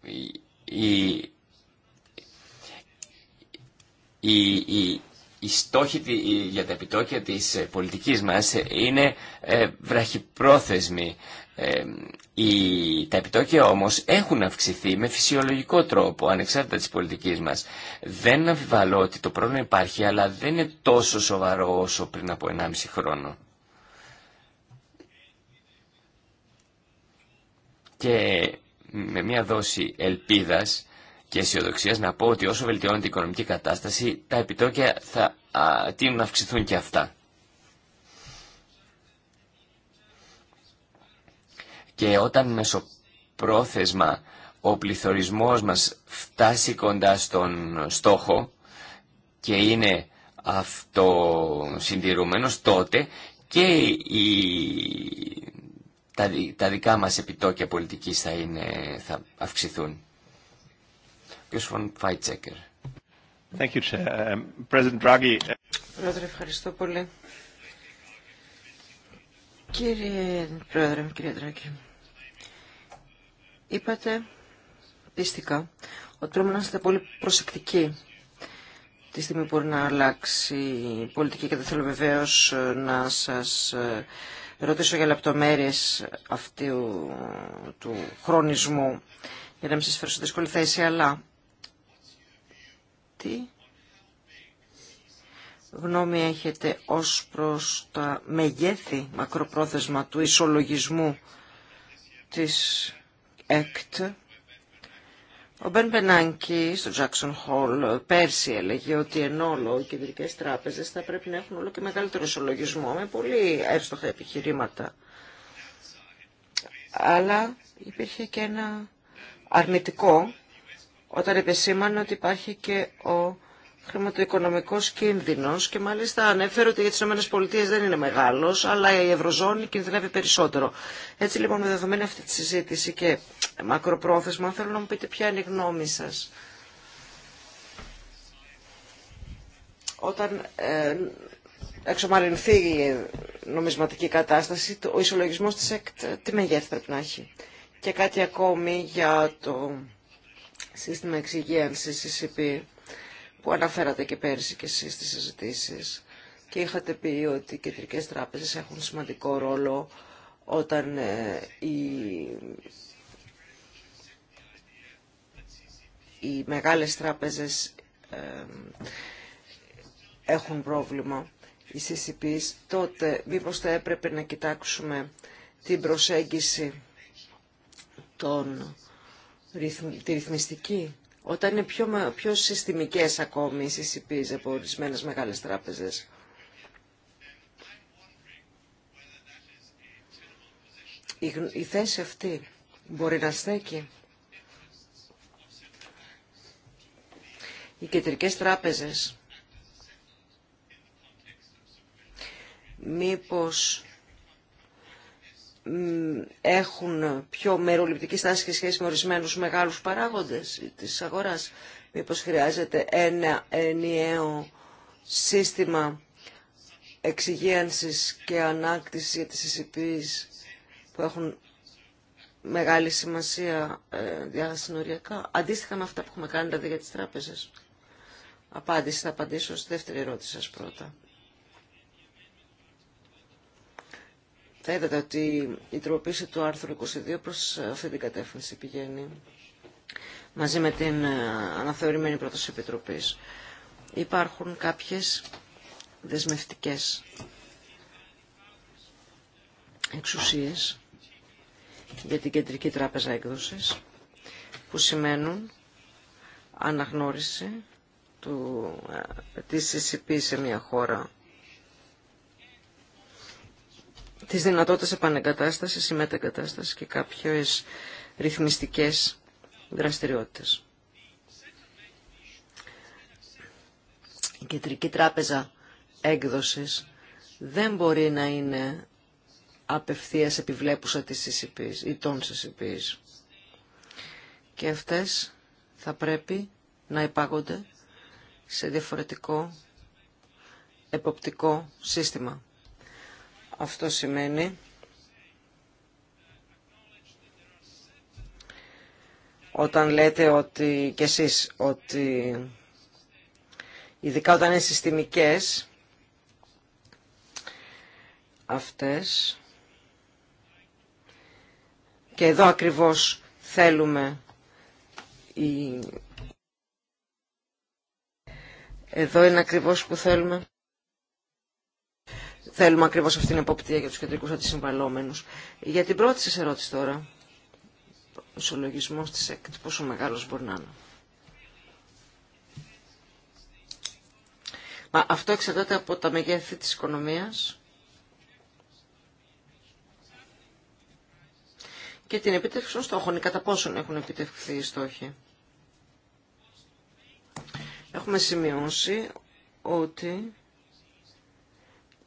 οι, οι, στόχοι για τα επιτόκια της ε, πολιτικής μας είναι ε, βραχυπρόθεσμοι. Οι, ε, τα επιτόκια όμως έχουν αυξηθεί με φυσιολογικό τρόπο ανεξάρτητα της πολιτικής μας. Δεν αμφιβαλώ ότι το πρόβλημα υπάρχει αλλά δεν είναι τόσο σοβαρό όσο πριν από 1,5 χρόνο. και με μια δόση ελπίδας και αισιοδοξία να πω ότι όσο βελτιώνεται η οικονομική κατάσταση, τα επιτόκια θα α, να αυξηθούν και αυτά. Και όταν μεσοπρόθεσμα ο πληθωρισμός μας φτάσει κοντά στον στόχο και είναι αυτοσυντηρούμενος τότε και η τα, δικά μας επιτόκια πολιτικής θα, είναι, θα αυξηθούν. Ποιος Φάιτσέκερ. Um, uh, Πρόεδρε, ευχαριστώ πολύ. Κύριε Πρόεδρε, κύριε Δράκη, είπατε πίστηκα ότι πρέπει να είστε πολύ προσεκτικοί τη στιγμή που μπορεί να αλλάξει η πολιτική και δεν θέλω βεβαίως να σας ε, ρωτήσω για λεπτομέρειες αυτού του χρονισμού για να μην σας φέρω σε δύσκολη θέση, αλλά τι γνώμη έχετε ως προς τα μεγέθη μακροπρόθεσμα του ισολογισμού της ΕΚΤ ο Μπεν Πενάνκι στο Jackson Hall πέρσι έλεγε ότι εν όλο οι κεντρικέ τράπεζε θα πρέπει να έχουν όλο και μεγαλύτερο ισολογισμό με πολύ εύστοχα επιχειρήματα. Αλλά υπήρχε και ένα αρνητικό όταν επεσήμανε ότι υπάρχει και ο χρηματοοικονομικός κίνδυνος και μάλιστα ανέφερε ότι για τις ΗΠΑ δεν είναι μεγάλος, αλλά η Ευρωζώνη κινδυνεύει περισσότερο. Έτσι λοιπόν με δεδομένη αυτή τη συζήτηση και μακροπρόθεσμα θέλω να μου πείτε ποια είναι η γνώμη σας. Όταν ε, η νομισματική κατάσταση, ο ισολογισμός της ΕΚΤ τι μεγέθη πρέπει να έχει. Και κάτι ακόμη για το σύστημα εξυγίανσης CCP που αναφέρατε και πέρσι και εσείς στις συζητήσεις και είχατε πει ότι οι κεντρικές τράπεζες έχουν σημαντικό ρόλο όταν ε, οι, οι μεγάλες τράπεζες ε, έχουν πρόβλημα, οι CCPs, τότε μήπως θα έπρεπε να κοιτάξουμε την προσέγγιση των, τη ρυθμιστική όταν είναι πιο, πιο συστημικές ακόμη οι CCPs από ορισμένε μεγάλες τράπεζες. Η, η θέση αυτή μπορεί να στέκει. Οι κεντρικές τράπεζες μήπως έχουν πιο μεροληπτική στάση και σχέση με ορισμένους μεγάλους παράγοντες της αγοράς. Μήπως χρειάζεται ένα ενιαίο σύστημα εξυγίανσης και ανάκτησης για τις που έχουν μεγάλη σημασία ε, διασυνοριακά, αντίστοιχα με αυτά που έχουμε κάνει δηλαδή για τις τράπεζες. Απάντηση θα απαντήσω στη δεύτερη ερώτηση σας πρώτα. θα είδατε ότι η τροποποίηση του άρθρου 22 προς αυτή την κατεύθυνση πηγαίνει μαζί με την ε, αναθεωρημένη πρόταση Επιτροπής. Υπάρχουν κάποιες δεσμευτικές εξουσίες για την Κεντρική Τράπεζα έκδοση, που σημαίνουν αναγνώριση του, ε, της ΕΣΥΠΗ σε μια χώρα τις δυνατότητες επανεγκατάστασης ή μετεγκατάστασης και κάποιες ρυθμιστικές δραστηριότητες. Η Κεντρική Τράπεζα Έκδοσης δεν μπορεί να είναι απευθείας επιβλέπουσα της CCP's ή των CCP's. Και αυτές θα πρέπει να υπάγονται σε διαφορετικό εποπτικό σύστημα. Αυτό σημαίνει όταν λέτε ότι και εσείς ότι ειδικά όταν είναι συστημικές αυτές και εδώ ακριβώς θέλουμε η... Εδώ είναι ακριβώς που θέλουμε θέλουμε ακριβώς αυτήν την εποπτεία για τους κεντρικούς αντισυμβαλόμενους. Για την πρώτη σας ερώτηση τώρα, ο ισολογισμό της ΕΚΤ, πόσο μεγάλος μπορεί να είναι. Μα αυτό εξαρτάται από τα μεγέθη της οικονομίας και την επίτευξη των στόχων, ή κατά πόσον έχουν επιτευχθεί οι στόχοι. Έχουμε σημειώσει ότι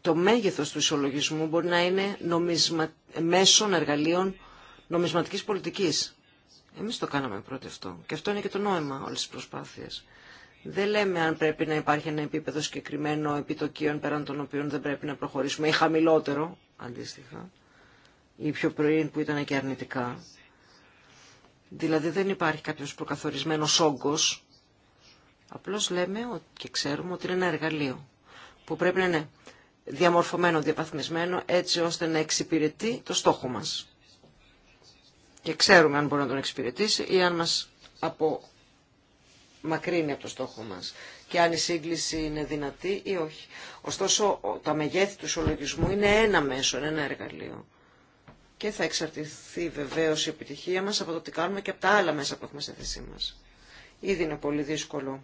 το μέγεθος του ισολογισμού μπορεί να είναι νομισμα... μέσων εργαλείων νομισματικής πολιτικής. Εμείς το κάναμε πρώτο αυτό. Και αυτό είναι και το νόημα όλες τις προσπάθειες. Δεν λέμε αν πρέπει να υπάρχει ένα επίπεδο συγκεκριμένο επιτοκίων πέραν των οποίων δεν πρέπει να προχωρήσουμε ή χαμηλότερο, αντίστοιχα, ή πιο πριν που ήταν και αρνητικά. Δηλαδή δεν υπάρχει κάποιος προκαθορισμένος όγκος. Απλώς λέμε και ξέρουμε ότι είναι ένα εργαλείο που πρέπει να είναι διαμορφωμένο, διαπαθμισμένο, έτσι ώστε να εξυπηρετεί το στόχο μας. Και ξέρουμε αν μπορεί να τον εξυπηρετήσει ή αν μας απομακρύνει από το στόχο μας και αν η σύγκληση είναι δυνατή ή όχι. Ωστόσο, τα μεγέθη του ισολογισμού είναι ένα μέσο, ένα εργαλείο. Και θα εξαρτηθεί βεβαίω η επιτυχία μας από το τι κάνουμε και από τα άλλα μέσα που έχουμε στη θέση μας. Ήδη είναι πολύ δύσκολο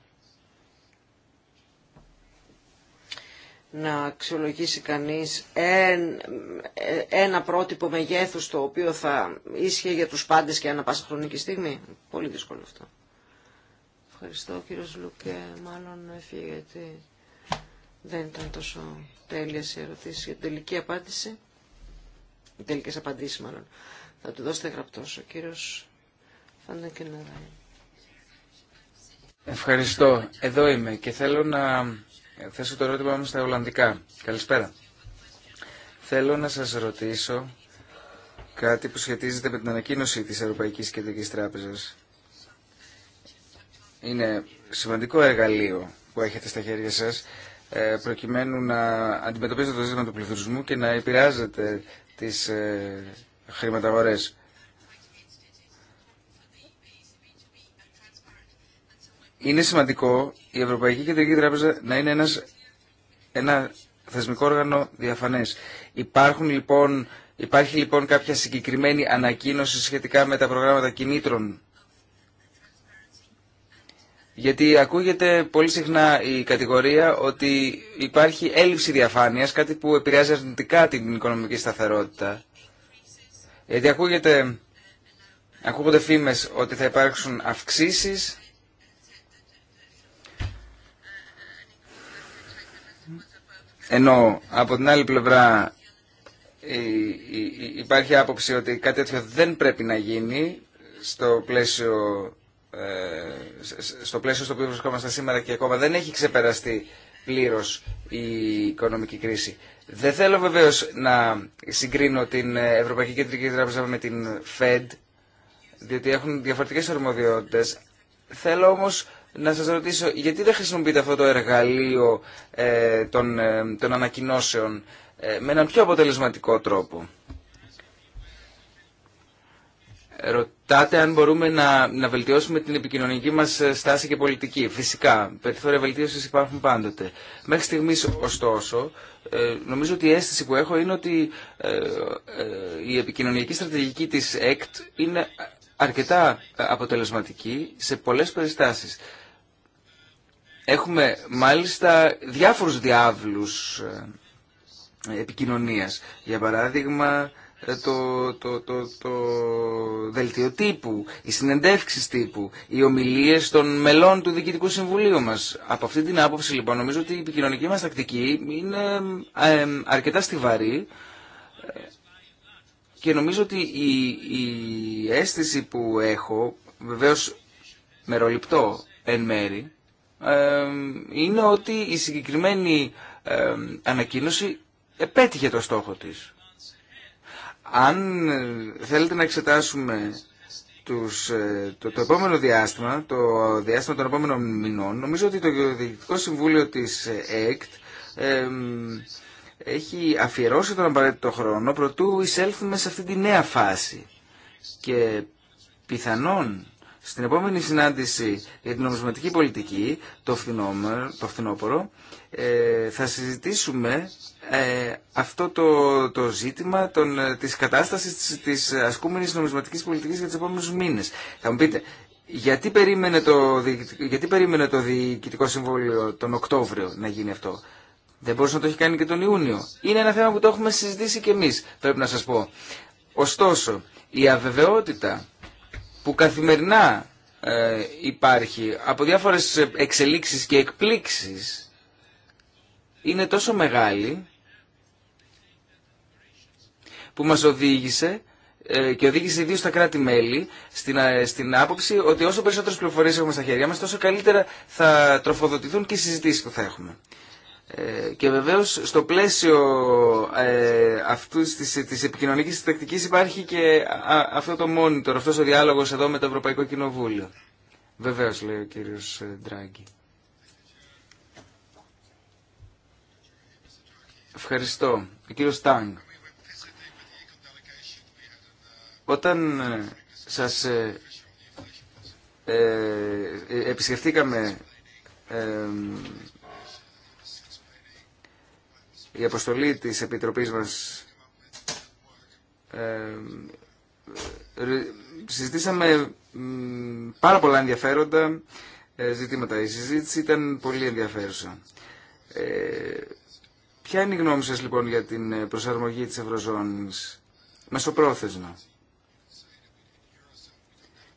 να αξιολογήσει κανείς ένα πρότυπο μεγέθους το οποίο θα ίσχυε για τους πάντες και ανά πάσα χρονική στιγμή. Πολύ δύσκολο αυτό. Ευχαριστώ κύριο Λουκέ. Μάλλον έφυγε γιατί δεν ήταν τόσο τέλεια η ερωτήση για την τελική απάντηση. Οι τελικές απαντήσεις μάλλον. Θα του δώσετε γραπτός ο κύριος Ευχαριστώ. Εδώ είμαι και θέλω να θέσω το ερώτημά μου στα Ολλανδικά. Καλησπέρα. Θέλω να σας ρωτήσω κάτι που σχετίζεται με την ανακοίνωση της Ευρωπαϊκής Κεντρικής Τράπεζας. Είναι σημαντικό εργαλείο που έχετε στα χέρια σας ε, προκειμένου να αντιμετωπίζετε το ζήτημα του πληθυσμού και να επηρεάζετε τις ε, χρηματαγορές. είναι σημαντικό η Ευρωπαϊκή Κεντρική Τράπεζα να είναι ένας, ένα θεσμικό όργανο διαφανές. Υπάρχουν λοιπόν, υπάρχει λοιπόν κάποια συγκεκριμένη ανακοίνωση σχετικά με τα προγράμματα κινήτρων. Γιατί ακούγεται πολύ συχνά η κατηγορία ότι υπάρχει έλλειψη διαφάνειας, κάτι που επηρεάζει αρνητικά την οικονομική σταθερότητα. Γιατί ακούγεται, ακούγονται φήμες ότι θα υπάρξουν αυξήσεις Ενώ από την άλλη πλευρά ε, ε, ε, υπάρχει άποψη ότι κάτι τέτοιο δεν πρέπει να γίνει στο πλαίσιο στο πλαίσιο στο οποίο βρισκόμαστε σήμερα και ακόμα δεν έχει ξεπεραστεί πλήρως η οικονομική κρίση. Δεν θέλω βεβαίως να συγκρίνω την Ευρωπαϊκή Κεντρική Τράπεζα με την Fed, διότι έχουν διαφορετικές αρμοδιότητες. Θέλω όμως να σας ρωτήσω γιατί δεν χρησιμοποιείτε αυτό το εργαλείο ε, των, ε, των ανακοινώσεων ε, με έναν πιο αποτελεσματικό τρόπο. Ρωτάτε αν μπορούμε να, να βελτιώσουμε την επικοινωνική μας ε, στάση και πολιτική. Φυσικά, περιθώρια βελτίωσης υπάρχουν πάντοτε. Μέχρι στιγμής, ωστόσο, νομίζω ότι η αίσθηση που έχω είναι ότι η επικοινωνική στρατηγική της ΕΚΤ είναι αρκετά ε, αποτελεσματική σε πολλές περιστάσεις. Έχουμε μάλιστα διάφορους διάβλους ε, επικοινωνίας. Για παράδειγμα, ε, το, το, το, το δελτίο τύπου, οι συνεντεύξεις τύπου, οι ομιλίες των μελών του Διοικητικού Συμβουλίου μας. Από αυτή την άποψη λοιπόν νομίζω ότι η επικοινωνική μας τακτική είναι αρκετά στιβαρή και νομίζω ότι η, η αίσθηση που έχω, βεβαίως μεροληπτό εν μέρη, ε, είναι ότι η συγκεκριμένη ε, ανακοίνωση επέτυχε το στόχο της. Αν ε, θέλετε να εξετάσουμε τους, ε, το, επόμενο διάστημα, το διάστημα των επόμενων μηνών, νομίζω ότι το Διοικητικό Συμβούλιο της ε, ΕΚΤ έχει αφιερώσει τον απαραίτητο χρόνο προτού εισέλθουμε σε αυτή τη νέα φάση. Και πιθανόν στην επόμενη συνάντηση για την νομισματική πολιτική, το, το φθινόπωρο, ε, θα συζητήσουμε ε, αυτό το, το ζήτημα των, ε, της κατάστασης της, της ασκούμενης νομισματικής πολιτικής για τις επόμενους μήνες. Θα μου πείτε, γιατί περίμενε το, γιατί περίμενε το Διοικητικό Συμβούλιο τον Οκτώβριο να γίνει αυτό. Δεν μπορούσε να το έχει κάνει και τον Ιούνιο. Είναι ένα θέμα που το έχουμε συζητήσει και εμείς, πρέπει να σας πω. Ωστόσο, η αβεβαιότητα που καθημερινά ε, υπάρχει από διάφορες εξελίξεις και εκπλήξεις είναι τόσο μεγάλη που μας οδήγησε ε, και οδήγησε ιδίω τα κράτη-μέλη στην, ε, στην άποψη ότι όσο περισσότερες πληροφορίες έχουμε στα χέρια μας τόσο καλύτερα θα τροφοδοτηθούν και οι συζητήσεις που θα έχουμε. Ε, και βεβαίως στο πλαίσιο ε, αυτούς της, της επικοινωνικής υπάρχει και αυτό το monitor, αυτός ο διάλογος εδώ με το Ευρωπαϊκό Κοινοβούλιο. Βεβαίως λέει ο κύριος ε, Ντράγκη. Ευχαριστώ. Ο κύριος Τάγκ. Όταν ε, σας ε, ε, επισκεφτήκαμε η αποστολή της Επιτροπής μας ε, ε συζητήσαμε πάρα πολλά ενδιαφέροντα ε, ζητήματα. Η συζήτηση ήταν πολύ ενδιαφέρουσα. Ε, ποια είναι η γνώμη σας λοιπόν για την προσαρμογή της Ευρωζώνης μεσοπρόθεσμα.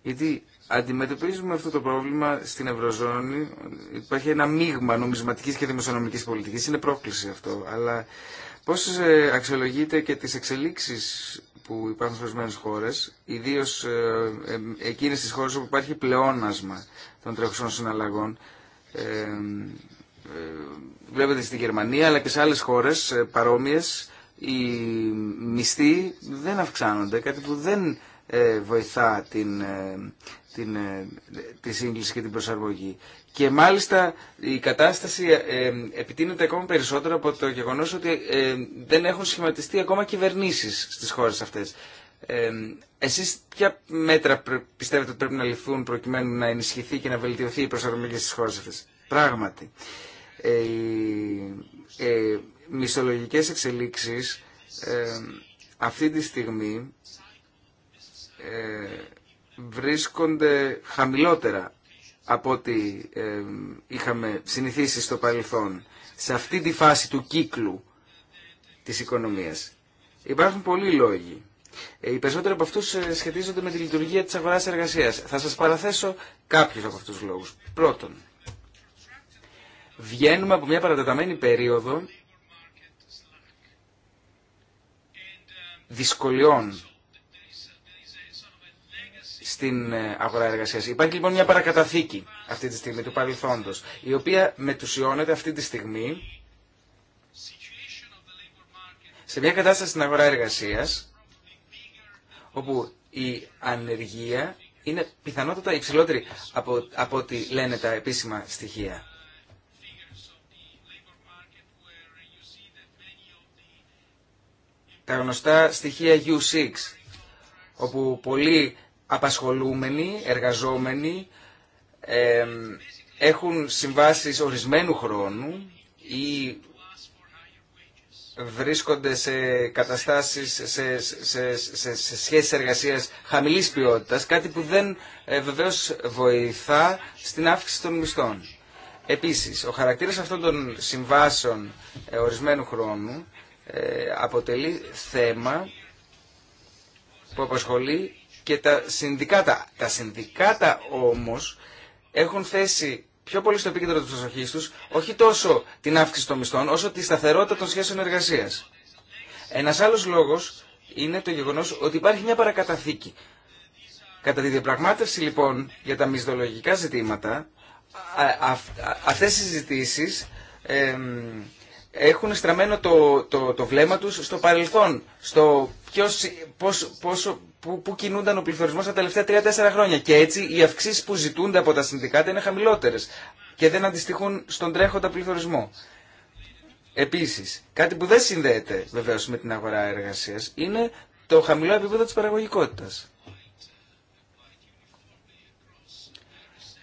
Γιατί Αντιμετωπίζουμε αυτό το πρόβλημα στην Ευρωζώνη. Υπάρχει ένα μείγμα νομισματικής και δημοσιονομικής πολιτικής. Είναι πρόκληση αυτό. Αλλά πώς ε, αξιολογείται και τις εξελίξεις που υπάρχουν στις ορισμένες χώρες, ιδίως ε, ε, εκείνες τις χώρες όπου υπάρχει πλεόνασμα των τρέχουσων συναλλαγών, βλέπετε στην Γερμανία αλλά και σε άλλες χώρες παρόμοιες οι μισθοί δεν αυξάνονται, κάτι που δεν ε, βοηθά την, ε, την, ε, τη σύγκληση και την προσαρμογή. Και μάλιστα η κατάσταση επιτείνεται ακόμα περισσότερο από το γεγονός ότι δεν έχουν σχηματιστεί ακόμα κυβερνήσεις στις χώρες αυτές. Ε, εσείς ποια μέτρα πιστεύετε ότι πρέπει να ληφθούν προκειμένου να ενισχυθεί και να βελτιωθεί η προσαρμογή στις χώρες αυτές. Πράγματι, ε, ε, μισθολογικές εξελίξεις αυτή τη στιγμή ε, βρίσκονται χαμηλότερα από ό,τι ε, είχαμε συνηθίσει στο παρελθόν σε αυτή τη φάση του κύκλου της οικονομίας. Υπάρχουν πολλοί λόγοι. Ε, οι περισσότεροι από αυτούς σχετίζονται με τη λειτουργία της αγοράς εργασίας. Θα σας παραθέσω κάποιους από αυτούς τους λόγους. Πρώτον, βγαίνουμε από μια παρατεταμένη περίοδο δυσκολιών στην ε, αγορά εργασίας. Υπάρχει λοιπόν μια παρακαταθήκη αυτή τη στιγμή του παρελθόντος, η οποία μετουσιώνεται αυτή τη στιγμή σε μια κατάσταση στην αγορά εργασίας, όπου η ανεργία είναι πιθανότατα υψηλότερη από, από ό,τι λένε τα επίσημα στοιχεία. Τα γνωστά στοιχεία U6, όπου πολλοί απασχολούμενοι, εργαζόμενοι, έχουν συμβάσεις ορισμένου χρόνου ή βρίσκονται σε καταστάσεις, σε, σε, σε, σχέσεις εργασίας χαμηλής ποιότητας, κάτι που δεν ε, βεβαίως βοηθά στην αύξηση των μισθών. Επίσης, ο χαρακτήρας αυτών των συμβάσεων ε, ορισμένου χρόνου ε, αποτελεί θέμα που απασχολεί και τα συνδικάτα. Τα συνδικάτα όμως έχουν θέσει πιο πολύ στο επίκεντρο της προσοχή τους όχι τόσο την αύξηση των μισθών όσο τη σταθερότητα των σχέσεων εργασίας. Ένας άλλος λόγος είναι το γεγονός ότι υπάρχει μια παρακαταθήκη. Κατά τη διαπραγμάτευση λοιπόν για τα μισθολογικά ζητήματα αυτές οι συζητήσεις έχουν στραμμένο το, το, το βλέμμα τους στο παρελθόν, στο ποιος, πώς, πως που, που κινούνταν ο πληθωρισμός τα τελευταία 3-4 χρόνια και έτσι οι αυξήσεις που ζητούνται από τα συνδικάτα είναι χαμηλότερες και δεν αντιστοιχούν στον τρέχοντα πληθωρισμό. Επίσης, κάτι που δεν συνδέεται βεβαίως με την αγορά εργασίας είναι το χαμηλό επίπεδο της παραγωγικότητας.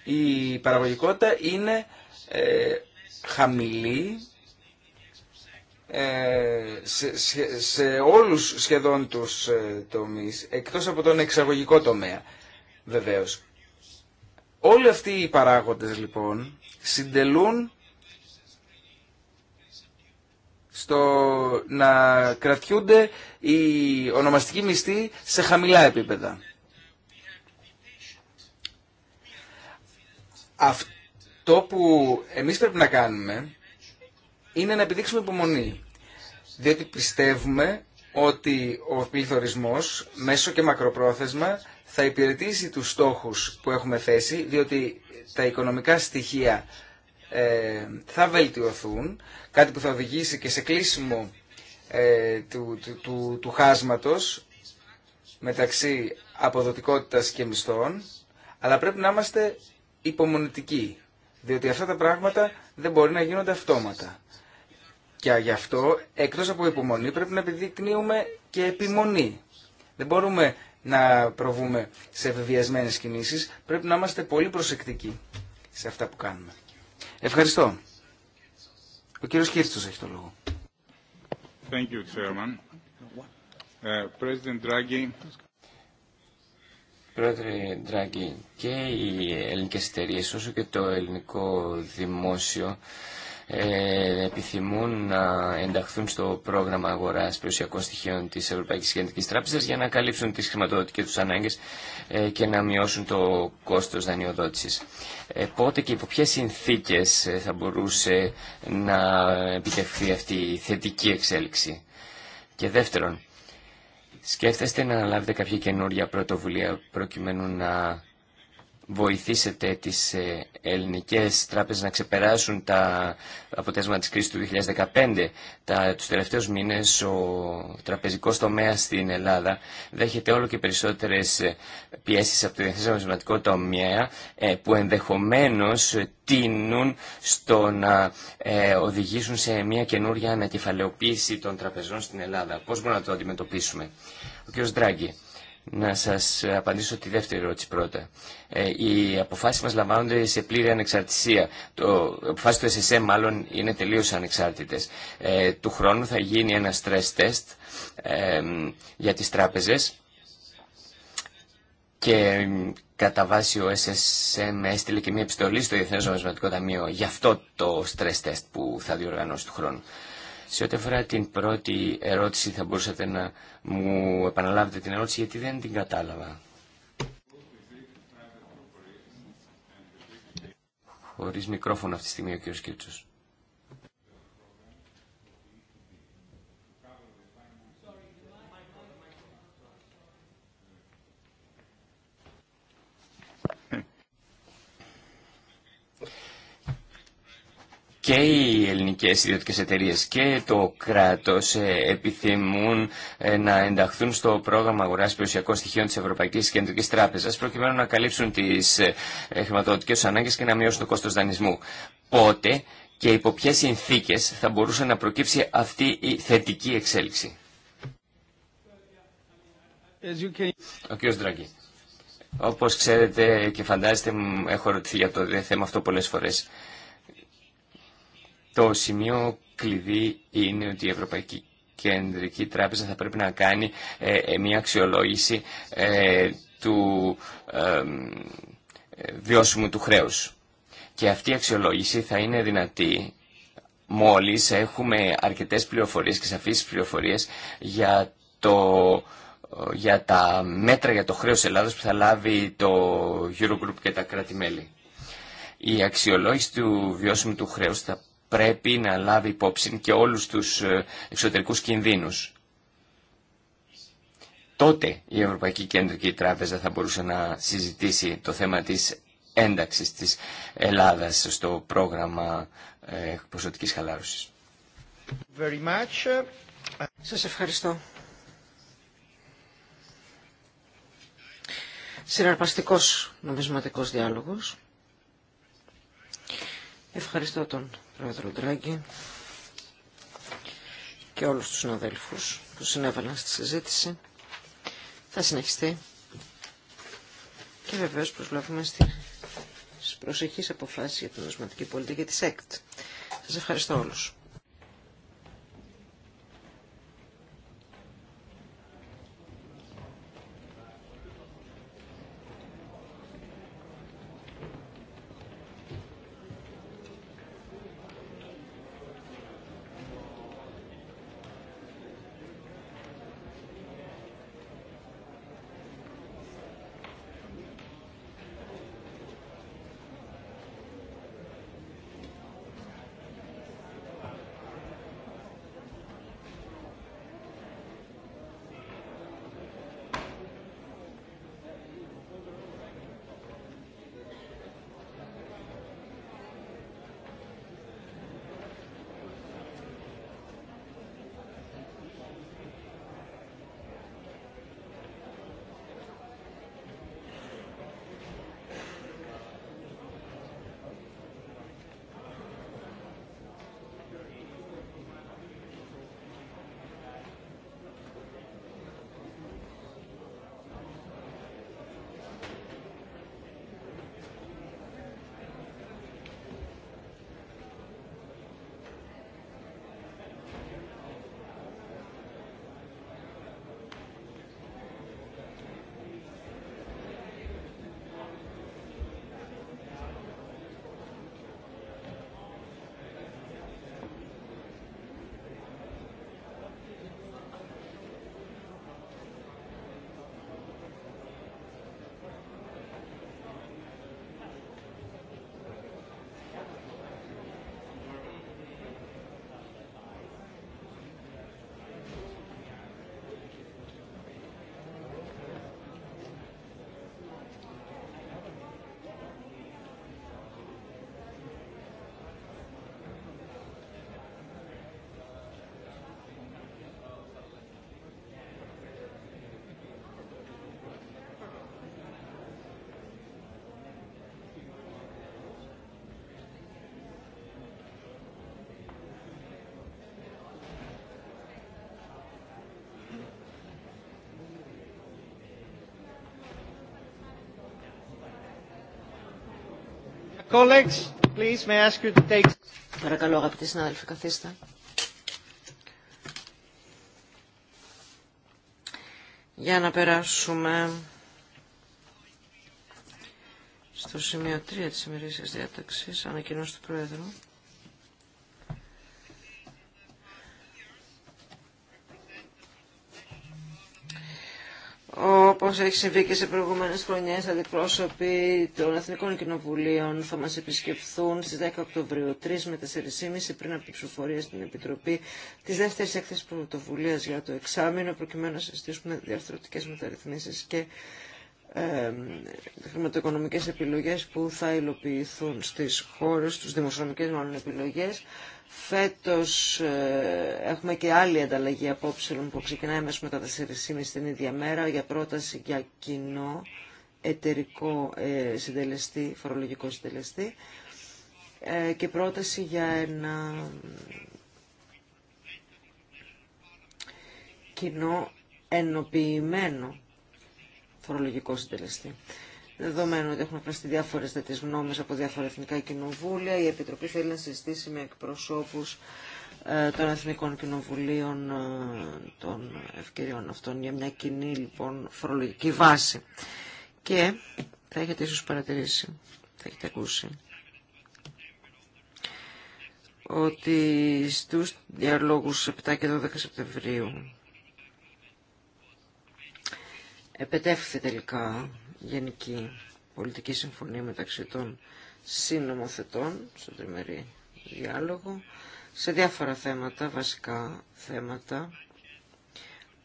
Η παραγωγικότητα είναι ε, χαμηλή ε, σε, σε, όλους σχεδόν τους ε, τομείς, εκτός από τον εξαγωγικό τομέα βεβαίως. Όλοι αυτοί οι παράγοντες λοιπόν συντελούν στο να κρατιούνται οι ονομαστικοί μισθοί σε χαμηλά επίπεδα. Αυτό που εμείς πρέπει να κάνουμε είναι να επιδείξουμε υπομονή. Διότι πιστεύουμε ότι ο πληθωρισμός μέσω και μακροπρόθεσμα θα υπηρετήσει τους στόχους που έχουμε θέσει, διότι τα οικονομικά στοιχεία ε, θα βελτιωθούν, κάτι που θα οδηγήσει και σε κλείσιμο ε, του, του, του, του χάσματος μεταξύ αποδοτικότητας και μισθών, αλλά πρέπει να είμαστε υπομονητικοί, διότι αυτά τα πράγματα δεν μπορεί να γίνονται αυτόματα. Και γι' αυτό, εκτό από υπομονή, πρέπει να επιδεικνύουμε και επιμονή. Δεν μπορούμε να προβούμε σε βεβαιασμένε κινήσει, Πρέπει να είμαστε πολύ προσεκτικοί σε αυτά που κάνουμε. Ευχαριστώ. Ο κύριος Κίρτσο έχει το λόγο. Thank you, uh, Πρόεδρε Ντράγκη, και οι ελληνικές εταιρείε όσο και το ελληνικό δημόσιο ε, επιθυμούν να ενταχθούν στο πρόγραμμα αγοράς περιουσιακών στοιχείων της Ευρωπαϊκής Κεντρικής Τράπεζας για να καλύψουν τις χρηματοδοτικές τους ανάγκες ε, και να μειώσουν το κόστος δανειοδότησης. Ε, πότε και υπό ποιες συνθήκες θα μπορούσε να επιτευχθεί αυτή η θετική εξέλιξη. Και δεύτερον, σκέφτεστε να αναλάβετε κάποια καινούργια πρωτοβουλία προκειμένου να βοηθήσετε τις ε, ελληνικές τράπεζες να ξεπεράσουν τα αποτέλεσμα της κρίσης του 2015. Τα, τους τελευταίους μήνες ο τραπεζικός τομέας στην Ελλάδα δέχεται όλο και περισσότερες ε, πιέσεις από το Διεθνές Νομισματικό Τομέα ε, που ενδεχομένως τίνουν στο να οδηγήσουν σε μια καινούρια ανακεφαλαιοποίηση των τραπεζών στην Ελλάδα. Πώς μπορούμε να το αντιμετωπίσουμε. Ο κ. Δράγκη. Να σας απαντήσω τη δεύτερη ερώτηση πρώτα. Ε, οι αποφάσεις μας λαμβάνονται σε πλήρη ανεξαρτησία. Το, οι αποφάσεις του SSM μάλλον είναι τελείως ανεξάρτητες. Ε, του χρόνου θα γίνει ένα stress test ε, για τις τράπεζες και κατά βάση ο SSM έστειλε και μια επιστολή στο Διεθνές Ταμείο για αυτό το stress test που θα διοργανώσει του χρόνου. Σε ό,τι αφορά την πρώτη ερώτηση θα μπορούσατε να μου επαναλάβετε την ερώτηση γιατί δεν την κατάλαβα. Χωρίς μικρόφωνο αυτή τη στιγμή ο κ. Κίτσος. και οι ελληνικές ιδιωτικές εταιρείες και το κράτος ε, επιθυμούν ε, να ενταχθούν στο πρόγραμμα αγοράς περιουσιακών στοιχείων της Ευρωπαϊκής Κεντρικής Τράπεζας προκειμένου να καλύψουν τις ε, χρηματοδοτικές ανάγκες και να μειώσουν το κόστος δανεισμού. Πότε και υπό ποιε συνθήκες θα μπορούσε να προκύψει αυτή η θετική εξέλιξη. Ο κ. Δράγκη. Όπως ξέρετε και φαντάζεστε, έχω ρωτηθεί για το θέμα αυτό πολλές φορές. Το σημείο κλειδί είναι ότι η Ευρωπαϊκή Κεντρική Τράπεζα θα πρέπει να κάνει ε, ε, μια αξιολόγηση ε, του βιώσιμου του χρέους. Και αυτή η αξιολόγηση θα είναι δυνατή μόλις έχουμε αρκετές πληροφορίες και σαφείς πληροφορίες για, το, τα μέτρα για το χρέος Ελλάδος που θα λάβει το Eurogroup και τα κράτη-μέλη. Η αξιολόγηση του βιώσιμου του χρέους θα πρέπει να λάβει υπόψη και όλους τους ε, εξωτερικούς κινδύνους. Τότε η Ευρωπαϊκή Κεντρική Τράπεζα θα μπορούσε να συζητήσει το θέμα της ένταξης της Ελλάδας στο πρόγραμμα ε, ποσοτικής χαλάρωσης. Σας ευχαριστώ. Συναρπαστικός νομισματικός διάλογος. Ευχαριστώ τον πρόεδρο Ντράγκη και όλους τους συναδέλφους που συνέβαλαν στη συζήτηση. Θα συνεχιστεί και βεβαίως προσβλέπουμε στις προσεχείς αποφάσεις για την νοσματική πολιτική της ΕΚΤ. Σας ευχαριστώ όλους. Παρακαλώ, αγαπητοί συνάδελφοι, καθίστε. Για να περάσουμε στο σημείο 3 της ημερήσιας διάταξης, ανακοινώσει του Πρόεδρου. Όπως έχει συμβεί και σε προηγούμενες χρονιές, αντιπρόσωποι των Εθνικών Κοινοβουλίων θα μας επισκεφθούν στις 10 Οκτωβρίου, 3 με 4.30 πριν από την ψηφοφορία στην Επιτροπή της δεύτερης έκθεσης πρωτοβουλίας για το εξάμεινο, προκειμένου να συζητήσουμε διαρθρωτικές μεταρρυθμίσεις και ε, χρηματοοικονομικές επιλογές που θα υλοποιηθούν στις χώρες, τους δημοσιονομικές μάλλον επιλογές. Φέτος ε, έχουμε και άλλη ανταλλαγή απόψεων που ξεκινάει μέσα μετά τα 4.30 την ίδια μέρα για πρόταση για κοινό εταιρικό ε, συντελεστή, φορολογικό συντελεστή ε, και πρόταση για ένα κοινό ενοποιημένο φορολογικό συντελεστή. Δεδομένου ότι έχουμε εκφραστεί διάφορε τέτοιε γνώμε από διάφορα εθνικά κοινοβούλια, η Επιτροπή θέλει να συζητήσει με εκπροσώπου ε, των Εθνικών Κοινοβουλίων ε, των ευκαιριών αυτών για μια κοινή λοιπόν φορολογική βάση. Και θα έχετε ίσως παρατηρήσει, θα έχετε ακούσει ότι στους διαλόγους 7 και 12 Σεπτεμβρίου επετεύχθη τελικά γενική πολιτική συμφωνία μεταξύ των συνομοθετών στον τριμερή διάλογο σε διάφορα θέματα, βασικά θέματα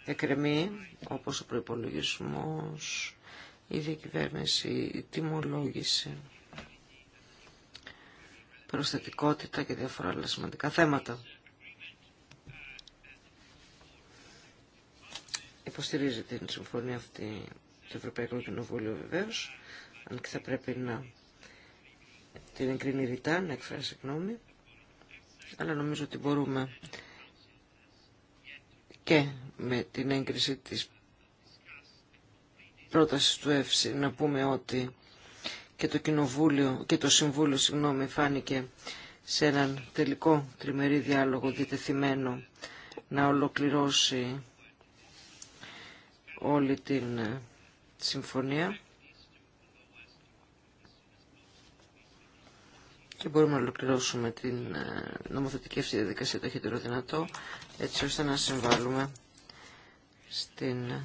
εκρεμεί όπως ο προϋπολογισμός, η διακυβέρνηση, η τιμολόγηση, προσθετικότητα και διάφορα άλλα σημαντικά θέματα. υποστηρίζει την συμφωνία αυτή το Ευρωπαϊκό Κοινοβούλιο βεβαίω. αν και θα πρέπει να την εγκρίνει ρητά, να εκφράσει γνώμη, αλλά νομίζω ότι μπορούμε και με την έγκριση της πρότασης του ΕΦΣΥ να πούμε ότι και το Κοινοβούλιο και το Συμβούλιο συγγνώμη, φάνηκε σε έναν τελικό τριμερή διάλογο διτεθειμένο να ολοκληρώσει όλη την ε, συμφωνία και μπορούμε να ολοκληρώσουμε την ε, νομοθετική αυτή διαδικασία το του δυνατό έτσι ώστε να συμβάλλουμε στην ε,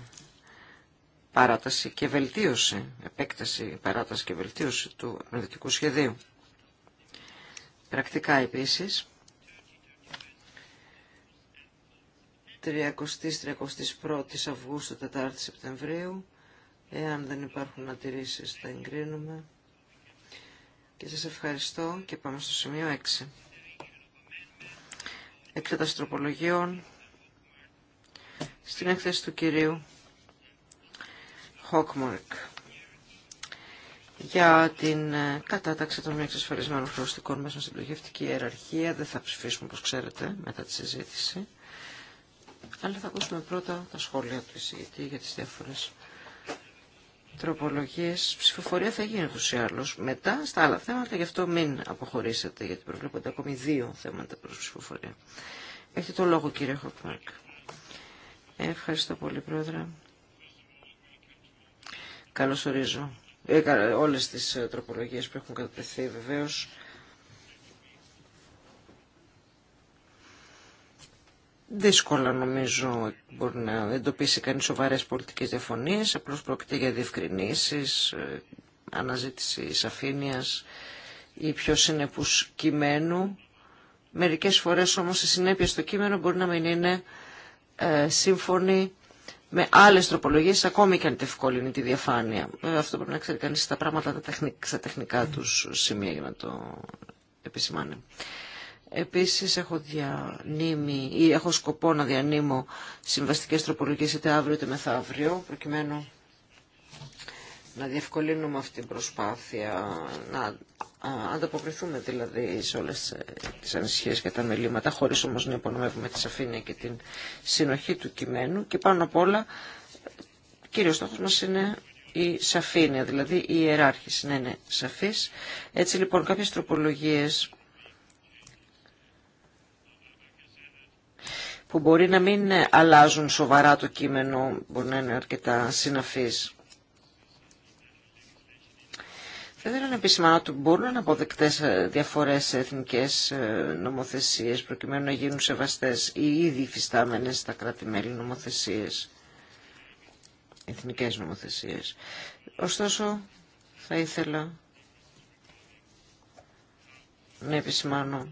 παράταση και βελτίωση, επέκταση, παράταση και βελτίωση του νομοθετικού σχεδίου. Πρακτικά επίσης, 30-31 Αυγούστου 4 Σεπτεμβρίου. Εάν δεν υπάρχουν αντιρρήσεις θα εγκρίνουμε. Και σας ευχαριστώ και πάμε στο σημείο 6. Εκτέταση τροπολογιών στην έκθεση του κυρίου Χόκμορκ για την ε, κατάταξη των μη εξασφαλισμένων χρωστικών μέσα στην πληγευτική ιεραρχία. Δεν θα ψηφίσουμε, όπως ξέρετε, μετά τη συζήτηση αλλά θα ακούσουμε πρώτα τα σχόλια του εισηγητή για τις διάφορες τροπολογίες. Ψηφοφορία θα γίνει ούτως ή Μετά στα άλλα θέματα, γι' αυτό μην αποχωρήσετε, γιατί προβλέπονται ακόμη δύο θέματα προς ψηφοφορία. Έχετε το λόγο κύριε Χοκμάρκ. Ευχαριστώ πολύ πρόεδρε. Καλώς ορίζω. Ε, όλες τις ε, τροπολογίες που έχουν κατατεθεί βεβαίως Δύσκολα νομίζω μπορεί να εντοπίσει κανείς σοβαρές πολιτικές διαφωνίες, απλώς πρόκειται για διευκρινήσεις, ε, αναζήτηση σαφήνειας ή πιο συνεπούς κειμένου. Μερικές φορές όμως η συνέπεια στο κείμενο μπορεί να μην είναι ε, σύμφωνη με άλλες τροπολογίες, ακόμη και αν τευκόλυνει τη διαφάνεια. Ε, αυτό πρέπει να ξέρει κανείς στα πράγματα στα τεχνικά τους σημεία για να το επισημάνει. Επίσης έχω, ή έχω σκοπό να διανύμω συμβαστικές τροπολογίες είτε αύριο είτε μεθαύριο, προκειμένου να διευκολύνουμε αυτή την προσπάθεια, να ανταποκριθούμε δηλαδή σε όλες ε, τις ανησυχίες και τα μελήματα, χωρίς όμως να υπονομεύουμε τη σαφήνεια και την συνοχή του κειμένου. Και πάνω απ' όλα, κύριος στόχος μας είναι η σαφήνεια, δηλαδή η ιεράρχηση να είναι σαφής. Έτσι λοιπόν κάποιες τροπολογίες που μπορεί να μην αλλάζουν σοβαρά το κείμενο, μπορεί να είναι αρκετά συναφείς. Θα ήθελα να επισημάνω ότι μπορούν να αποδεκτέ ε, διαφορέ σε εθνικέ ε, νομοθεσίε προκειμένου να γίνουν σεβαστέ ή ήδη υφιστάμενε στα κράτη-μέλη νομοθεσίε. Εθνικέ νομοθεσίε. Ωστόσο, θα ήθελα να επισημάνω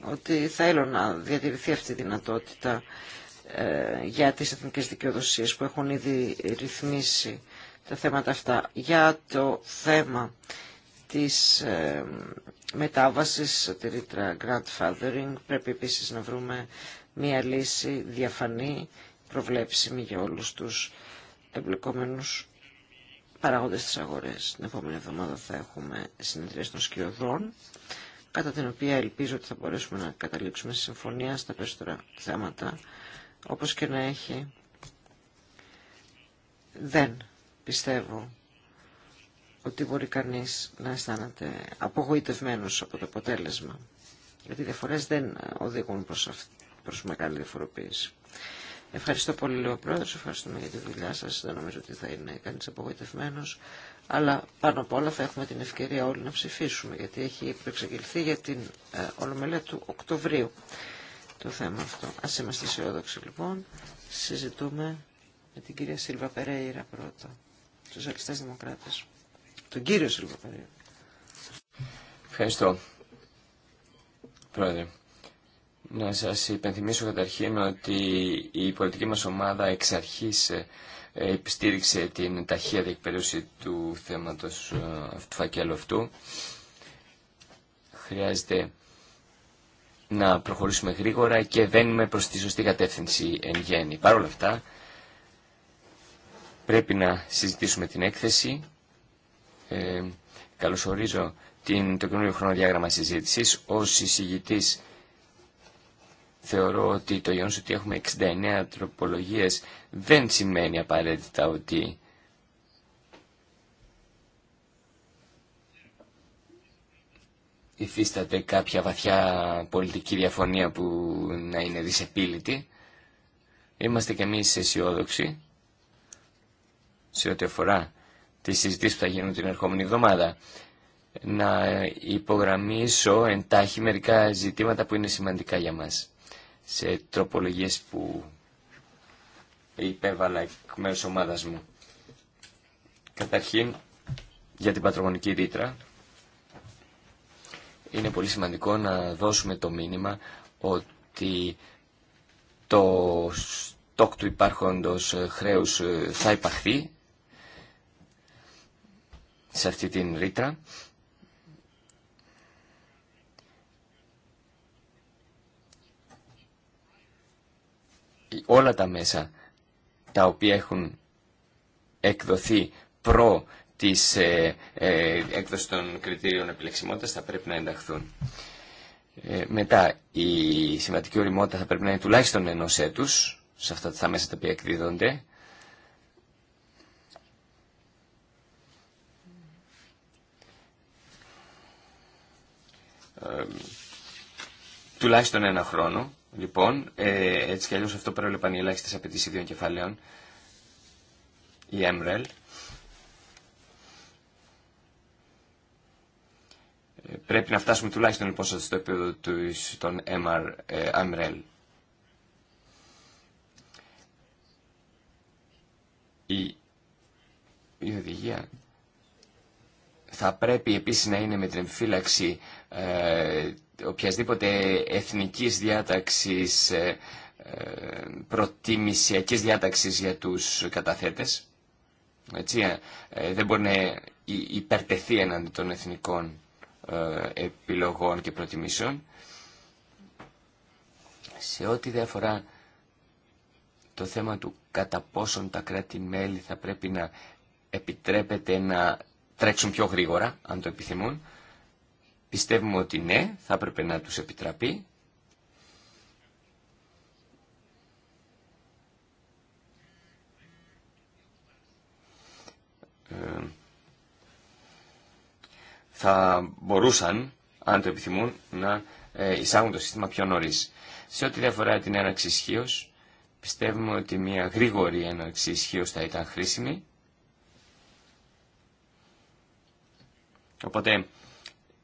ότι θέλω να διατηρηθεί αυτή η δυνατότητα ε, για τις εθνικές δικαιοδοσίες που έχουν ήδη ρυθμίσει τα θέματα αυτά. Για το θέμα της ε, μετάβασης, τη ρήτρα grandfathering, πρέπει επίσης να βρούμε μία λύση διαφανή, προβλέψιμη για όλους τους εμπλεκόμενους παράγοντες της αγορές. Την επόμενη εβδομάδα θα έχουμε συνεδρίες των σκιωδών κατά την οποία ελπίζω ότι θα μπορέσουμε να καταλήξουμε σε συμφωνία στα περισσότερα θέματα, όπως και να έχει. Δεν πιστεύω ότι μπορεί κανείς να αισθάνεται απογοητευμένος από το αποτέλεσμα, γιατί οι διαφορές δεν οδηγούν προς, προς μεγάλη διαφοροποίηση. Ευχαριστώ πολύ, λέω Ευχαριστούμε για τη δουλειά σας. Δεν νομίζω ότι θα είναι κανείς απογοητευμένος αλλά πάνω απ' όλα θα έχουμε την ευκαιρία όλοι να ψηφίσουμε, γιατί έχει προεξαγγελθεί για την ε, Ολομελία του Οκτωβρίου το θέμα αυτό. Ας είμαστε αισιόδοξοι λοιπόν. Συζητούμε με την κυρία Σίλβα Περέιρα πρώτα, τους Αριστές Δημοκράτες. Τον κύριο Σίλβα Περέιρα. Ευχαριστώ. Πρόεδρε. Να σας υπενθυμίσω καταρχήν ότι η πολιτική μας ομάδα εξ αρχής ε, επιστήριξε την ταχεία διεκπαιρέωση του θέματος ε, του φακέλου αυτού. Χρειάζεται να προχωρήσουμε γρήγορα και βαίνουμε προς τη σωστή κατεύθυνση εν γέννη. Παρ' όλα αυτά, πρέπει να συζητήσουμε την έκθεση. Ε, καλωσορίζω την, το καινούριο χρονοδιάγραμμα συζήτησης. Ως εισηγητής θεωρώ ότι το γεγονό ότι έχουμε 69 τροπολογίες δεν σημαίνει απαραίτητα ότι υφίσταται κάποια βαθιά πολιτική διαφωνία που να είναι δυσεπίλητη. Είμαστε κι εμείς αισιόδοξοι σε ό,τι αφορά τις συζητήσεις που θα γίνουν την ερχόμενη εβδομάδα. Να υπογραμμίσω εντάχει μερικά ζητήματα που είναι σημαντικά για μας σε τροπολογίες που υπέβαλα εκ μέρους ομάδας μου. Καταρχήν, για την πατρογονική ρήτρα, είναι πολύ σημαντικό να δώσουμε το μήνυμα ότι το στόκ του υπάρχοντος χρέους θα υπαχθεί σε αυτή την ρήτρα όλα τα μέσα τα οποία έχουν εκδοθεί προ της ε, ε, έκδοση των κριτήριων επιλεξιμότητας θα πρέπει να ενταχθούν. Ε, μετά, η σημαντική οριμότητα θα πρέπει να είναι τουλάχιστον ενό έτους σε αυτά τα μέσα τα οποία εκδίδονται. Ε, τουλάχιστον ένα χρόνο Λοιπόν, ε, έτσι κι αλλιώς αυτό προέλεπαν οι ελάχιστες απαιτήσεις ιδίων κεφαλαίων, η ΕΜΡΕΛ. Ε, πρέπει να φτάσουμε τουλάχιστον λοιπόν στο επίπεδο των MR, ε, MREL. Η, η οδηγία θα πρέπει επίσης να είναι με την φύλαξη ε, οποιασδήποτε εθνικής διάταξης, ε, ε, προτιμησιακής διάταξης για τους καταθέτες. Έτσι, ε, δεν μπορεί να υπερτεθεί έναντι των εθνικών επιλογών και προτιμήσεων. Σε ό,τι διαφορά αφορά το θέμα του κατά πόσον τα κράτη-μέλη θα πρέπει να επιτρέπεται να τρέξουν πιο γρήγορα, αν το επιθυμούν, Πιστεύουμε ότι ναι, θα έπρεπε να τους επιτραπεί. Ε, θα μπορούσαν, αν το επιθυμούν, να ε, εισάγουν το σύστημα πιο νωρίς. Σε ό,τι διαφορά την έναρξη ισχύω, πιστεύουμε ότι μια γρήγορη έναρξη ισχύω θα ήταν χρήσιμη. Οπότε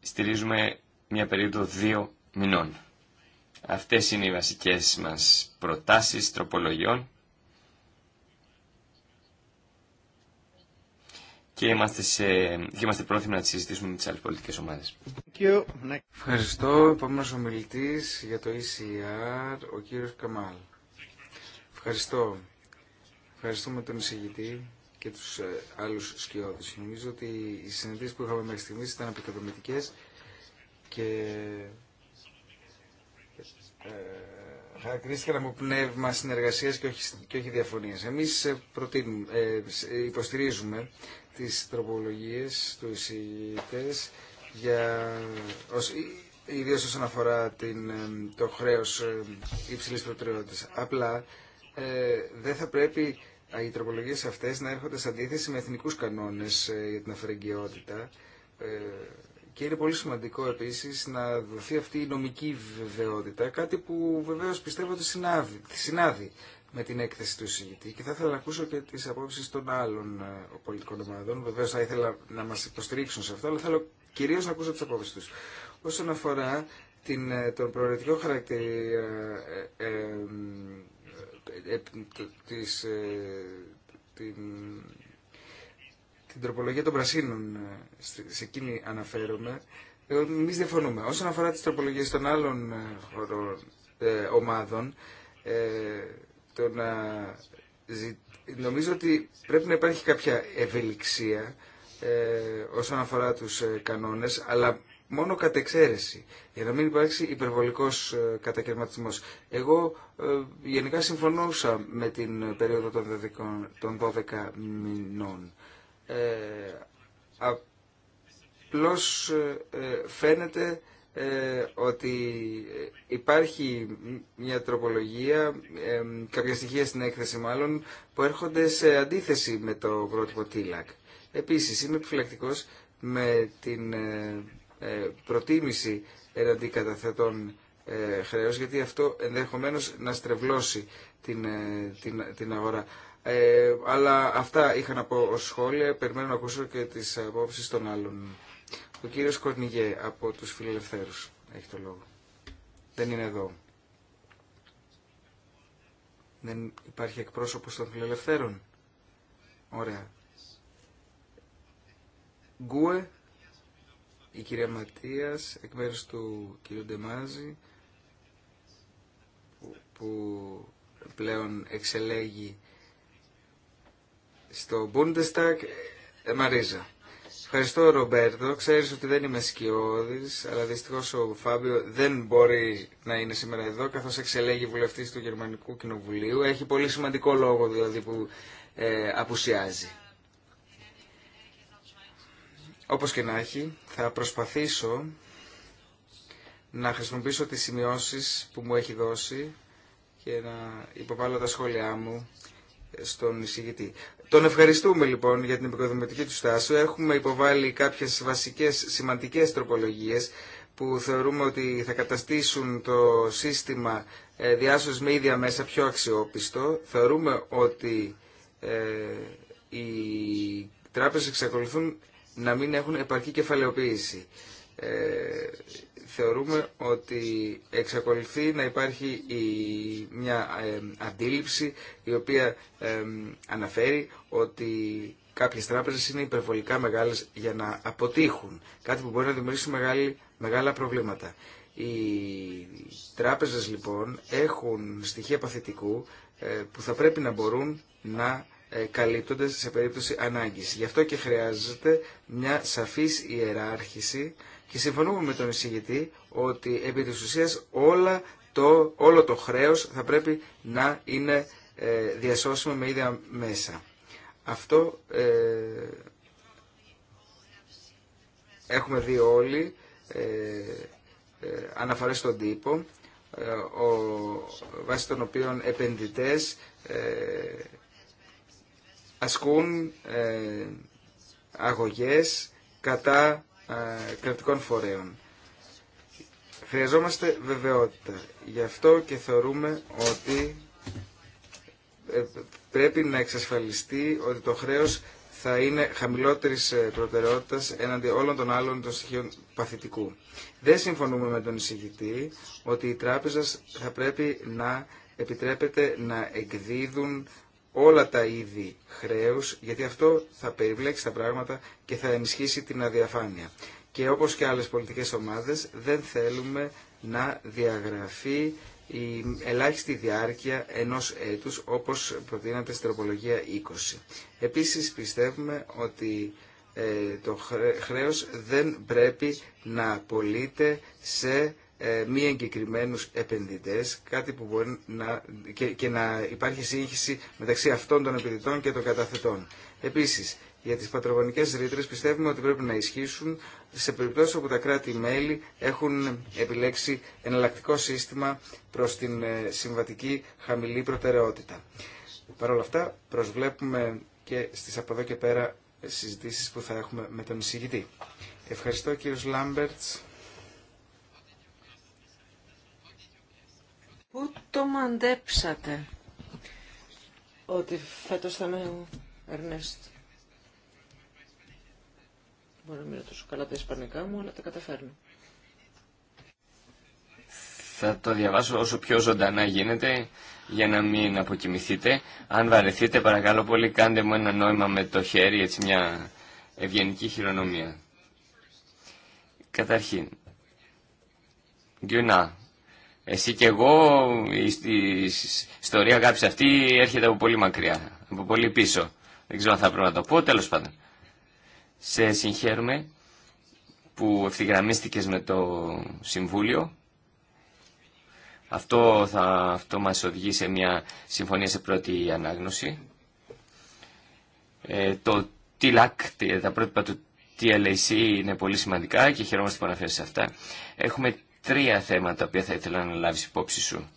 στηρίζουμε μια περίοδο δύο μηνών. Αυτές είναι οι βασικές μας προτάσεις τροπολογιών και είμαστε, σε, και είμαστε πρόθυμοι να τις συζητήσουμε με τις άλλες πολιτικές ομάδες. Ευχαριστώ. Επόμενος ομιλητής για το ECR, ο κύριος Καμάλ. Ευχαριστώ. Ευχαριστούμε τον εισηγητή και τους ε, άλλου σκιώδει. Νομίζω ότι οι συνεδρίες που είχαμε μέχρι στιγμή ήταν επικοδομητικές και ε, ε, χαρακτηρίστηκαν από πνεύμα συνεργασία και όχι, και όχι διαφωνία. Εμεί υποστηρίζουμε τι τροπολογίε του εισηγητέ για. Ως, ιδίως όσον αφορά την, το χρέος υψηλής προτεραιότητας. Απλά δεν θα πρέπει οι τροπολογίες αυτές να έρχονται σε αντίθεση με εθνικούς κανόνες ε, για την αφαιρεγγιότητα ε, και είναι πολύ σημαντικό επίσης να δοθεί αυτή η νομική βεβαιότητα, κάτι που βεβαίως πιστεύω ότι συνάδει, συνάδει με την έκθεση του συγητή. και θα ήθελα να ακούσω και τις απόψεις των άλλων ε, πολιτικών ομάδων. Βεβαίως θα ήθελα να μας υποστηρίξουν σε αυτό, αλλά θέλω κυρίως να ακούσω τις απόψεις τους. Όσον αφορά την, τον προαιρετικό χαρακτήρα ε, ε, ε, της, ε, την, την τροπολογία των πρασίνων, σε εκείνη αναφέρομαι, εμεί διαφωνούμε. Όσον αφορά τις τροπολογίες των άλλων χωρών, ομάδων, το να νομίζω ότι πρέπει να υπάρχει κάποια ευελιξία ε, όσον αφορά τους κανόνες, αλλά μόνο κατ' εξαίρεση, για να μην υπάρξει υπερβολικός ε, κατακαιρματισμός. Εγώ ε, γενικά συμφωνούσα με την περίοδο των 12, μηνών. Ε, απλώς ε, φαίνεται ότι υπάρχει μια τροπολογία, κάποια στοιχεία στην έκθεση μάλλον, που έρχονται σε αντίθεση με το πρότυπο TILAC. Επίσης, είμαι επιφυλακτικός με την ε, προτίμηση εναντί καταθετών ε, χρέος, γιατί αυτό ενδεχομένως να στρεβλώσει την, ε, την, την αγορά. αλλά αυτά είχα να πω ως σχόλια. Περιμένω να ακούσω και τις απόψεις των άλλων. Ο κύριος Κορνιγέ από τους Φιλελευθέρους έχει το λόγο. Δεν είναι εδώ. Δεν υπάρχει εκπρόσωπος των Φιλελευθέρων. Ωραία. Γκουε η κυρία Ματίας εκ μέρους του κυρίου Ντεμάζη που, πλέον εξελέγει στο Bundestag ε, Μαρίζα. Ευχαριστώ Ρομπέρτο. Ξέρεις ότι δεν είμαι σκιώδης, αλλά δυστυχώς ο Φάμπιο δεν μπορεί να είναι σήμερα εδώ, καθώς εξελέγει βουλευτής του Γερμανικού Κοινοβουλίου. Έχει πολύ σημαντικό λόγο δηλαδή που ε, απουσιάζει. Όπως και να έχει, θα προσπαθήσω να χρησιμοποιήσω τις σημειώσεις που μου έχει δώσει και να υποβάλω τα σχόλιά μου στον εισηγητή. Τον ευχαριστούμε λοιπόν για την επικοδομητική του στάση. Έχουμε υποβάλει κάποιες βασικές σημαντικές τροπολογίες που θεωρούμε ότι θα καταστήσουν το σύστημα ε, διάσωσης με ίδια μέσα πιο αξιόπιστο. Θεωρούμε ότι ε, οι τράπεζες εξακολουθούν να μην έχουν επαρκή κεφαλαιοποίηση. Ε, θεωρούμε ότι εξακολουθεί να υπάρχει η, μια ε, αντίληψη η οποία ε, αναφέρει ότι κάποιες τράπεζες είναι υπερβολικά μεγάλες για να αποτύχουν. Κάτι που μπορεί να δημιουργήσει μεγάλα προβλήματα. Οι τράπεζες λοιπόν έχουν στοιχεία παθητικού ε, που θα πρέπει να μπορούν να ε, καλύπτονται σε περίπτωση ανάγκης. Γι' αυτό και χρειάζεται μια σαφής ιεράρχηση και συμφωνούμε με τον εισηγητή ότι επί της ουσίας όλα το, όλο το χρέος θα πρέπει να είναι ε, διασώσιμο με ίδια μέσα. Αυτό ε, έχουμε δει όλοι ε, αναφορές στον τύπο ο, βάσει των οποίων επενδυτές ασκούν ε, αγωγές κατά ε, κρατικών φορέων. Χρειαζόμαστε βεβαιότητα. Γι' αυτό και θεωρούμε ότι ε, πρέπει να εξασφαλιστεί ότι το χρέος θα είναι χαμηλότερης προτεραιότητας έναντι όλων των άλλων των στοιχείων παθητικού. Δεν συμφωνούμε με τον εισηγητή ότι οι τράπεζες θα πρέπει να επιτρέπεται να εκδίδουν όλα τα είδη χρέους, γιατί αυτό θα περιβλέξει τα πράγματα και θα ενισχύσει την αδιαφάνεια. Και όπως και άλλες πολιτικές ομάδες δεν θέλουμε να διαγραφεί η ελάχιστη διάρκεια ενός έτους όπως προτείνεται στην τροπολογία 20. Επίσης πιστεύουμε ότι ε, το χρέος δεν πρέπει να πωλείται σε ε, μη εγκεκριμένου επενδυτέ και, να υπάρχει σύγχυση μεταξύ αυτών των επενδυτών και των καταθετών. Επίση, για τι πατρογονικέ ρήτρε πιστεύουμε ότι πρέπει να ισχύσουν σε περιπτώσει όπου τα κράτη-μέλη έχουν επιλέξει εναλλακτικό σύστημα προ την ε, συμβατική χαμηλή προτεραιότητα. Παρ' όλα αυτά, προσβλέπουμε και στι από εδώ και πέρα συζητήσει που θα έχουμε με τον εισηγητή. Ευχαριστώ κύριο Λάμπερτς. Πού το μαντέψατε ότι φέτος θα με ο Ερνέστ. Μπορεί να μην είναι τόσο καλά τα ισπανικά μου, αλλά τα καταφέρνω. Θα το διαβάσω όσο πιο ζωντανά γίνεται για να μην αποκοιμηθείτε. Αν βαρεθείτε παρακαλώ πολύ κάντε μου ένα νόημα με το χέρι, έτσι μια ευγενική χειρονομία. Καταρχήν, Γκιουνά, εσύ και εγώ, η ιστορία αγάπη αυτή έρχεται από πολύ μακριά, από πολύ πίσω. Δεν ξέρω αν θα πρέπει να το πω, Τέλο πάντων. Σε συγχαίρουμε που ευθυγραμμίστηκες με το Συμβούλιο. Αυτό, θα, αυτό μας οδηγεί σε μια συμφωνία σε πρώτη ανάγνωση. Ε, το TLAC, τα πρότυπα του TLAC είναι πολύ σημαντικά και χαιρόμαστε που αναφέρεις αυτά. Έχουμε τρία θέματα που θα ήθελα να λάβεις υπόψη σου.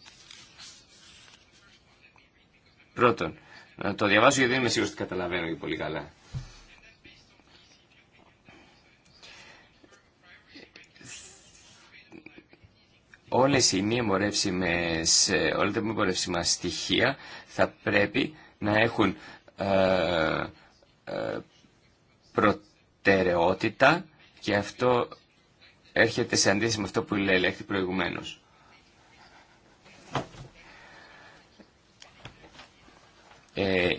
Πρώτον, να το διαβάσω γιατί δεν είμαι σίγουρος ότι καταλαβαίνω και πολύ καλά. Όλες οι μη εμπορεύσιμες, ε, όλα τα στοιχεία θα πρέπει να έχουν ε, ε προτεραιότητα και αυτό έρχεται σε αντίθεση με αυτό που ελέγχθη προηγουμένως. Ε,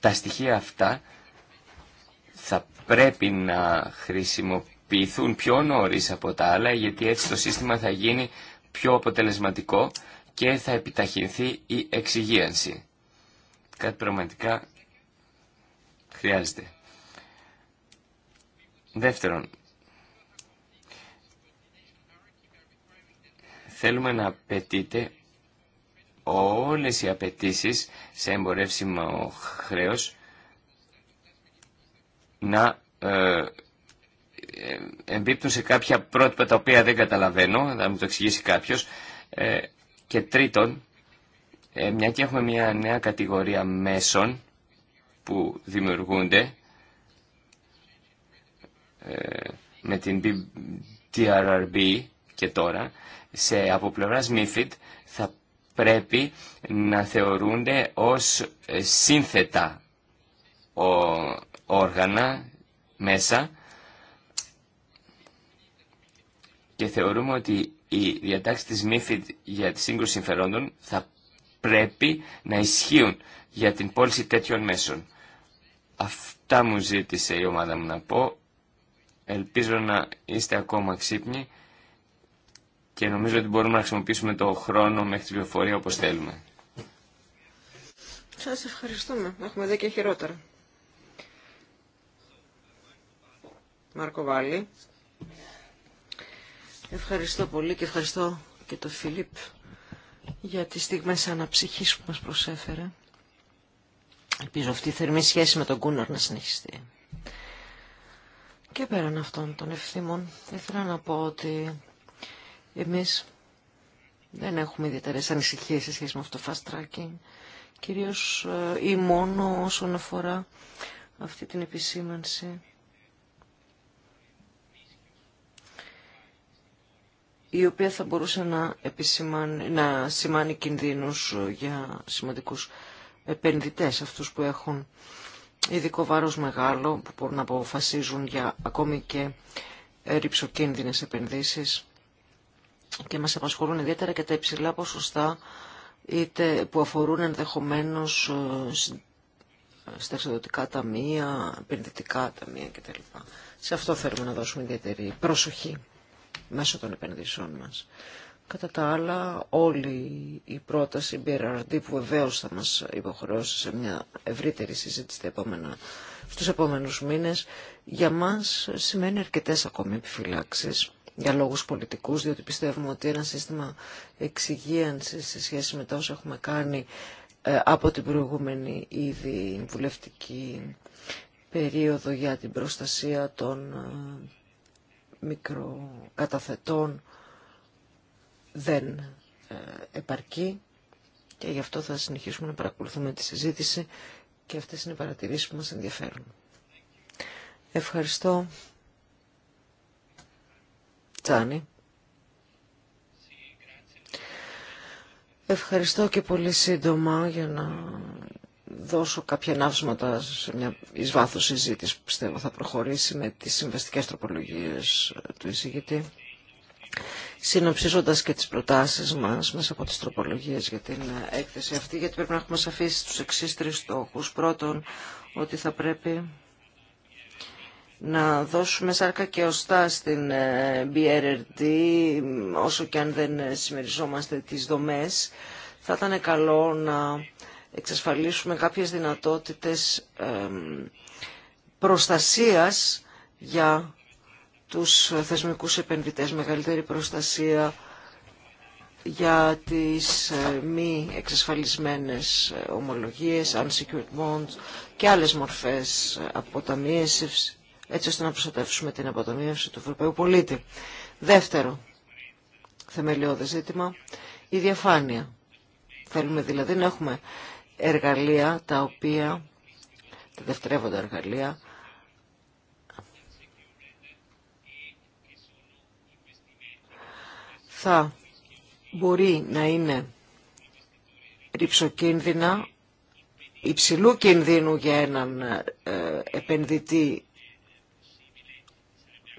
τα στοιχεία αυτά θα πρέπει να χρησιμοποιηθούν πιο νωρίς από τα άλλα γιατί έτσι το σύστημα θα γίνει πιο αποτελεσματικό και θα επιταχυνθεί η εξυγίανση. Κάτι πραγματικά χρειάζεται. Δεύτερον, θέλουμε να απαιτείται όλες οι απαιτήσει σε εμπορεύσιμο χρέος να ε, ε, εμπίπτουν σε κάποια πρότυπα τα οποία δεν καταλαβαίνω, θα μου το εξηγήσει κάποιος. Ε, και τρίτον, ε, μια και έχουμε μια νέα κατηγορία μέσων που δημιουργούνται με την DRRB και τώρα, σε, από πλευρά θα πρέπει να θεωρούνται ως ε, σύνθετα όργανα μέσα και θεωρούμε ότι οι διατάξει της Μύφιτ για τη σύγκρουση συμφερόντων θα πρέπει να ισχύουν για την πώληση τέτοιων μέσων. Αυτά μου ζήτησε η ομάδα μου να πω. Ελπίζω να είστε ακόμα ξύπνοι και νομίζω ότι μπορούμε να χρησιμοποιήσουμε το χρόνο μέχρι τη πληροφορία όπως θέλουμε. Σας ευχαριστούμε. Έχουμε δει και χειρότερα. Μάρκο Βάλλη. Ευχαριστώ πολύ και ευχαριστώ και τον Φίλιπ για τις στιγμές αναψυχής που μας προσέφερε. Ελπίζω αυτή η θερμή σχέση με τον Κούνορ να συνεχιστεί. Και πέραν αυτών των ευθύμων, ήθελα να πω ότι εμείς δεν έχουμε ιδιαίτερε ανησυχίες σε σχέση με αυτό το fast tracking, κυρίως ε, ή μόνο όσον αφορά αυτή την επισήμανση. η οποία θα μπορούσε να, να σημάνει κινδύνους ε, για σημαντικούς επενδυτές, αυτούς που έχουν ειδικό βάρος μεγάλο, που μπορούν να αποφασίζουν για ακόμη και ρηψοκίνδυνες επενδύσεις και μας απασχολούν ιδιαίτερα και τα υψηλά ποσοστά είτε που αφορούν ενδεχομένως ε, ε, στεξιδοτικά ταμεία, επενδυτικά ταμεία κτλ. Σε αυτό θέλουμε να δώσουμε ιδιαίτερη προσοχή μέσω των επενδύσεων μας. Κατά τα άλλα, όλη η πρόταση BRRD που βεβαίω θα μας υποχρεώσει σε μια ευρύτερη συζήτηση επόμενα, στους επόμενους μήνες, για μας σημαίνει αρκετές ακόμη επιφυλάξεις για λόγους πολιτικούς, διότι πιστεύουμε ότι ένα σύστημα εξυγίανσης σε σχέση με τα όσα έχουμε κάνει ε, από την προηγούμενη ήδη βουλευτική περίοδο για την προστασία των ε, μικροκαταθετών δεν ε, επαρκεί και γι' αυτό θα συνεχίσουμε να παρακολουθούμε τη συζήτηση και αυτές είναι οι παρατηρήσεις που μας ενδιαφέρουν. Ευχαριστώ. Ευχαριστώ και πολύ σύντομα για να δώσω κάποια ναύσματα σε μια εις βάθος συζήτηση που πιστεύω θα προχωρήσει με τις συμβαστικές τροπολογίες του εισηγητή. Συνοψίζοντας και τις προτάσεις μας μέσα από τις τροπολογίες για την έκθεση αυτή, γιατί πρέπει να έχουμε σαφήσει τους εξής τρεις στόχους. Πρώτον, ότι θα πρέπει να δώσουμε σάρκα και οστά στην ε, BRRD, όσο και αν δεν συμμεριζόμαστε τις δομές, θα ήταν καλό να εξασφαλίσουμε κάποιες δυνατότητες προστασίας για τους θεσμικούς επενδυτές, μεγαλύτερη προστασία για τις ε, μη εξασφαλισμένες ε, ομολογίες, unsecured bonds και άλλες μορφές αποταμίεσης έτσι ώστε να προστατεύσουμε την αποτομίευση του Ευρωπαίου πολίτη. Δεύτερο θεμελιώδη ζήτημα, η διαφάνεια. Θέλουμε δηλαδή να έχουμε εργαλεία τα οποία, τα δευτερεύοντα εργαλεία, θα μπορεί να είναι ρηψοκίνδυνα, υψηλού κινδύνου για έναν ε, επενδυτή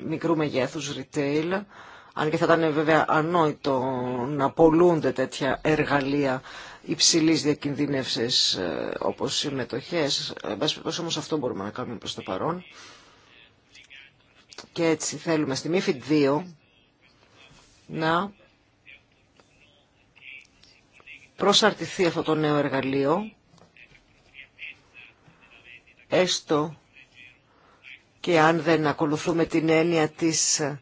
μικρού μεγέθους retail, αν και θα ήταν βέβαια ανόητο να πολλούνται τέτοια εργαλεία υψηλής διακινδυνεύσης ε, όπως οι μετοχές. Πώς όμως αυτό μπορούμε να κάνουμε προς το παρόν. Και έτσι θέλουμε στη MIFID 2 να προσαρτηθεί αυτό το νέο εργαλείο έστω και αν δεν ακολουθούμε την έννοια της ε,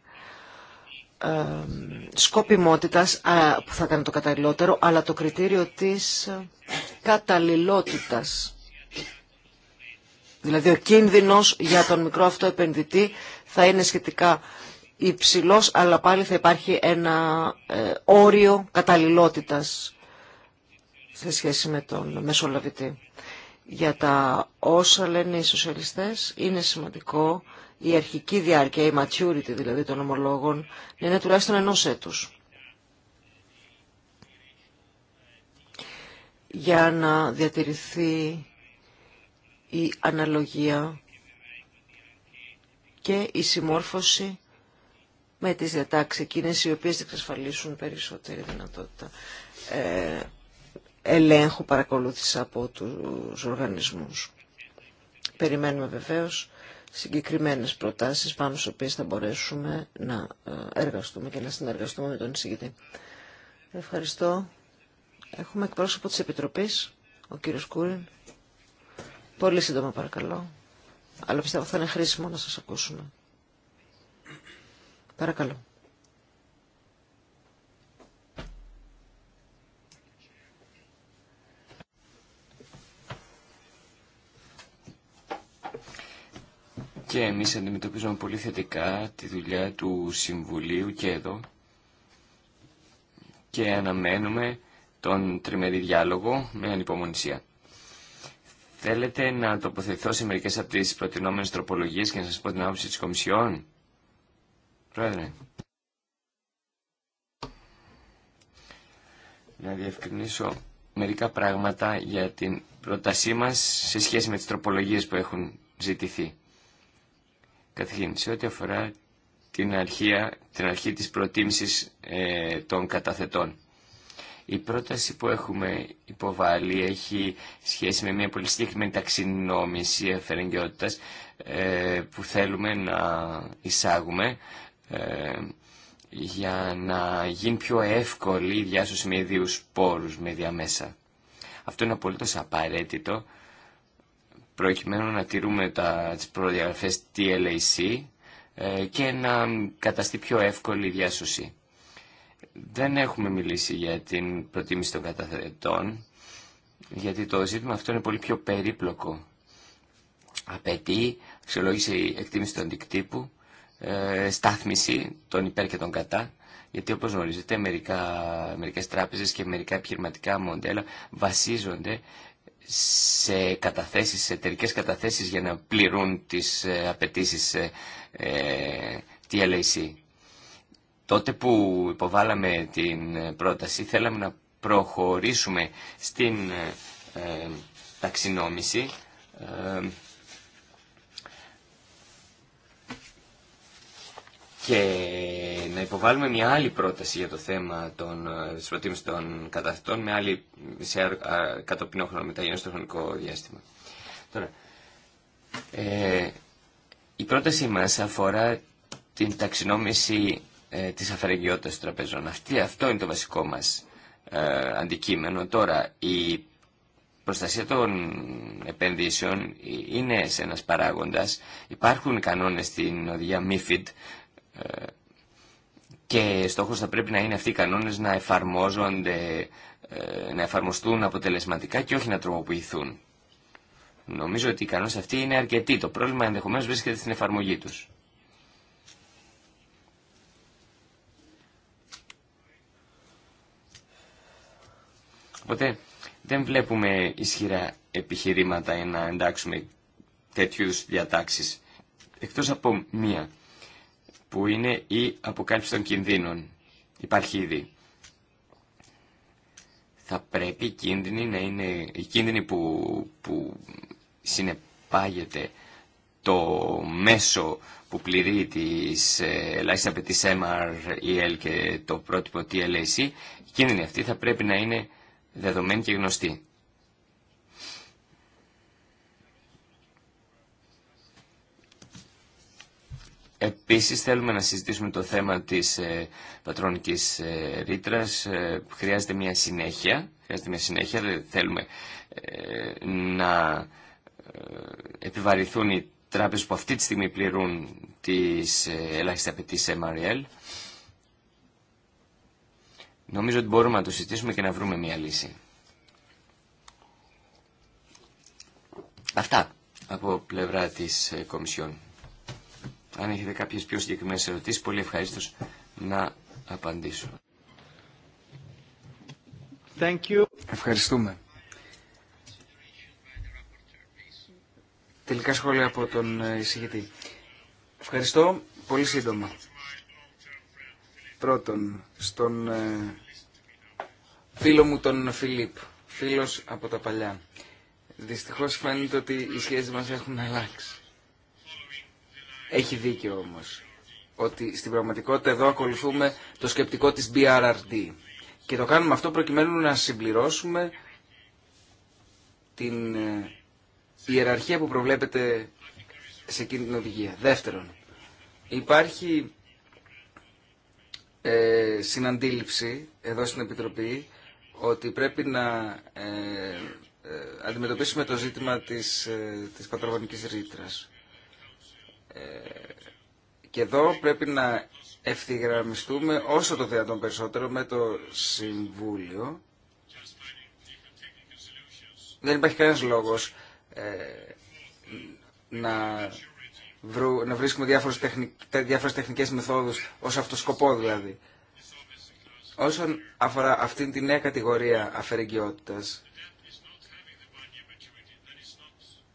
σκοπιμότητας που θα κάνει το καταλληλότερο αλλά το κριτήριο της καταλληλότητας δηλαδή ο κίνδυνος για τον μικρό αυτό επενδυτή θα είναι σχετικά υψηλός αλλά πάλι θα υπάρχει ένα ε, όριο καταλληλότητας σε σχέση με τον μεσολαβητή για τα όσα λένε οι σοσιαλιστές είναι σημαντικό η αρχική διάρκεια, η maturity δηλαδή των ομολόγων, να είναι τουλάχιστον ενός έτους. Για να διατηρηθεί η αναλογία και η συμμόρφωση με τις διατάξεις εκείνες οι οποίες εξασφαλίσουν περισσότερη δυνατότητα ε, ελέγχου παρακολούθηση από τους οργανισμούς. Περιμένουμε βεβαίως συγκεκριμένες προτάσεις πάνω στις οποίες θα μπορέσουμε να ε, εργαστούμε και να συνεργαστούμε με τον εισηγητή. Ευχαριστώ. Έχουμε εκπρόσωπο της Επιτροπής, ο κύριος Κούριν. Πολύ σύντομα παρακαλώ. Αλλά πιστεύω θα είναι χρήσιμο να σας ακούσουμε. Παρακαλώ. και εμείς αντιμετωπίζουμε πολύ θετικά τη δουλειά του Συμβουλίου και εδώ και αναμένουμε τον τριμερή διάλογο με ανυπομονησία. Θέλετε να τοποθετηθώ σε μερικές από τις προτινόμενες τροπολογίες και να σας πω την άποψη της Κομισιόν. Πρόεδρε. Να διευκρινίσω μερικά πράγματα για την πρότασή μας σε σχέση με τις τροπολογίες που έχουν ζητηθεί σε ό,τι αφορά την, αρχία, την αρχή της προτίμησης ε, των καταθετών. Η πρόταση που έχουμε υποβάλει έχει σχέση με μια πολύ συγκεκριμένη ταξινόμηση εφερεγγιότητας ε, που θέλουμε να εισάγουμε ε, για να γίνει πιο εύκολη η διάσωση με ιδίους πόρους με διαμέσα. Αυτό είναι απολύτως απαραίτητο προκειμένου να τηρούμε τα, τις προδιαγραφές TLAC ε, και να καταστεί πιο εύκολη η διάσωση. Δεν έχουμε μιλήσει για την προτίμηση των καταθετών, γιατί το ζήτημα αυτό είναι πολύ πιο περίπλοκο. Απαιτεί η εκτίμηση του δικτύπου, ε, στάθμιση των υπέρ και των κατά, γιατί όπως γνωρίζετε μερικά, μερικές τράπεζες και μερικά επιχειρηματικά μοντέλα βασίζονται σε καταθέσεις, σε εταιρικέ καταθέσεις για να πληρούν τις απαιτήσει ε, ε, ε TLAC. Τότε που υποβάλαμε την ε, πρόταση θέλαμε να προχωρήσουμε στην ε, ταξινόμηση και να υποβάλουμε μια άλλη πρόταση για το θέμα των ε, προτίμησης των καταθετών με άλλη σε κατοπινό χρόνο μεταγενέστερο στο χρονικό διάστημα. Τώρα, ε, η πρότασή μας αφορά την ταξινόμηση ε, της αφαιρεγγιότητας των τραπεζών. αυτό είναι το βασικό μας αντικείμενο. Τώρα, η προστασία των επενδύσεων είναι σε ένας παράγοντας. Υπάρχουν κανόνες στην οδηγία MIFID, και στόχος θα πρέπει να είναι αυτοί οι κανόνες να εφαρμόζονται, ε, να εφαρμοστούν αποτελεσματικά και όχι να τρομοποιηθούν. Νομίζω ότι οι κανόνες αυτοί είναι αρκετοί. Το πρόβλημα ενδεχομένως βρίσκεται στην εφαρμογή τους. Οπότε δεν βλέπουμε ισχυρά επιχειρήματα για να εντάξουμε τέτοιου διατάξεις. Εκτός από μία που είναι η αποκάλυψη των κινδύνων. Υπάρχει ήδη. Θα πρέπει οι κίνδυνοι, να είναι, οι κίνδυνοι που, που συνεπάγεται το μέσο που πληρεί τις από τις MREL και το πρότυπο TLAC, η κίνδυνη αυτοί θα πρέπει να είναι δεδομένη και γνωστή. Επίσης θέλουμε να συζητήσουμε το θέμα της ε, πατρόνικης ε, ε, χρειάζεται μια συνέχεια. Χρειάζεται μια συνέχεια. θέλουμε ε, να επιβαρηθούν οι τράπεζες που αυτή τη στιγμή πληρούν τις ελάχιστες απαιτήσεις MRL. Νομίζω ότι μπορούμε να το συζητήσουμε και να βρούμε μια λύση. Αυτά από πλευρά της Κομισιόν. Αν έχετε κάποιες πιο συγκεκριμένες ερωτήσεις, πολύ ευχαριστώ να απαντήσω. Thank you. Ευχαριστούμε. Τελικά σχόλια από τον ε, εισηγητή. Ευχαριστώ. Πολύ σύντομα. Πρώτον, στον ε, φίλο μου τον Φιλίπ, φίλος από τα παλιά. Δυστυχώς φαίνεται ότι οι σχέσεις μας έχουν αλλάξει. Έχει δίκιο όμως ότι στην πραγματικότητα εδώ ακολουθούμε το σκεπτικό της BRRD και το κάνουμε αυτό προκειμένου να συμπληρώσουμε την ε, ιεραρχία που προβλέπεται σε εκείνη την οδηγία. Δεύτερον, υπάρχει ε, συναντήληψη εδώ στην Επιτροπή ότι πρέπει να ε, ε αντιμετωπίσουμε το ζήτημα της, ε, της πατρογονικής ρήτρας. Ε, και εδώ πρέπει να ευθυγραμμιστούμε όσο το δυνατόν περισσότερο με το Συμβούλιο. Δεν υπάρχει κανένας λόγος ε, να, να βρίσκουμε διάφορες, τεχνικές μεθόδους ως αυτοσκοπό δηλαδή. Όσον αφορά αυτήν την νέα κατηγορία αφαιρεγγιότητας,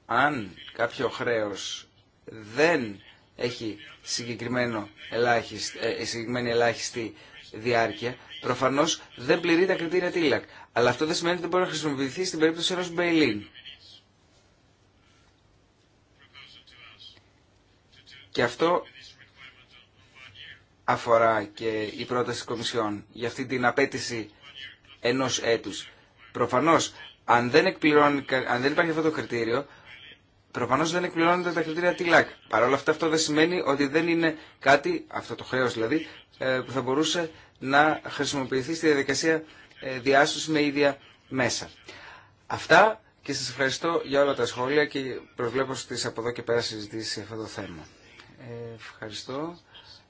αν κάποιο χρέος δεν έχει συγκεκριμένο ελάχιστη, ε, ε, συγκεκριμένη ελάχιστη διάρκεια, Προφανώ δεν πληρεί τα κριτήρια TILAC. Αλλά αυτό δεν σημαίνει ότι δεν μπορεί να χρησιμοποιηθεί στην περίπτωση ενός Μπέιλιν. Και αυτό αφορά και η πρόταση της Κομισιόν για αυτή την απέτηση ενός έτους. Προφανώς, αν δεν, αν δεν υπάρχει αυτό το κριτήριο, προφανώ δεν εκπληρώνονται τα κριτήρια TILAC. Παρ' όλα αυτά, αυτό δεν σημαίνει ότι δεν είναι κάτι, αυτό το χρέο δηλαδή, ε, που θα μπορούσε να χρησιμοποιηθεί στη διαδικασία ε, διάσωση με ίδια μέσα. Αυτά και σα ευχαριστώ για όλα τα σχόλια και προβλέπω στις από εδώ και πέρα συζητήσει αυτό το θέμα. Ε, ευχαριστώ.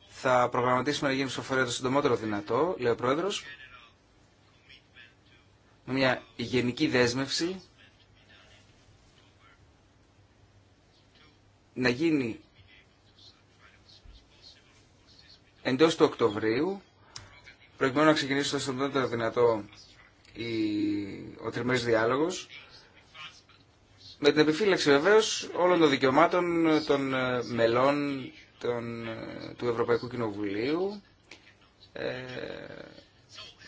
Θα προγραμματίσουμε να γίνει ψηφοφορία το συντομότερο δυνατό, λέει ο Πρόεδρος. Μια γενική δέσμευση να γίνει εντός του Οκτωβρίου, προκειμένου να ξεκινήσει το τότε δυνατό η, ο τριμμένος διάλογος, με την επιφύλαξη βεβαίως όλων των δικαιωμάτων των ε, μελών των, ε, του Ευρωπαϊκού Κοινοβουλίου ε,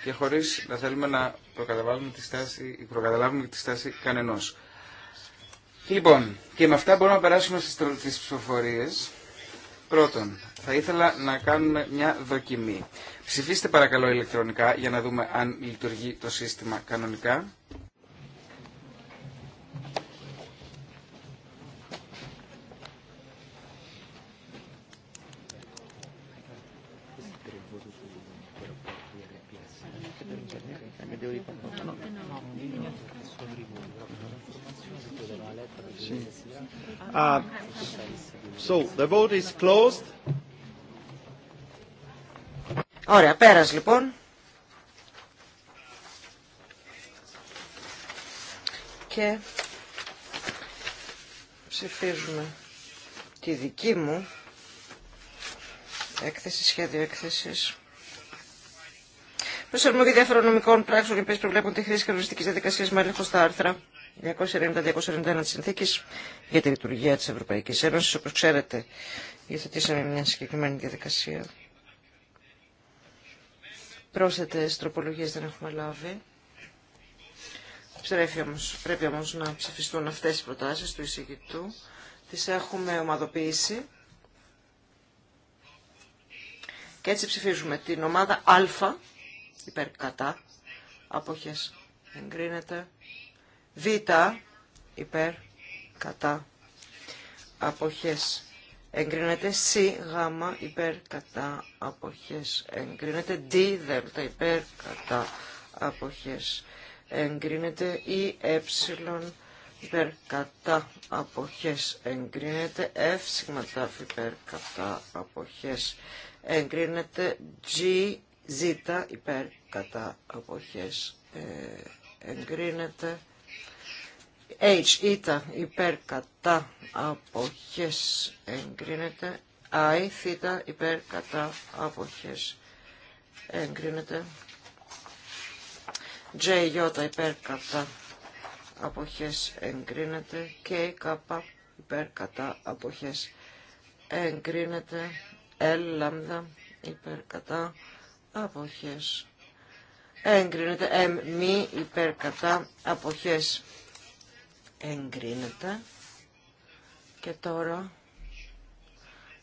και χωρίς να θέλουμε να προκαταλάβουμε τη στάση, προκαταλάβουμε τη στάση κανενός. Λοιπόν, και με αυτά μπορούμε να περάσουμε στις ψηφοφορίες. Πρώτον, θα ήθελα να κάνουμε μια δοκιμή. Ψηφίστε παρακαλώ ηλεκτρονικά για να δούμε αν λειτουργεί το σύστημα κανονικά. Uh, so, Ωραία, πέρας λοιπόν. Και ψηφίζουμε τη δική μου έκθεση, σχέδιο έκθεσης. Προσαρμογή διάφορων νομικών πράξεων οι οποίε προβλέπουν τη χρήση κανονιστική διαδικασία με έλεγχο στα άρθρα 290-291 της Συνθήκης για τη λειτουργία της Ευρωπαϊκής Ένωσης. Όπως ξέρετε, υιοθετήσαμε μια συγκεκριμένη διαδικασία. Πρόσθετες τροπολογίες δεν έχουμε λάβει. Ψερέφει όμως, πρέπει όμως να ψηφιστούν αυτές οι προτάσεις του εισηγητού. Τις έχουμε ομαδοποιήσει. Και έτσι ψηφίζουμε την ομάδα Α, υπέρ κατά, αποχές εγκρίνεται. Β υπέρ κατά αποχές εγκρίνεται. Σ γάμα υπέρ κατά αποχές εγκρίνεται. Δ δ, υπέρ κατά αποχές εγκρίνεται. Ή ε υπέρ κατά αποχές εγκρίνεται. F σιγματάφ υπέρ κατά αποχές εγκρίνεται. G ζ υπέρ κατά αποχές ε, εγκρίνεται H, ήτα, υπέρ, κατά, αποχές, εγκρίνεται. I, θήτα, υπέρ, κατά, αποχές, εγκρίνεται. J, ιότα υπέρ, κατά, αποχές, εγκρίνεται. K, κάπα, υπέρ, κατά, αποχές, εγκρίνεται. L, λάμδα, υπέρ, κατά, αποχές, εγκρίνεται. M, μη, υπέρ, κατά, αποχές, εγκρίνεται. Και τώρα,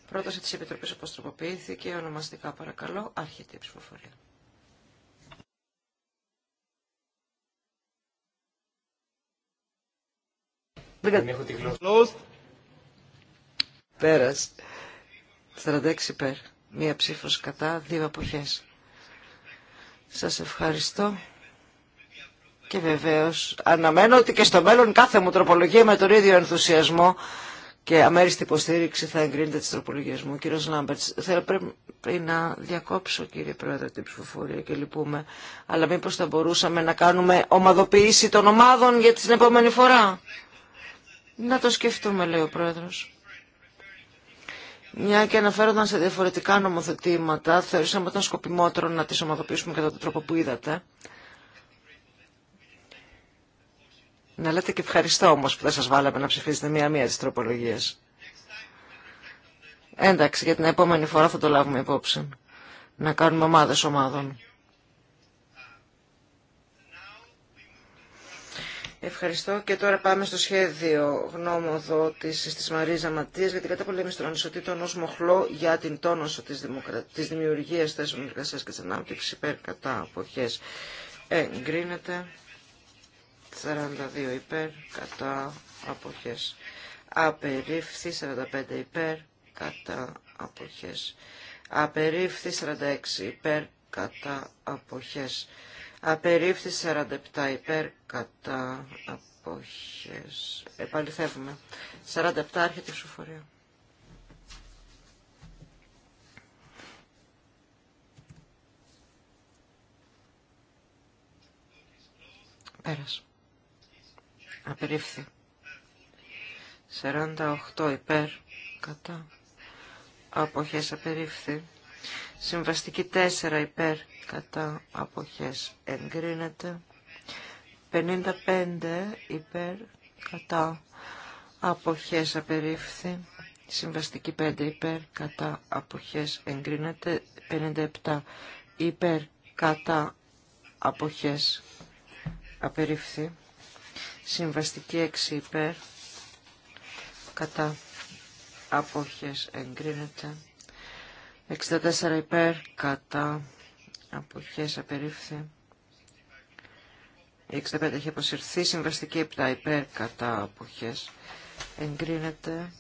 πρόταση της Επιτροπής όπως τροποποιήθηκε, ονομαστικά παρακαλώ, άρχεται η ψηφοφορία. Δεν Πέρας. 46 υπέρ. Μία ψήφος κατά, δύο αποχές. Σας ευχαριστώ. Και βεβαίως αναμένω ότι και στο μέλλον κάθε μου τροπολογία με τον ίδιο ενθουσιασμό και αμέριστη υποστήριξη θα εγκρίνεται τις τροπολογίες μου. Κύριος Λάμπερτς, θέλω πρέπει να διακόψω κύριε Πρόεδρε την ψηφοφορία και λυπούμε, αλλά μήπως θα μπορούσαμε να κάνουμε ομαδοποίηση των ομάδων για την επόμενη φορά. Να το σκεφτούμε λέει ο Πρόεδρος. Μια και αναφέρονταν σε διαφορετικά νομοθετήματα, θεωρήσαμε ότι ήταν σκοπιμότερο να τις ομαδοποιήσουμε κατά τον τρόπο που είδατε. Να λέτε και ευχαριστώ όμως που δεν σας βάλαμε να ψηφίσετε μία-μία τις τροπολογίες. Εντάξει, για την επόμενη φορά θα το λάβουμε υπόψη. Να κάνουμε ομάδες ομάδων. Ευχαριστώ και τώρα πάμε στο σχέδιο γνώμοδότησης της Μαρίζα Ματίας για την καταπολέμηση των ανισοτήτων ως μοχλό για την τόνωση της, δημοκρα... της θέσεων εργασίας και της ανάπτυξης υπέρ κατά αποχές. Εγκρίνεται. 42 υπέρ, κατά αποχές. Απερίφθη 45 υπέρ, κατά αποχές. Απερίφθη 46 υπέρ, κατά αποχές. Απερίφθη 47 υπέρ, κατά αποχές. Επαληθεύουμε. 47 άρχεται η ψηφοφορία. Πέρασε. Απερίφθη. 48 υπέρ. Κατά. Αποχές απερίφθη. Συμβαστική 4 υπέρ. Κατά. Αποχές εγκρίνεται. 55 υπέρ. Κατά. Αποχές απερίφθη. Συμβαστική 5 υπέρ. Κατά. Αποχές εγκρίνεται. 57 υπέρ. Κατά. Αποχές απερίφθη. Συμβαστική 6 υπέρ. Κατά. Απόχες εγκρίνεται. 64 υπέρ. Κατά. Αποχές απερίφθη. 65 έχει αποσυρθεί. Συμβαστική 7 υπέρ. Κατά. Αποχές εγκρίνεται.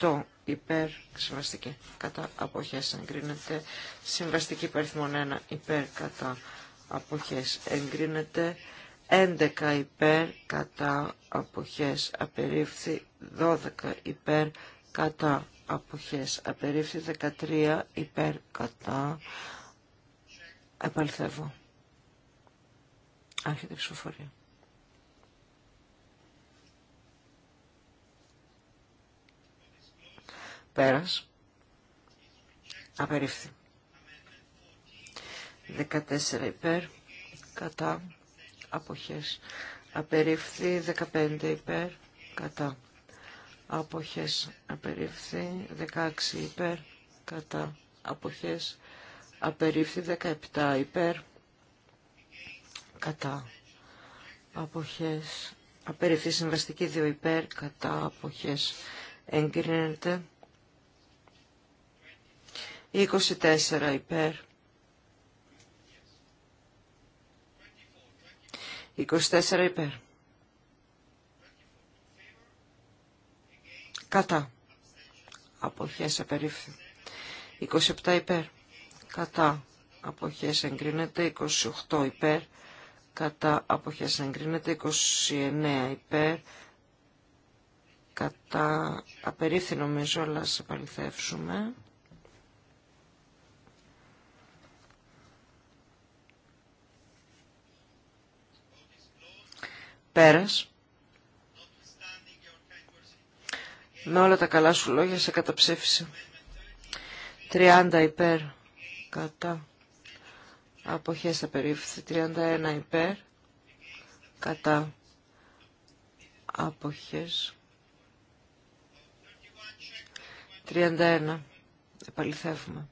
8 υπέρ συμβαστική κατά αποχές εγκρίνεται. Συμβαστική υπέρ 1 υπέρ κατά αποχές εγκρίνεται. 11 υπέρ κατά αποχές απερίφθη 12 υπέρ κατά αποχές απερίφθη 13 υπέρ κατά Επαλθεύω. άρχεται η ψηφοφορία πέρας απερίφθη 14 υπέρ κατά αποχές απερίφθη 15 υπέρ κατά αποχές απερίφθη 16 υπέρ κατά αποχές απερίφθη 17 υπέρ κατά αποχές απερίφθη συμβαστική 2 υπέρ κατά αποχές εγκρίνεται 24 υπέρ 24 υπέρ. Κατά. Αποχές απερίφθη. 27 υπέρ. Κατά. Αποχές εγκρίνεται. 28 υπέρ. Κατά. Αποχές εγκρίνεται. 29 υπέρ. Κατά. Απερίφθη νομίζω, αλλά σε παληθεύσουμε. Πέρας. Με όλα τα καλά σου λόγια σε καταψήφισε. 30 υπέρ κατά αποχές απερίφθη. 31 υπέρ κατά αποχές. 31. Επαληθεύουμε.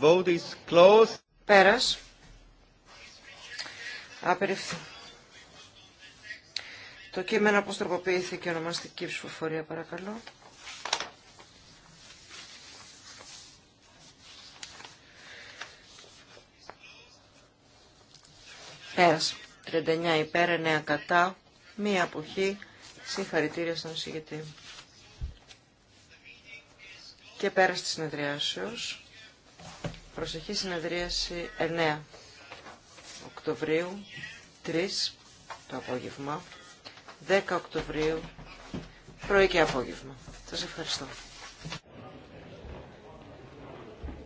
Vote is Πέρας. Απεριφθεί. Το κείμενο αποστροποποιήθηκε ονομαστική ψηφοφορία παρακαλώ. Πέρας. 39 υπέρ, 9 κατά, μία αποχή. Συγχαρητήρια στον συγκεκριμένο. Και πέρα στη συνεδριάσεως προσεχή συνεδρίαση 9 Οκτωβρίου, 3 το απόγευμα, 10 Οκτωβρίου, πρωί και απόγευμα. Σας ευχαριστώ.